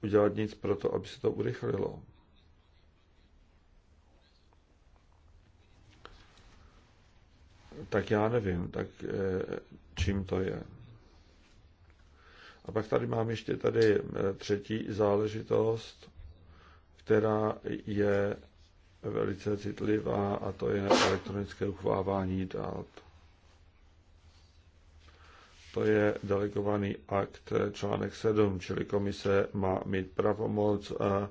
udělat nic pro to, aby se to urychlilo, tak já nevím, tak čím to je. A pak tady mám ještě tady eh, třetí záležitost, která je velice citlivá a to je elektronické uchvávání dát. To je delegovaný akt eh, článek 7, čili komise má mít pravomoc eh,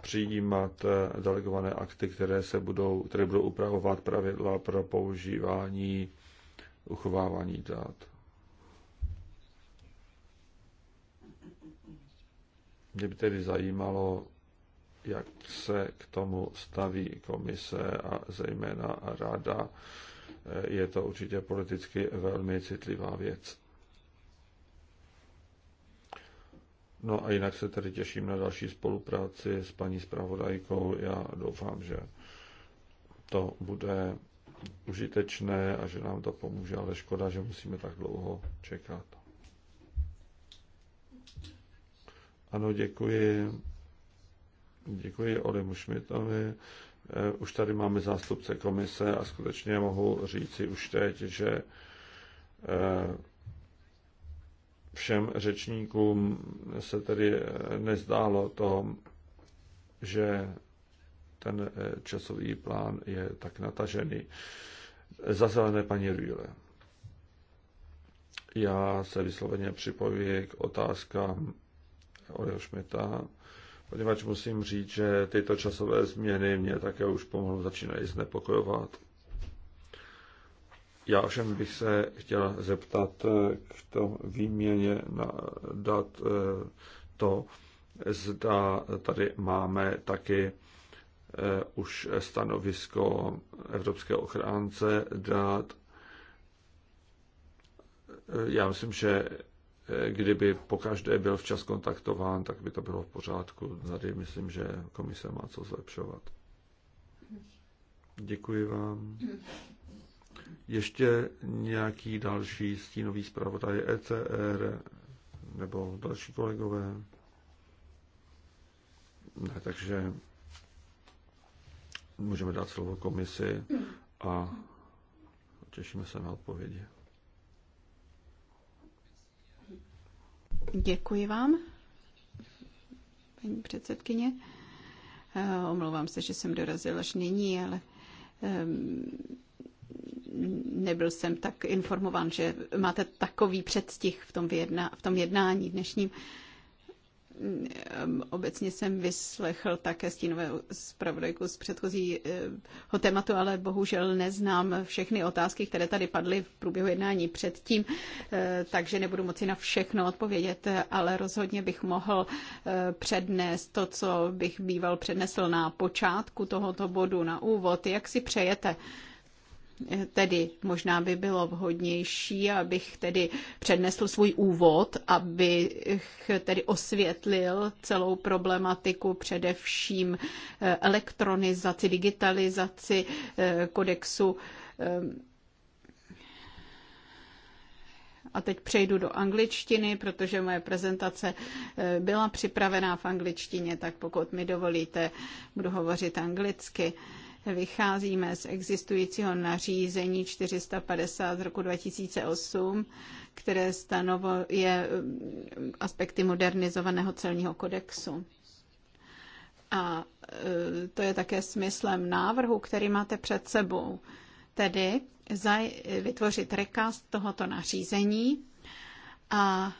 přijímat delegované akty, které, se budou, které budou upravovat pravidla pro používání uchovávání dat. Mě by tedy zajímalo, jak se k tomu staví komise a zejména rada. Eh, je to určitě politicky velmi citlivá věc. No a jinak se tedy těším na další spolupráci s paní zpravodajkou. Já doufám, že to bude užitečné a že nám to pomůže, ale škoda, že musíme tak dlouho čekat. Ano, děkuji. Děkuji Olimu Šmitovi. Eh, už tady máme zástupce komise a skutečně mohu říci už teď, že eh, všem řečníkům se tedy eh, nezdálo to, že ten časový plán je tak natažený. Za zelené paní Rýle. Já se vysloveně připojuji k otázkám Oliho Šmita, poněvadž musím říct, že tyto časové změny mě také už pomalu začínají znepokojovat. Já ovšem bych se chtěl zeptat k tomu výměně na dat eh, to, zda tady máme taky eh, už stanovisko Evropského ochránce dát. Eh, já myslím, že kdyby po každé byl včas kontaktován, tak by to bylo v pořádku. Tady myslím, že komise má co zlepšovat. Děkuji vám. Ještě nějaký další stínový zpravodaj ECR nebo další kolegové? Ne, takže můžeme dát slovo komisi a těšíme se na odpovědi. Děkuji vám, paní předsedkyně. Eh, omlouvám se, že jsem dorazila, až nyní, ale ehm, nebyl jsem tak informován, že máte takový předstih v tom, vyjedna, v tom jednání dnešním. Obecně jsem vyslechl také stínové zpravodajku z předchozího tématu, ale bohužel neznám všechny otázky, které tady padly v průběhu jednání předtím, eh, takže nebudu moci na všechno odpovědět, ale rozhodně bych mohl eh, přednést to, co bych býval přednesl na počátku tohoto bodu, na úvod, jak si přejete. Tedy možná by bylo vhodnější, abych tedy přednesl svůj úvod, abych tedy osvětlil celou problematiku především eh, elektronizaci, digitalizaci eh, kodexu. Eh, a teď přejdu do angličtiny, protože moje prezentace byla připravená v angličtině, tak pokud mi dovolíte, budu hovořit anglicky. Uh, Vycházíme z existujícího nařízení 450 z roku 2008, které stanovuje eh, aspekty modernizovaného celního kodexu. A eh, to je také smyslem návrhu, který máte před sebou. Tedy vytvořit rekast tohoto nařízení a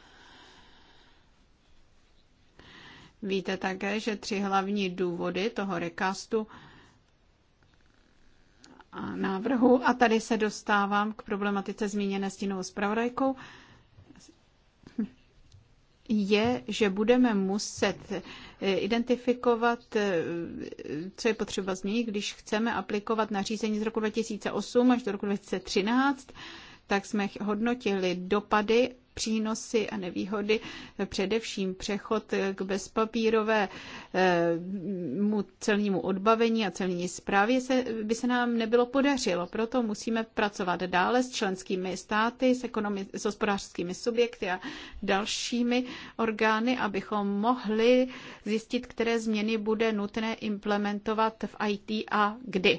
víte také, že tři hlavní důvody toho rekastu návrhu. A tady se dostávám k problematice zmíněné stínovou zpravodajkou. Je, že budeme muset eh, identifikovat, eh, co je potřeba změnit, když chceme aplikovat nařízení z roku 2008 až do roku 2013, tak jsme hodnotili dopady přínosy a nevýhody, především přechod k bezpapírovému eh, celnímu odbavení a celní zprávě se, by se nám nebylo podařilo. Proto musíme pracovat dále s členskými státy, s, ekonomi- s hospodářskými subjekty a dalšími orgány, abychom mohli zjistit, které změny bude nutné implementovat v IT a kdy.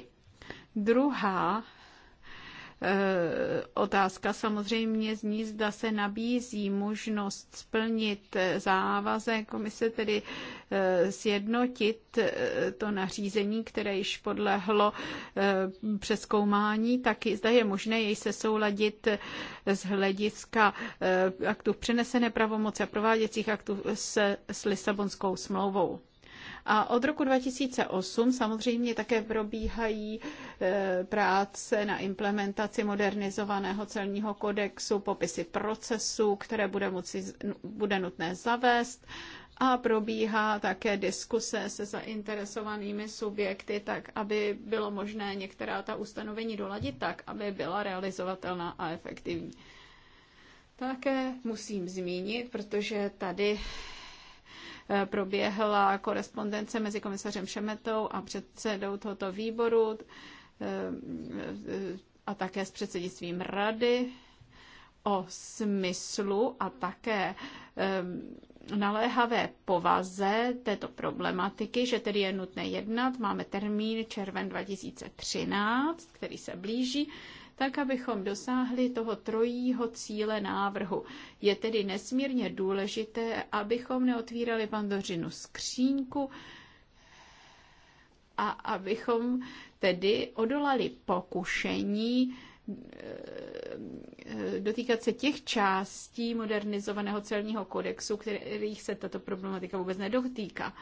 Druhá Eh, otázka samozřejmě zní, zda se nabízí možnost splnit závazek komise, tedy eh, sjednotit eh, to nařízení, které již podlehlo přeskoumání, tak zda je možné jej se souladit z hlediska aktů přenesené pravomoci a prováděcích aktů s, s Lisabonskou smlouvou. A od roku 2008 samozřejmě také probíhají e, práce na implementaci modernizovaného celního kodexu, popisy procesů, které bude, moci, bude nutné zavést a probíhá také diskuse se zainteresovanými subjekty, tak aby bylo možné některá ta ustanovení doladit tak, aby byla realizovatelná a efektivní. Také musím zmínit, protože tady Eh, proběhla korespondence mezi komisařem Šemetou a předsedou tohoto výboru eh, eh, a také s předsednictvím rady o smyslu a také naléhavé povaze této problematiky, že tedy je nutné jednat. Máme termín červen 2013, který se blíží tak abychom dosáhli toho trojího cíle návrhu. Je tedy nesmírně důležité, abychom neotvírali pandořinu skřínku, a abychom tedy odolali pokušení eh, dotýkat se těch částí modernizovaného celního kodexu, kterých se tato problematika vůbec nedotýká,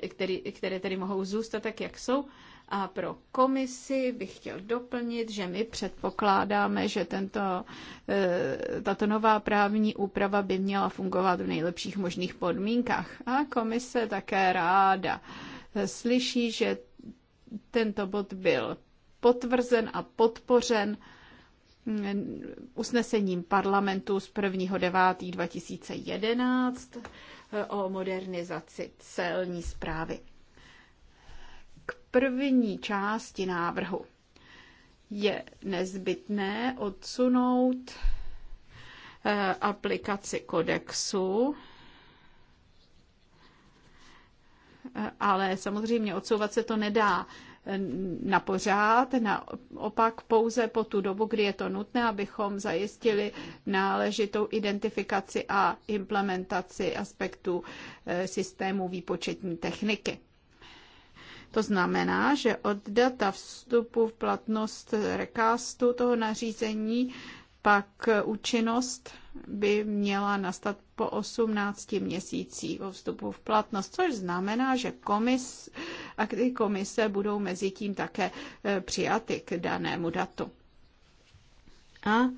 eh, které tedy mohou zůstat tak, jak jsou, a pro komisi bych chtěl doplnit, že my předpokládáme, že tento, eh, tato nová právní úprava by měla fungovat v nejlepších možných podmínkách. A komise také ráda eh, slyší, že tento bod byl potvrzen a podpořen mm, usnesením parlamentu z 1.9.2011 eh, o modernizaci celní zprávy první části návrhu. Je nezbytné odsunout eh, aplikaci kodexu, eh, ale samozřejmě odsouvat se to nedá eh, na pořád, naopak pouze po tu dobu, kdy je to nutné, abychom zajistili náležitou identifikaci a implementaci aspektů systému výpočetní techniky. To znamená, že od data vstupu v platnost recastu toho nařízení pak účinnost by měla nastat po 18 měsících o vstupu v platnost, což znamená, že komis, akty komise budou mezi tím také eh, přijaty k danému datu. A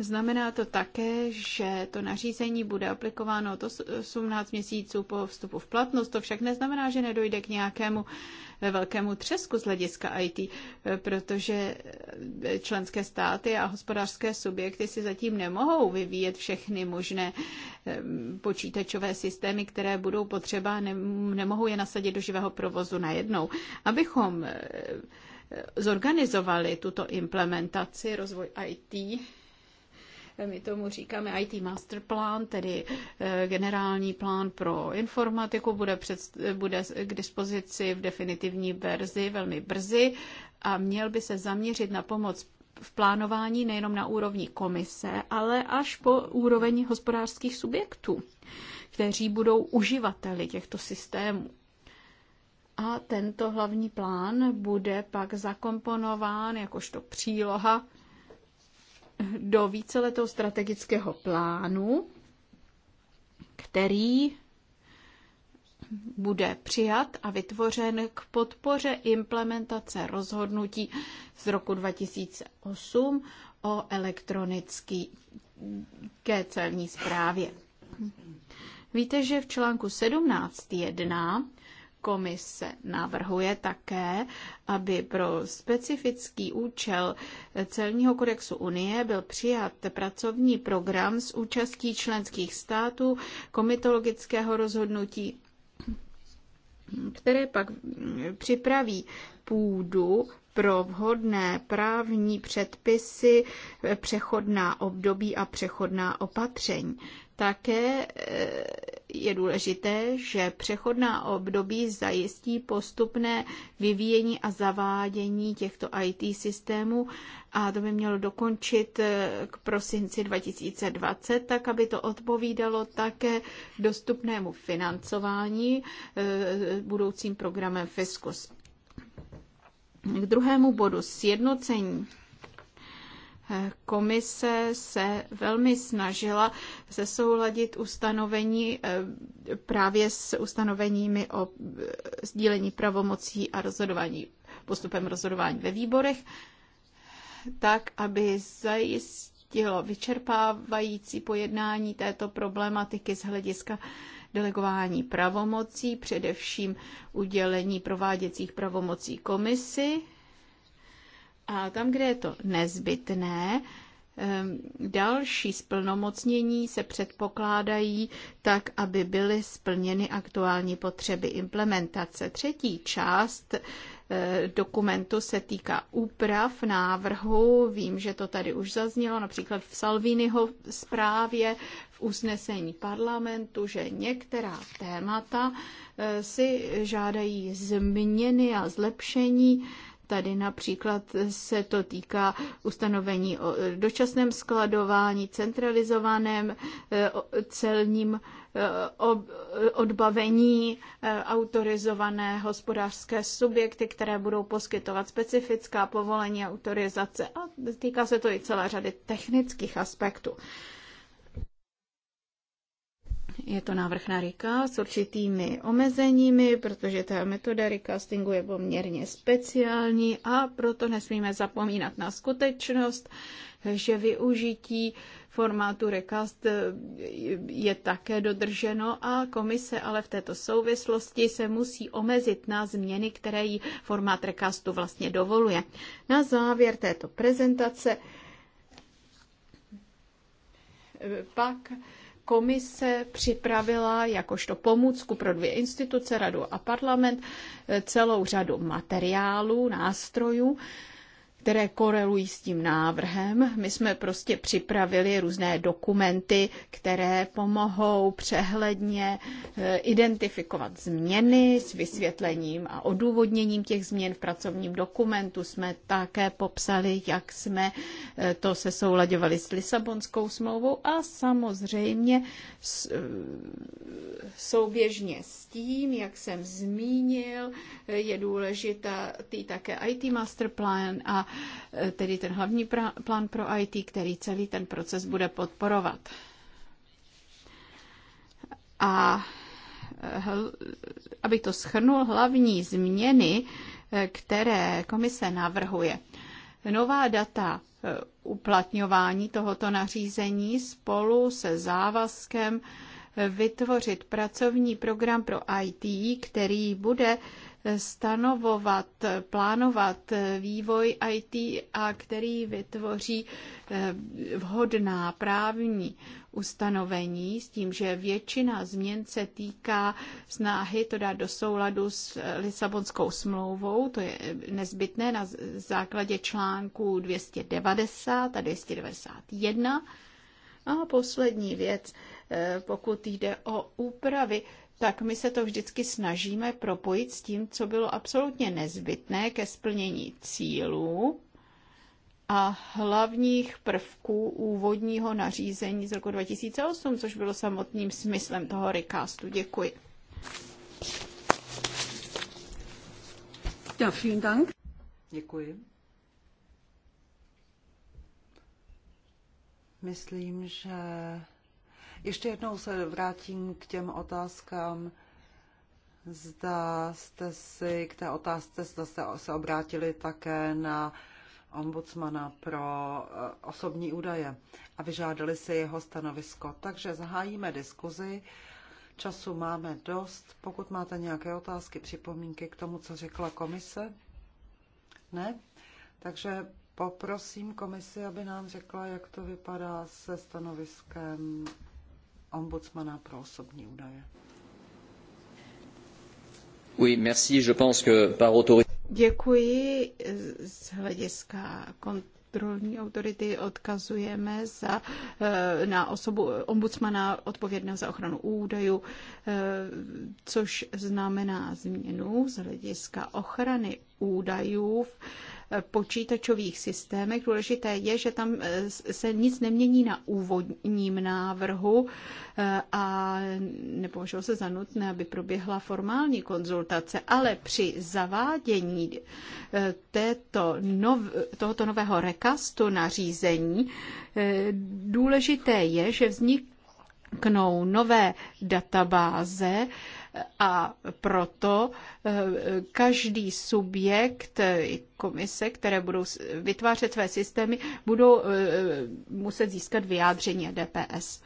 Znamená to také, že to nařízení bude aplikováno od 18 měsíců po vstupu v platnost. To však neznamená, že nedojde k nějakému eh, velkému třesku z hlediska IT, eh, protože eh, členské státy a hospodářské subjekty si zatím nemohou vyvíjet všechny možné počítačové systémy, které budou potřeba, nemohou je nasadit do živého provozu najednou. Abychom zorganizovali tuto implementaci, rozvoj IT, my tomu říkáme IT Master Plan, tedy eh, generální plán pro informatiku, bude, před, bude k dispozici v definitivní verzi velmi brzy a měl by se zaměřit na pomoc v plánování nejenom na úrovni komise, ale až po úroveň hospodářských subjektů, kteří budou uživateli těchto systémů. A tento hlavní plán bude pak zakomponován jakožto příloha do víceletého strategického plánu, který bude přijat a vytvořen k podpoře implementace rozhodnutí z roku 2008 o elektronické celní správě. Víte, že v článku 17.1 Komise navrhuje také, aby pro specifický účel celního kodexu Unie byl přijat pracovní program s účastí členských států komitologického rozhodnutí, které pak připraví půdu pro vhodné právní předpisy, přechodná období a přechodná opatření. Také eh, je důležité, že přechodná období zajistí postupné vyvíjení a zavádění těchto IT systémů a to by mělo dokončit eh, k prosinci 2020, tak aby to odpovídalo také dostupnému financování eh, budoucím programem Fiskus. K druhému bodu sjednocení Komise se velmi snažila sesouladit ustanovení eh, právě s ustanoveními o eh, sdílení pravomocí a rozhodování, postupem rozhodování ve výborech, tak, aby zajistilo vyčerpávající pojednání této problematiky z hlediska delegování pravomocí, především udělení prováděcích pravomocí komisi a tam, kde je to nezbytné, další splnomocnění se předpokládají tak, aby byly splněny aktuální potřeby implementace. Třetí část eh, dokumentu se týká úprav návrhu. Vím, že to tady už zaznělo například v Salviniho zprávě v usnesení parlamentu, že některá témata eh, si žádají změny a zlepšení Tady například se to týká ustanovení o dočasném skladování, centralizovaném eh, celním eh, odbavení eh, autorizované hospodářské subjekty, které budou poskytovat specifická povolení autorizace a týká se to i celé řady technických aspektů. Je to návrh na Rika s určitými omezeními, protože ta metoda recastingu je poměrně speciální a proto nesmíme zapomínat na skutečnost, že využití formátu recast je také dodrženo a komise ale v této souvislosti se musí omezit na změny, které jí formát recastu vlastně dovoluje. Na závěr této prezentace pak komise připravila jakožto pomůcku pro dvě instituce, radu a parlament, e, celou řadu materiálů, nástrojů, které korelují s tím návrhem. My jsme prostě připravili různé dokumenty, které pomohou přehledně eh, identifikovat změny s vysvětlením a odůvodněním těch změn v pracovním dokumentu. Jsme také popsali, jak jsme eh, to se souladěvali s Lisabonskou smlouvou a samozřejmě eh, souběžně s tím, jak jsem zmínil, je důležitá také IT masterplan a tedy ten hlavní plán pro IT, který celý ten proces bude podporovat. A aby to schrnul hlavní změny, eh, které komise navrhuje. Nová data eh, uplatňování tohoto nařízení spolu se závazkem eh, vytvořit pracovní program pro IT, který bude stanovovat, plánovat vývoj IT a který vytvoří eh, vhodná právní ustanovení s tím, že většina změn se týká snahy to dát do souladu s Lisabonskou smlouvou. To je nezbytné na základě článků 290 a 291. A poslední věc, eh, pokud jde o úpravy tak my se to vždycky snažíme propojit s tím, co bylo absolutně nezbytné ke splnění cílů a hlavních prvků úvodního nařízení z roku 2008, což bylo samotným smyslem toho recastu. Děkuji. Ja, vielen Dank. Děkuji. Myslím, že ještě jednou se vrátím k těm otázkám. Zda jste si k té otázce, zda jste se obrátili také na ombudsmana pro eh, osobní údaje a vyžádali si jeho stanovisko. Takže zahájíme diskuzi. Času máme dost. Pokud máte nějaké otázky, připomínky k tomu, co řekla komise? Ne? Takže poprosím komisi, aby nám řekla, jak to vypadá se stanoviskem ombudsmana pro osobní údaje. Oui, merci. Je pense que par autorité... Děkuji. Z hlediska kontrolní autority odkazujeme za, eh, na osobu ombudsmana odpovědného za ochranu údajů, eh, což znamená změnu z hlediska ochrany údajů v počítačových systémech. Důležité je, že tam eh, se nic nemění na úvodním návrhu eh, a nepovažovalo se za nutné, aby proběhla formální konzultace, ale při zavádění eh, této nov, tohoto nového rekastu nařízení důležité je, že vznik vzniknou nové databáze a proto eh, každý subjekt, eh, komise, které budou vytvářet své systémy, budou eh, muset získat vyjádření DPS.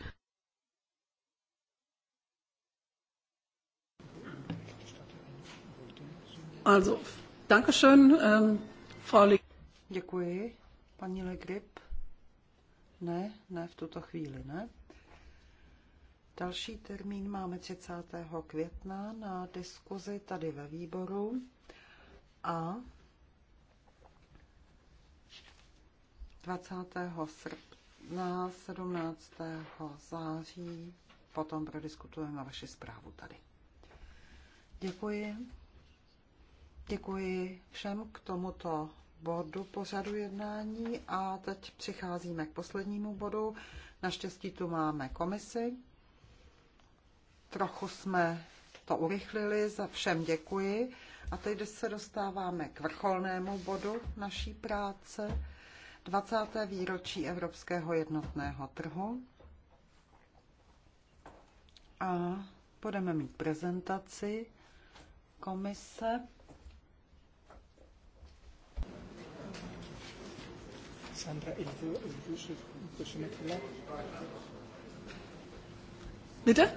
Also, schön, ähm, Frau Le Děkuji. Paní Le Ne, ne v tuto chvíli, ne? Další termín máme 30. května na diskuzi tady ve výboru a 20. srpna, 17. září potom prodiskutujeme vaši zprávu tady. Děkuji. Děkuji všem k tomuto bodu pořadu jednání a teď přicházíme k poslednímu bodu. Naštěstí tu máme komisi. Trochu jsme to urychlili, za všem děkuji. A teď se dostáváme k vrcholnému bodu naší práce, 20. výročí Evropského jednotného trhu. A budeme mít prezentaci komise. Sandra, Bitte?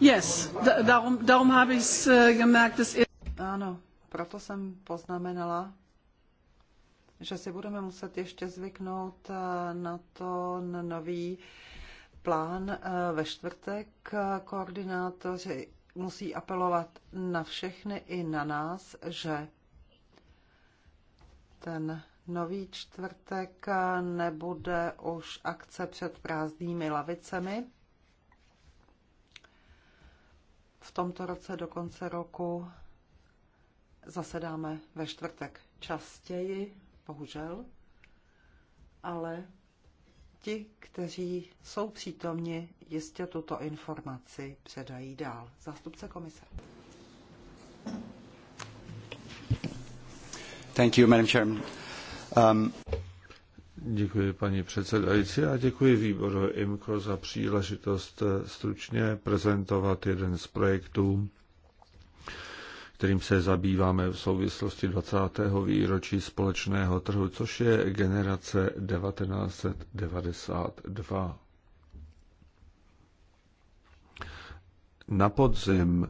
Yes, darum, darum habe ich es äh, gemerkt, dass ihr... Ano, proto jsem poznamenala, že si budeme muset ještě zvyknout äh, na to na nový plán äh, ve čtvrtek. Koordinátoři musí apelovat na všechny i na nás, že ten Nový čtvrtek nebude už akce před prázdnými lavicemi. V tomto roce do konce roku zasedáme ve čtvrtek častěji, bohužel, ale ti, kteří jsou přítomni, jistě tuto informaci předají dál. Zástupce komise. Thank you, Madam Chairman. Um... Děkuji paní předsedající a děkuji výboru IMCO za příležitost eh, stručně prezentovat jeden z projektů, kterým se zabýváme v souvislosti 20. výročí společného trhu, což je generace 1992. Na podzim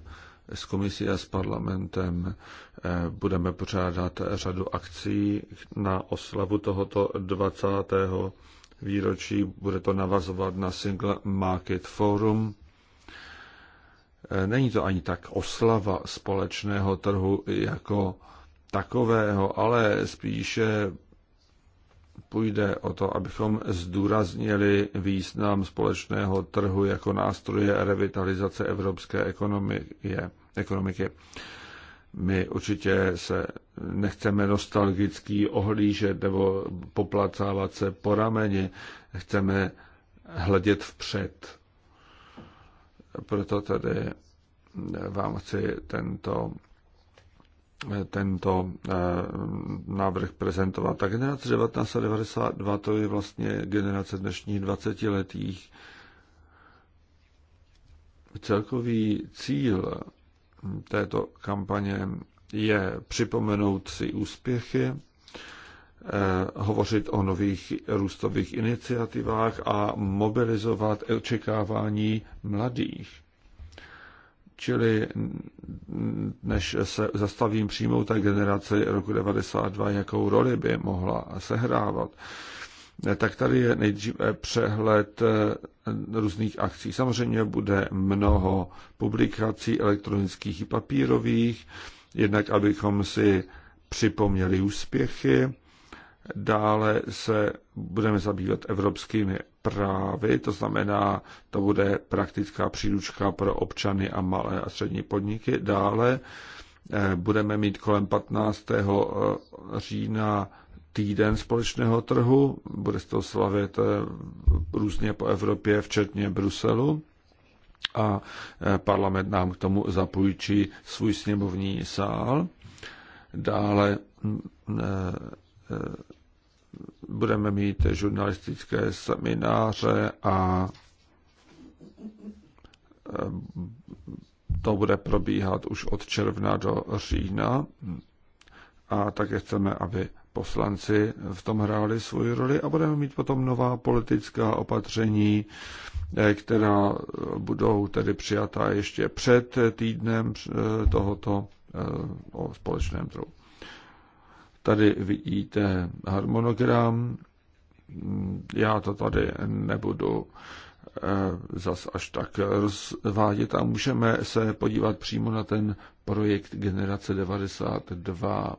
s komisí a s parlamentem eh, budeme pořádat řadu akcí na oslavu tohoto 20. výročí. Bude to navazovat na Single Market Forum. Eh, není to ani tak oslava společného trhu jako takového, ale spíše půjde o to, abychom zdůraznili význam společného trhu jako nástroje revitalizace evropské ekonomiky. My určitě se nechceme nostalgicky ohlížet nebo poplacávat se po rameni, chceme hledět vpřed. Proto tedy vám chci tento tento eh, návrh prezentovat. Ta generace 1992 to je vlastně generace dnešních 20 letých. Celkový cíl této kampaně je připomenout si úspěchy, eh, hovořit o nových růstových iniciativách a mobilizovat očekávání mladých. Čili než se zastavím přímo té generaci roku 92, jakou roli by mohla sehrávat, tak tady je nejdříve přehled eh, různých akcí. Samozřejmě bude mnoho publikací elektronických i papírových, jednak abychom si připomněli úspěchy, Dále se budeme zabývat evropskými právy, to znamená, to bude praktická příručka pro občany a malé a střední podniky. Dále eh, budeme mít kolem 15. Eh, října týden společného trhu, bude se to slavit eh, různě po Evropě, včetně Bruselu a parlament nám k tomu zapůjčí svůj sněmovní sál. Dále mm, Eh, budeme mít žurnalistické semináře a eh, to bude probíhat už od června do října. A také chceme, aby poslanci v tom hráli svoji roli a budeme mít potom nová politická opatření, eh, která budou tedy přijatá ještě před týdnem tohoto o společném trhu. Tady vidíte harmonogram. Já to tady nebudu eh, zas až tak rozvádět a můžeme se podívat přímo na ten projekt Generace 92.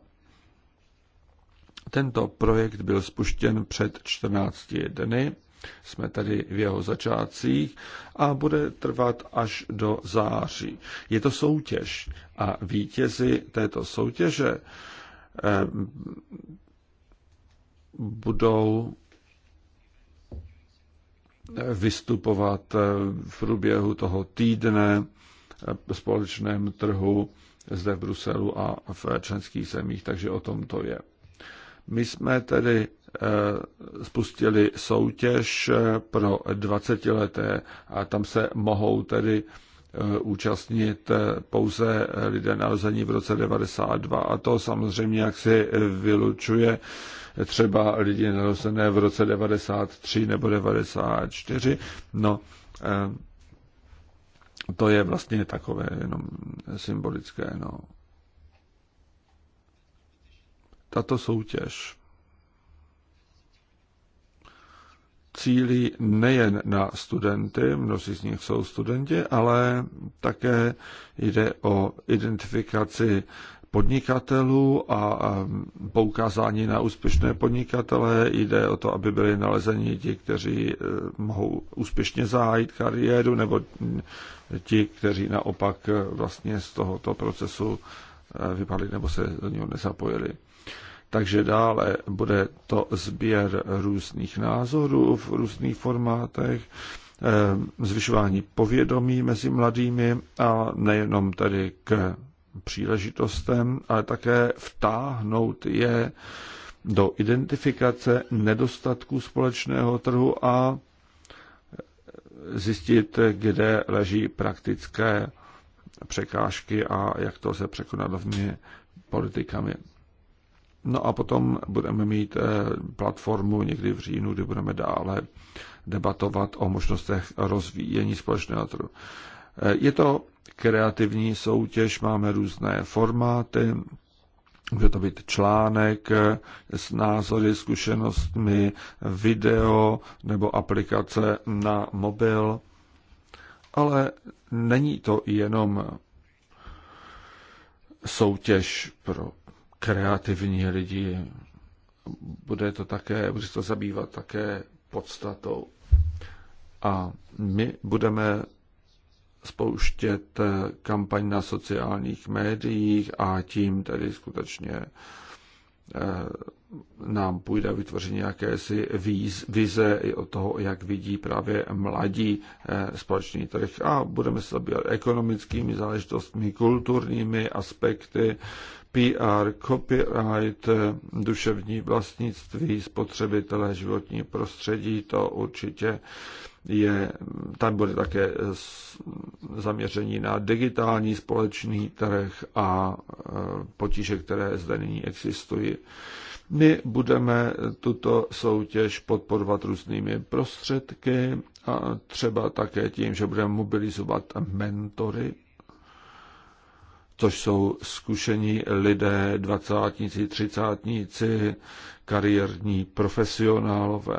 Tento projekt byl spuštěn před 14 dny, jsme tady v jeho začátcích a bude trvat až do září. Je to soutěž a vítězi této soutěže Eh, budou vystupovat eh, v průběhu toho týdne eh, společném trhu zde v Bruselu a v členských zemích, takže o tom to je. My jsme tedy spustili soutěž pro 20 leté a tam se mohou tedy Eh, účastnit eh, pouze lidé narození v roce 92. A to samozřejmě jak si vylučuje třeba lidi narozené v roce 93 nebo 94. No, eh, to je vlastně takové jenom symbolické. No. Tato soutěž cílí nejen na studenty, mnozí z nich jsou studenti, ale také jde o identifikaci podnikatelů a poukázání na úspěšné podnikatele. Jde o to, aby byli nalezeni ti, kteří e, mohou úspěšně zahájit kariéru, nebo ti, kteří naopak e, vlastně z tohoto procesu e, vypadli nebo se do něho nezapojili. Takže dále bude to sběr různých názorů v různých formátech, eh, zvyšování povědomí mezi mladými a nejenom tedy k příležitostem, ale také vtáhnout je do identifikace nedostatků společného trhu a zjistit, kde leží praktické překážky a jak to se překonat novými politikami. No a potom budeme mít eh, platformu někdy v říjnu, kdy budeme dále debatovat o možnostech rozvíjení společného trhu. Eh, je to kreativní soutěž, máme různé formáty, může to být článek eh, s názory, zkušenostmi, video nebo aplikace na mobil. Ale není to jenom soutěž pro kreativní lidi. Bude to také, bude to zabývat také podstatou. A my budeme spouštět eh, kampaň na sociálních médiích a tím tedy skutečně eh, nám půjde vytvoření jakési víz, vize i o toho, jak vidí právě mladí eh, společný trh. A budeme se zabývat ekonomickými záležitostmi, kulturními aspekty, PR, copyright, duševní vlastnictví, spotřebitelé, životní prostředí, to určitě je, tam bude také zaměření na digitální společný trh a e, potíže, které zde nyní existují. My budeme tuto soutěž podporovat různými prostředky a třeba také tím, že budeme mobilizovat mentory což jsou zkušení lidé, dvacátníci, třicátníci, kariérní profesionálové,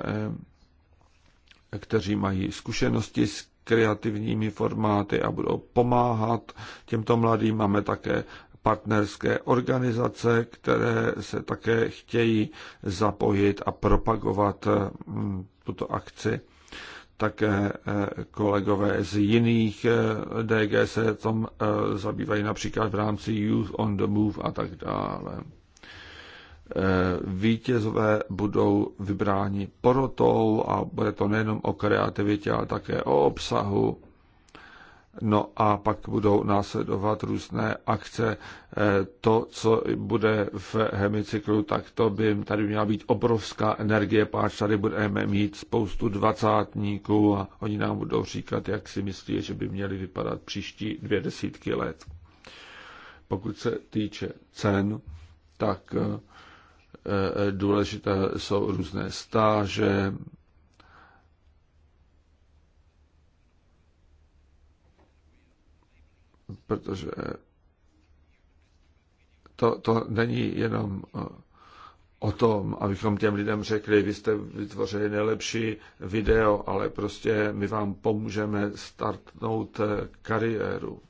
kteří mají zkušenosti s kreativními formáty a budou pomáhat těmto mladým. Máme také partnerské organizace, které se také chtějí zapojit a propagovat mm, tuto akci také eh, kolegové z jiných eh, DG se tom eh, zabývají například v rámci Youth on the Move a tak dále. Vítězové budou vybráni porotou a bude to nejenom o kreativitě, ale také o obsahu No a pak budou následovat různé akce. Eh, to, co bude v hemicyklu, tak to by tady měla být obrovská energie, páč tady budeme mít spoustu dvacátníků a oni nám budou říkat, jak si myslí, že by měly vypadat příští dvě desítky let. Pokud se týče cen, tak eh, eh, důležité jsou různé stáže, protože to, to není jenom eh, o tom, abychom těm lidem řekli, vy jste vytvořili nejlepší video, ale prostě my vám pomůžeme startnout eh, kariéru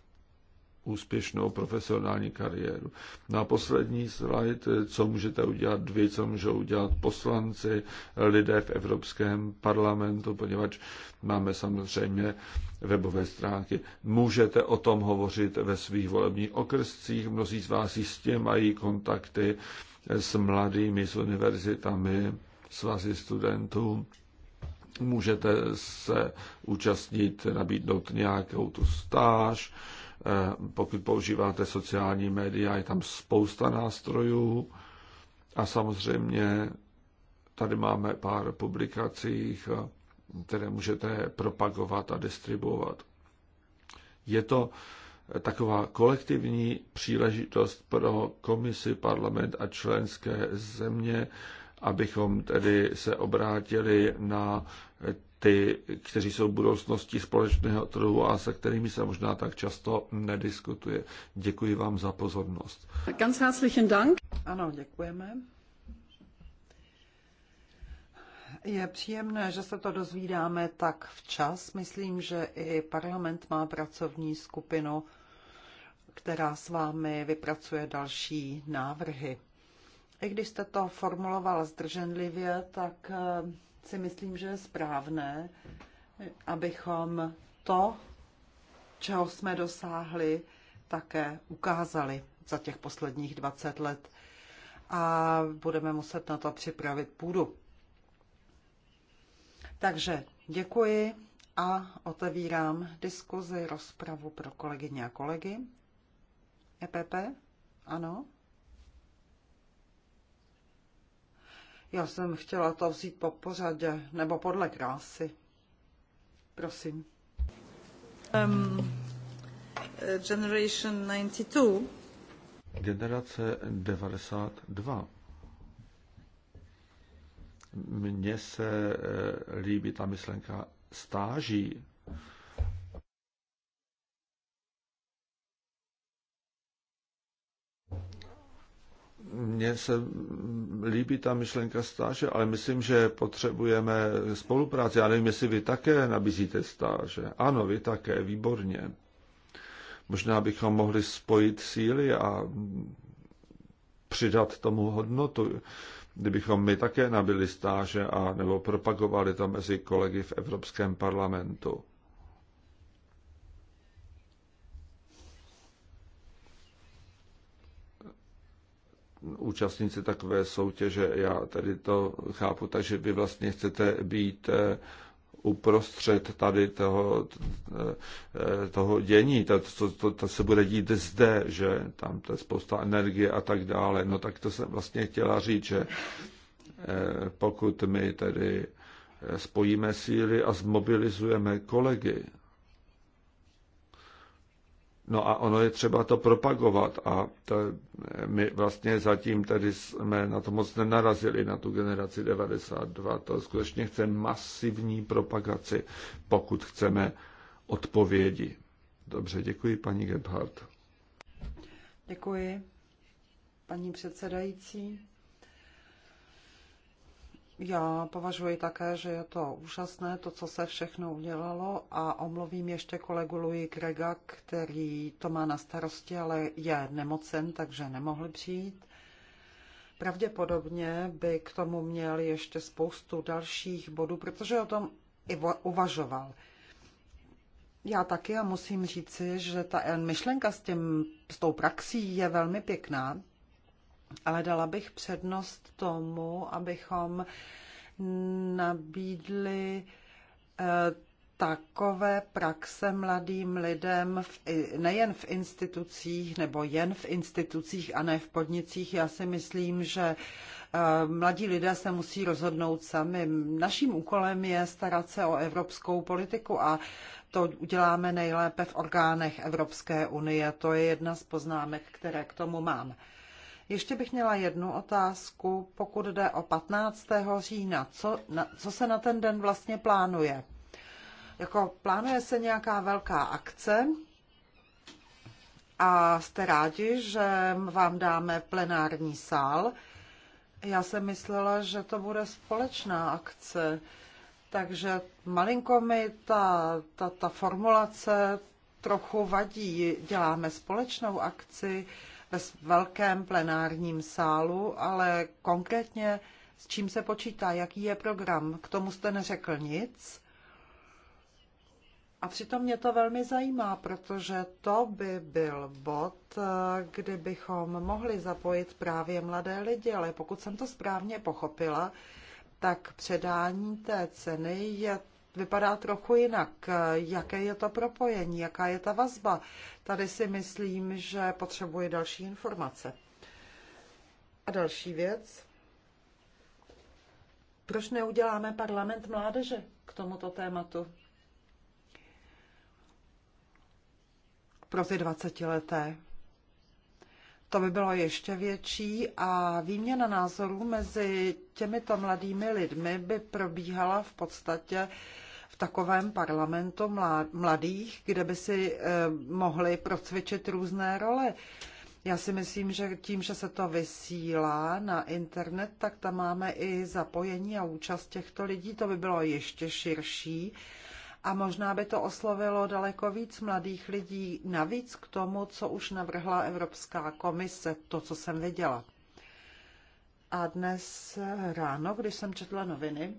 úspěšnou profesionální kariéru. Na poslední slide, co můžete udělat vy, co můžou udělat poslanci, lidé v Evropském parlamentu, poněvadž máme samozřejmě webové stránky. Můžete o tom hovořit ve svých volebních okrscích, mnozí z vás jistě mají kontakty s mladými, s univerzitami, svazy studentů můžete se účastnit, nabídnout nějakou tu stáž, Eh, pokud používáte sociální média, je tam spousta nástrojů a samozřejmě tady máme pár publikací, eh, které můžete propagovat a distribuovat. Je to eh, taková kolektivní příležitost pro komisi, parlament a členské země, abychom tedy se obrátili na ty, kteří jsou budoucností společného trhu a se kterými se možná tak často nediskutuje. Děkuji vám za pozornost. Ganz herzlichen Dank. Ano, děkujeme. Je příjemné, že se to dozvídáme tak včas. Myslím, že i parlament má pracovní skupinu, která s vámi vypracuje další návrhy. I když jste to formulovala zdrženlivě, tak eh, si myslím, že je správné, abychom to, čeho jsme dosáhli, také ukázali za těch posledních 20 let. A budeme muset na to připravit půdu. Takže děkuji a otevírám diskuzi, rozpravu pro kolegyně a kolegy. EPP? Ano? Já jsem chtěla to vzít po pořadě, nebo podle krásy. Prosím. Um, generation 92. Generace 92. Mně se eh, líbí ta myšlenka stáží, mně se líbí ta myšlenka stáže, ale myslím, že potřebujeme spolupráci. Já nevím, jestli vy také nabízíte stáže. Ano, vy také, výborně. Možná bychom mohli spojit síly a přidat tomu hodnotu, kdybychom my také nabili stáže a nebo propagovali to mezi kolegy v Evropském parlamentu. účastníci takové soutěže. Já tady to chápu, takže vy vlastně chcete být eh, uprostřed tady toho, eh, toho dění, to, to, to, to se bude dít zde, že tam to je spousta energie a tak dále. No tak to jsem vlastně chtěla říct, že eh, pokud my tedy spojíme síly a zmobilizujeme kolegy No a ono je třeba to propagovat a to, my vlastně zatím tady jsme na to moc nenarazili, na tu generaci 92. To skutečně chce masivní propagaci, pokud chceme odpovědi. Dobře, děkuji paní Gebhardt. Děkuji, paní předsedající. Já považuji také, že je to úžasné, to, co se všechno udělalo a omluvím ještě kolegu Louis Grega, který to má na starosti, ale je nemocen, takže nemohl přijít. Pravděpodobně by k tomu měl ještě spoustu dalších bodů, protože o tom i uvažoval. Já taky a musím říci, že ta eh, myšlenka s, tím, s tou praxí je velmi pěkná, ale dala bych přednost tomu, abychom nabídli eh, takové praxe mladým lidem v, nejen v institucích nebo jen v institucích a ne v podnicích. Já si myslím, že eh, mladí lidé se musí rozhodnout sami. Naším úkolem je starat se o evropskou politiku a to uděláme nejlépe v orgánech Evropské unie. To je jedna z poznámek, které k tomu mám. Ještě bych měla jednu otázku, pokud jde o 15. října. Co, na, co se na ten den vlastně plánuje? Jako plánuje se nějaká velká akce a jste rádi, že vám dáme plenární sál. Já jsem myslela, že to bude společná akce. Takže malinko mi ta, ta, ta formulace trochu vadí. Děláme společnou akci, ve velkém plenárním sálu, ale konkrétně s čím se počítá, jaký je program, k tomu jste neřekl nic. A přitom mě to velmi zajímá, protože to by byl bod, kdybychom mohli zapojit právě mladé lidi, ale pokud jsem to správně pochopila, tak předání té ceny je vypadá trochu jinak. Jaké je to propojení, jaká je ta vazba? Tady si myslím, že potřebuje další informace. A další věc. Proč neuděláme parlament mládeže k tomuto tématu? Pro ty 20 leté. To by bylo ještě větší a výměna názorů mezi těmito mladými lidmi by probíhala v podstatě takovém parlamentu mladých, kde by si eh, mohli procvičit různé role. Já si myslím, že tím, že se to vysílá na internet, tak tam máme i zapojení a účast těchto lidí. To by bylo ještě širší a možná by to oslovilo daleko víc mladých lidí, navíc k tomu, co už navrhla Evropská komise, to, co jsem viděla. A dnes ráno, když jsem četla noviny,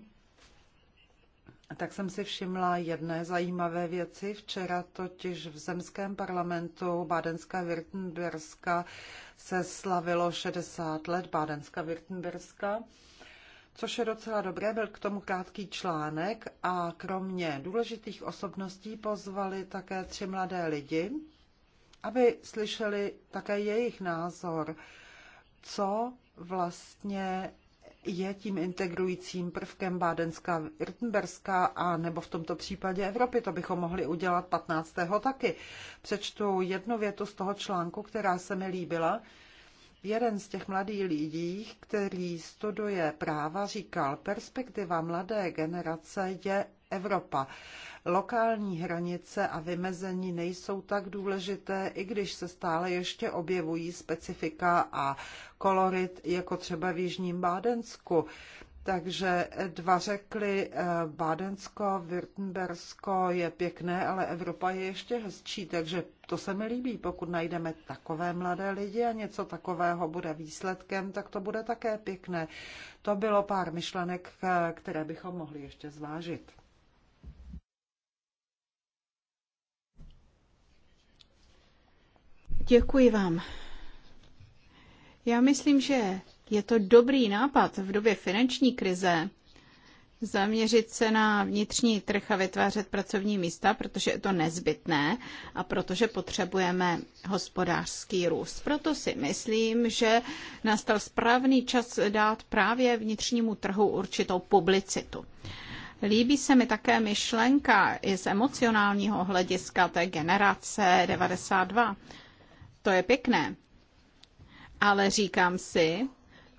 tak jsem si všimla jedné zajímavé věci. Včera totiž v zemském parlamentu Bádenská Württemberska se slavilo 60 let Bádenská Württemberska, což je docela dobré. Byl k tomu krátký článek a kromě důležitých osobností pozvali také tři mladé lidi, aby slyšeli také jejich názor, co vlastně je tím integrujícím prvkem Bádenská, Württemberská a nebo v tomto případě Evropy. To bychom mohli udělat 15. taky. Přečtu jednu větu z toho článku, která se mi líbila. Jeden z těch mladých lidí, který studuje práva, říkal, perspektiva mladé generace je Evropa. Lokální hranice a vymezení nejsou tak důležité, i když se stále ještě objevují specifika a kolorit, jako třeba v Jižním Bádensku. Takže dva řekli, eh, Bádensko, Württembersko je pěkné, ale Evropa je ještě hezčí, takže to se mi líbí. Pokud najdeme takové mladé lidi a něco takového bude výsledkem, tak to bude také pěkné. To bylo pár myšlenek, eh, které bychom mohli ještě zvážit. Děkuji vám. Já myslím, že je to dobrý nápad v době finanční krize zaměřit se na vnitřní trh a vytvářet pracovní místa, protože je to nezbytné a protože potřebujeme hospodářský růst. Proto si myslím, že nastal správný čas dát právě vnitřnímu trhu určitou publicitu. Líbí se mi také myšlenka i z emocionálního hlediska té generace 92 to je pěkné. Ale říkám si,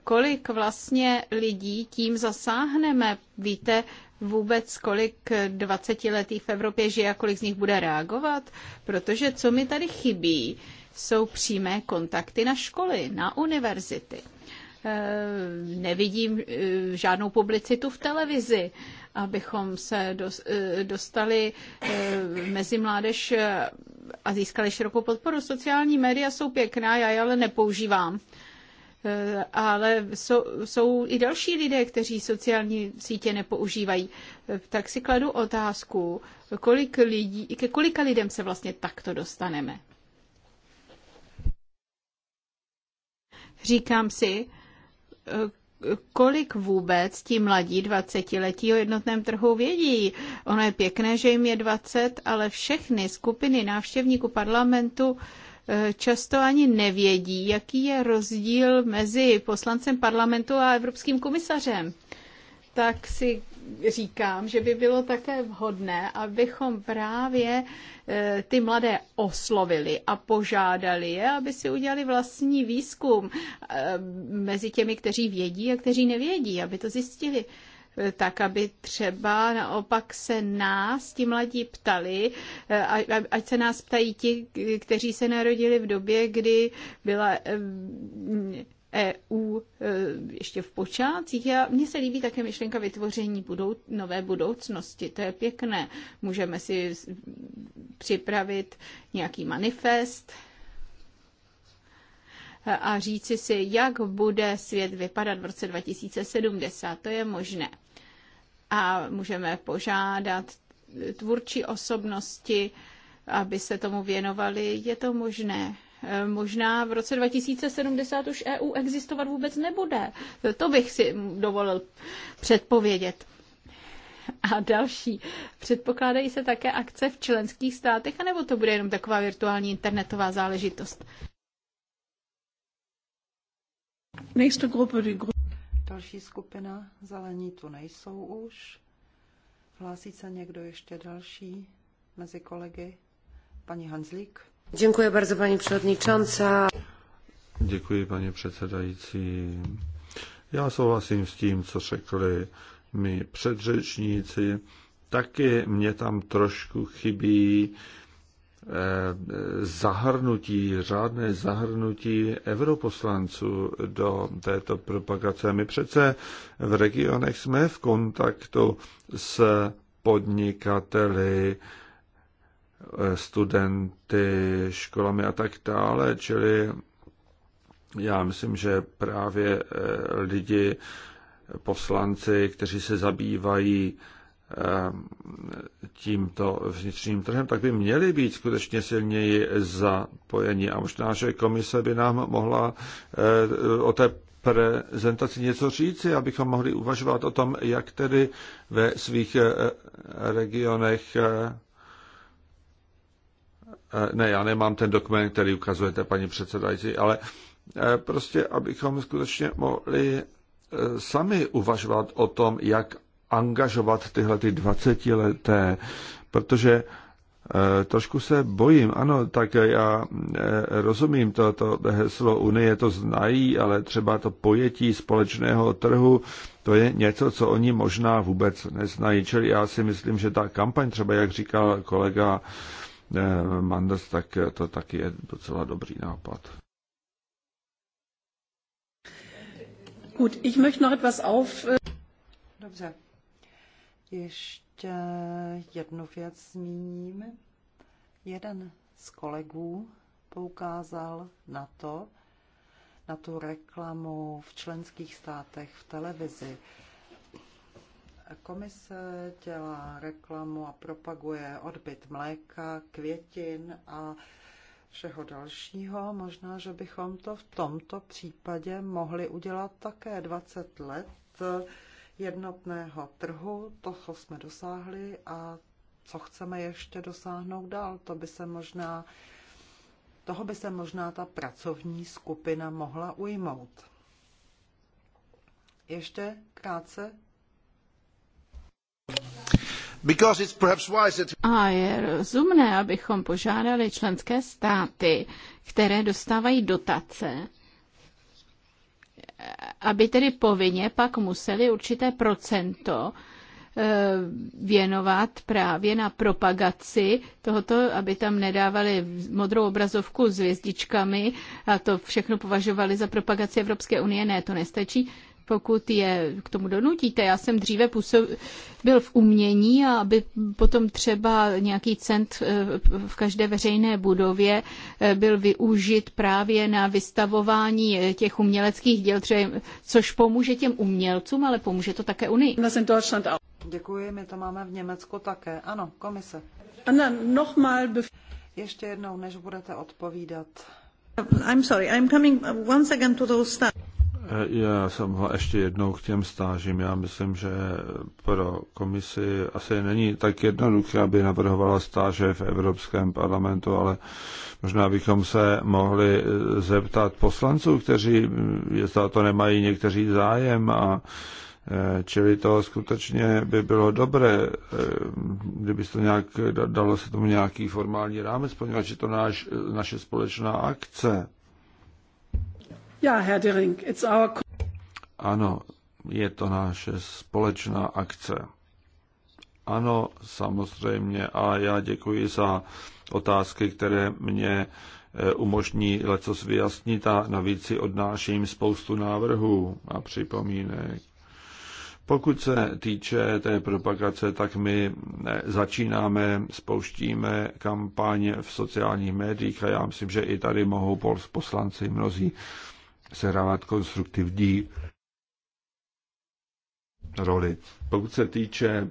kolik vlastně lidí tím zasáhneme. Víte vůbec, kolik 20-letých v Evropě žije a kolik z nich bude reagovat? Protože co mi tady chybí, jsou přímé kontakty na školy, na univerzity. Eh, nevidím eh, žádnou publicitu v televizi, abychom se eh, dostali mezi mládež a získali širokou podporu. Sociální média jsou pěkná, já je ale nepoužívám. Eh, ale jsou, jsou i další lidé, kteří sociální sítě nepoužívají. Eh, tak si kladu otázku, kolik lidí, ke kolika lidem se vlastně takto dostaneme. Říkám si, eh, kolik vůbec ti mladí 20-letí o jednotném trhu vědí. Ono je pěkné, že jim je 20, ale všechny skupiny návštěvníků parlamentu eh, často ani nevědí, jaký je rozdíl mezi poslancem parlamentu a evropským komisařem. Tak si říkám, že by bylo také vhodné, abychom právě eh, ty mladé oslovili a požádali je, aby si udělali vlastní výzkum eh, mezi těmi, kteří vědí a kteří nevědí, aby to zjistili eh, tak aby třeba naopak se nás ti mladí ptali, ať se nás ptají ti, kteří se narodili v době, kdy byla EU e, ještě v počátcích. Já, mně se líbí také myšlenka vytvoření budou, nové budoucnosti. To je pěkné. Můžeme si připravit nějaký manifest a říci si, jak bude svět vypadat v roce 2070. To je možné. A můžeme požádat tvůrčí osobnosti, aby se tomu věnovali. Je to možné Eh, možná v roce 2070 už EU existovat vůbec nebude. To bych si dovolil předpovědět. A další. Předpokládají se také akce v členských státech, anebo to bude jenom taková virtuální internetová záležitost? Další skupina zelení tu nejsou už. Hlásí se někdo ještě další mezi kolegy? Paní Hanzlík? Děkuji bardzo, paní předsedající. Děkuji, paní předsedající. Já souhlasím s tím, co řekli mi předřečníci. Taky mě tam trošku chybí e, zahrnutí, řádné zahrnutí europoslanců do této propagace. My přece v regionech jsme v kontaktu s podnikateli, Eh, studenty, školami a tak dále. Čili já myslím, že právě eh, lidi, poslanci, kteří se zabývají eh, tímto vnitřním trhem, tak by měli být skutečně silněji zapojeni. A možná, že komise by nám mohla o té prezentaci něco říci, abychom mohli uvažovat o tom, jak tedy ve svých regionech Eh, ne, já nemám ten dokument, který ukazujete, paní předsedající, ale eh, prostě, abychom skutečně mohli eh, sami uvažovat o tom, jak angažovat tyhle ty 20 leté, protože trošku se bojím, ano, tak já rozumím to, to heslo Unie, to znají, ale třeba to pojetí společného trhu, to je něco, co oni možná vůbec neznají. Čili já si myslím, že ta kampaň, třeba jak říkal kolega Manders, tak to taky je docela dobrý nápad. Gut, ich möchte noch etwas auf... Äh, Dobře. Ještě jednu věc zmíním. Jeden z kolegů poukázal na to, na tu reklamu v členských státech v televizi. Komise dělá reklamu a propaguje odbyt mléka, květin a všeho dalšího. Možná, že bychom to v tomto případě mohli udělat také 20 let jednotného trhu, toho jsme dosáhli a co chceme ještě dosáhnout dál, to by se možná, toho by se možná ta pracovní skupina mohla ujmout. Ještě krátce a je rozumné, abychom požádali členské státy, které dostávají dotace, aby tedy povinně pak museli určité procento eh, věnovat právě na propagaci tohoto, aby tam nedávali modrou obrazovku s hvězdičkami a to všechno považovali za propagaci Evropské unie. Ne, to nestačí pokud je k tomu donutíte. Já jsem dříve byl v umění a aby potom třeba nějaký cent eh, v každé veřejné budově eh, byl využit právě na vystavování eh, těch uměleckých děl, což pomůže těm umělcům, ale pomůže to také Unii. Děkuji, my to máme v Německu také. Ano, komise. Anna, ještě jednou, než budete odpovídat. I'm sorry, I'm coming once again to those stuff. Já jsem ho ještě jednou k těm stážím. Já myslím, že pro komisi asi není tak jednoduché, aby navrhovala stáže v Evropském parlamentu, ale možná bychom se mohli zeptat poslanců, kteří za to nemají někteří zájem a eh, Čili to skutečně by bylo dobré, eh, kdyby to nějak, dalo se tomu nějaký formální rámec, poněvadž je to náš, naše společná akce. Ja, Herr Dering, it's our... Ano, je to naše společná akce. Ano, samozřejmě. A já děkuji za otázky, které mě e, umožní lecos vyjasnit a navíc si odnáším spoustu návrhů a připomínek. Pokud se týče té propagace, tak my e, začínáme, spouštíme kampaně v sociálních médiích a já myslím, že i tady mohou poslanci mnozí sehrávat konstruktivní roli. Pokud se týče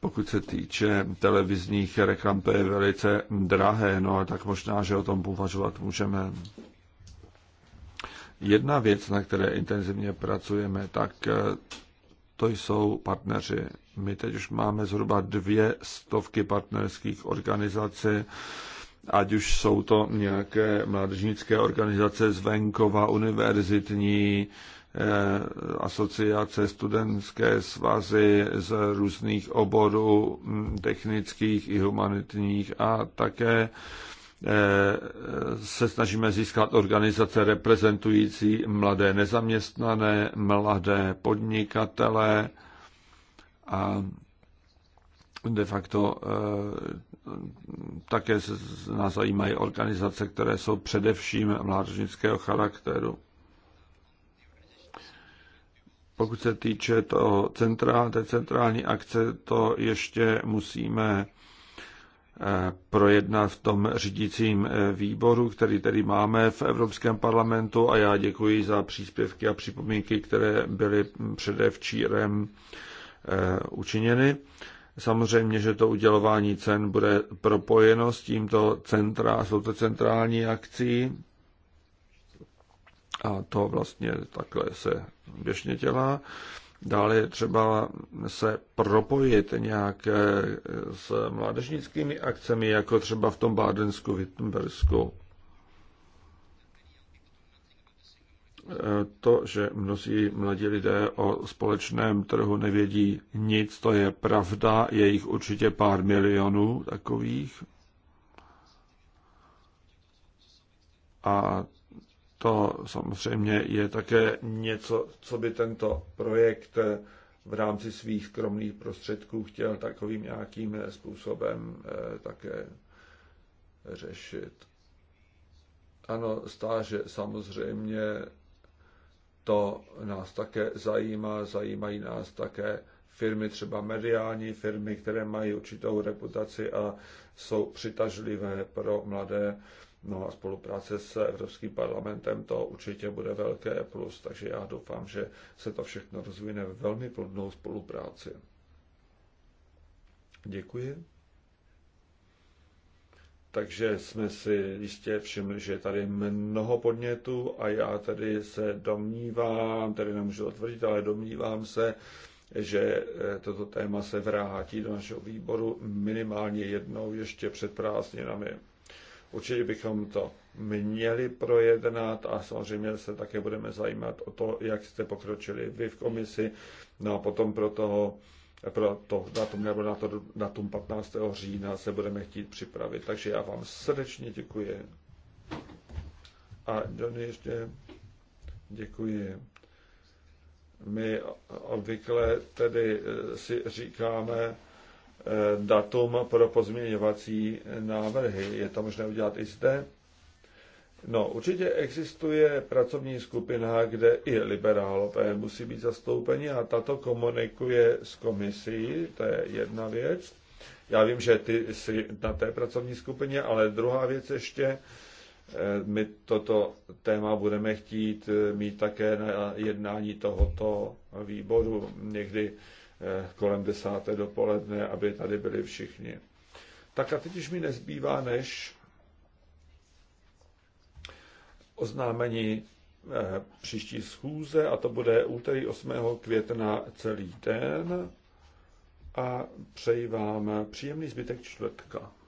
pokud se týče televizních reklam, to je velice drahé, no tak možná, že o tom považovat můžeme. Jedna věc, na které intenzivně pracujeme, tak eh, to jsou partneři. My teď už máme zhruba dvě stovky partnerských organizací, ať už jsou to nějaké mládežnické organizace z venkova, univerzitní, eh, asociace, studentské svazy z různých oborů hm, technických i humanitních a také eh, se snažíme získat organizace reprezentující mladé nezaměstnané, mladé podnikatele a de facto eh, také se nás zajímají organizace, které jsou především mládežnického charakteru. Pokud se týče toho centrál, té centrální akce, to ještě musíme eh, projednat v tom řídícím eh, výboru, který tedy máme v Evropském parlamentu a já děkuji za příspěvky a připomínky, které byly předevčírem eh, učiněny. Samozřejmě, že to udělování cen bude propojeno s tímto centra, jsou to centrální akcí a to vlastně takhle se běžně dělá. Dále je třeba se propojit nějak eh, s mládežnickými akcemi, jako třeba v tom Bádensku, Wittenbergsku. to, že mnozí mladí lidé o společném trhu nevědí nic, to je pravda, je jich určitě pár milionů takových. A to samozřejmě je také něco, co by tento projekt v rámci svých skromných prostředků chtěl takovým nějakým způsobem eh, také řešit. Ano, stáže samozřejmě to nás také zajímá, zajímají nás také firmy, třeba mediální firmy, které mají určitou reputaci a jsou přitažlivé pro mladé. No a spolupráce s Evropským parlamentem to určitě bude velké plus, takže já doufám, že se to všechno rozvine v velmi plodnou spolupráci. Děkuji takže jsme si jistě všimli, že je tady mnoho podnětů a já tady se domnívám, tady nemůžu otvrdit, ale domnívám se, že eh, toto téma se vrátí do našeho výboru minimálně jednou ještě před prázdninami. Určitě bychom to měli projednat a samozřejmě se také budeme zajímat o to, jak jste pokročili vy v komisi. No a potom pro toho pro to datum nebo na to datum 15. října se budeme chtít připravit. Takže já vám srdečně děkuji. A Johnny ještě děkuji. My obvykle tedy eh, si říkáme eh, datum pro pozměňovací návrhy. Je to možné udělat i zde. No, určitě existuje pracovní skupina, kde i liberálové musí být zastoupeni a tato komunikuje s komisí, to je jedna věc. Já vím, že ty jsi na té pracovní skupině, ale druhá věc ještě, eh, my toto téma budeme chtít eh, mít také na jednání tohoto výboru někdy eh, kolem desáté dopoledne, aby tady byli všichni. Tak a teď už mi nezbývá, než oznámení eh, příští schůze a to bude úterý 8. května celý den a přeji vám příjemný zbytek čtvrtka.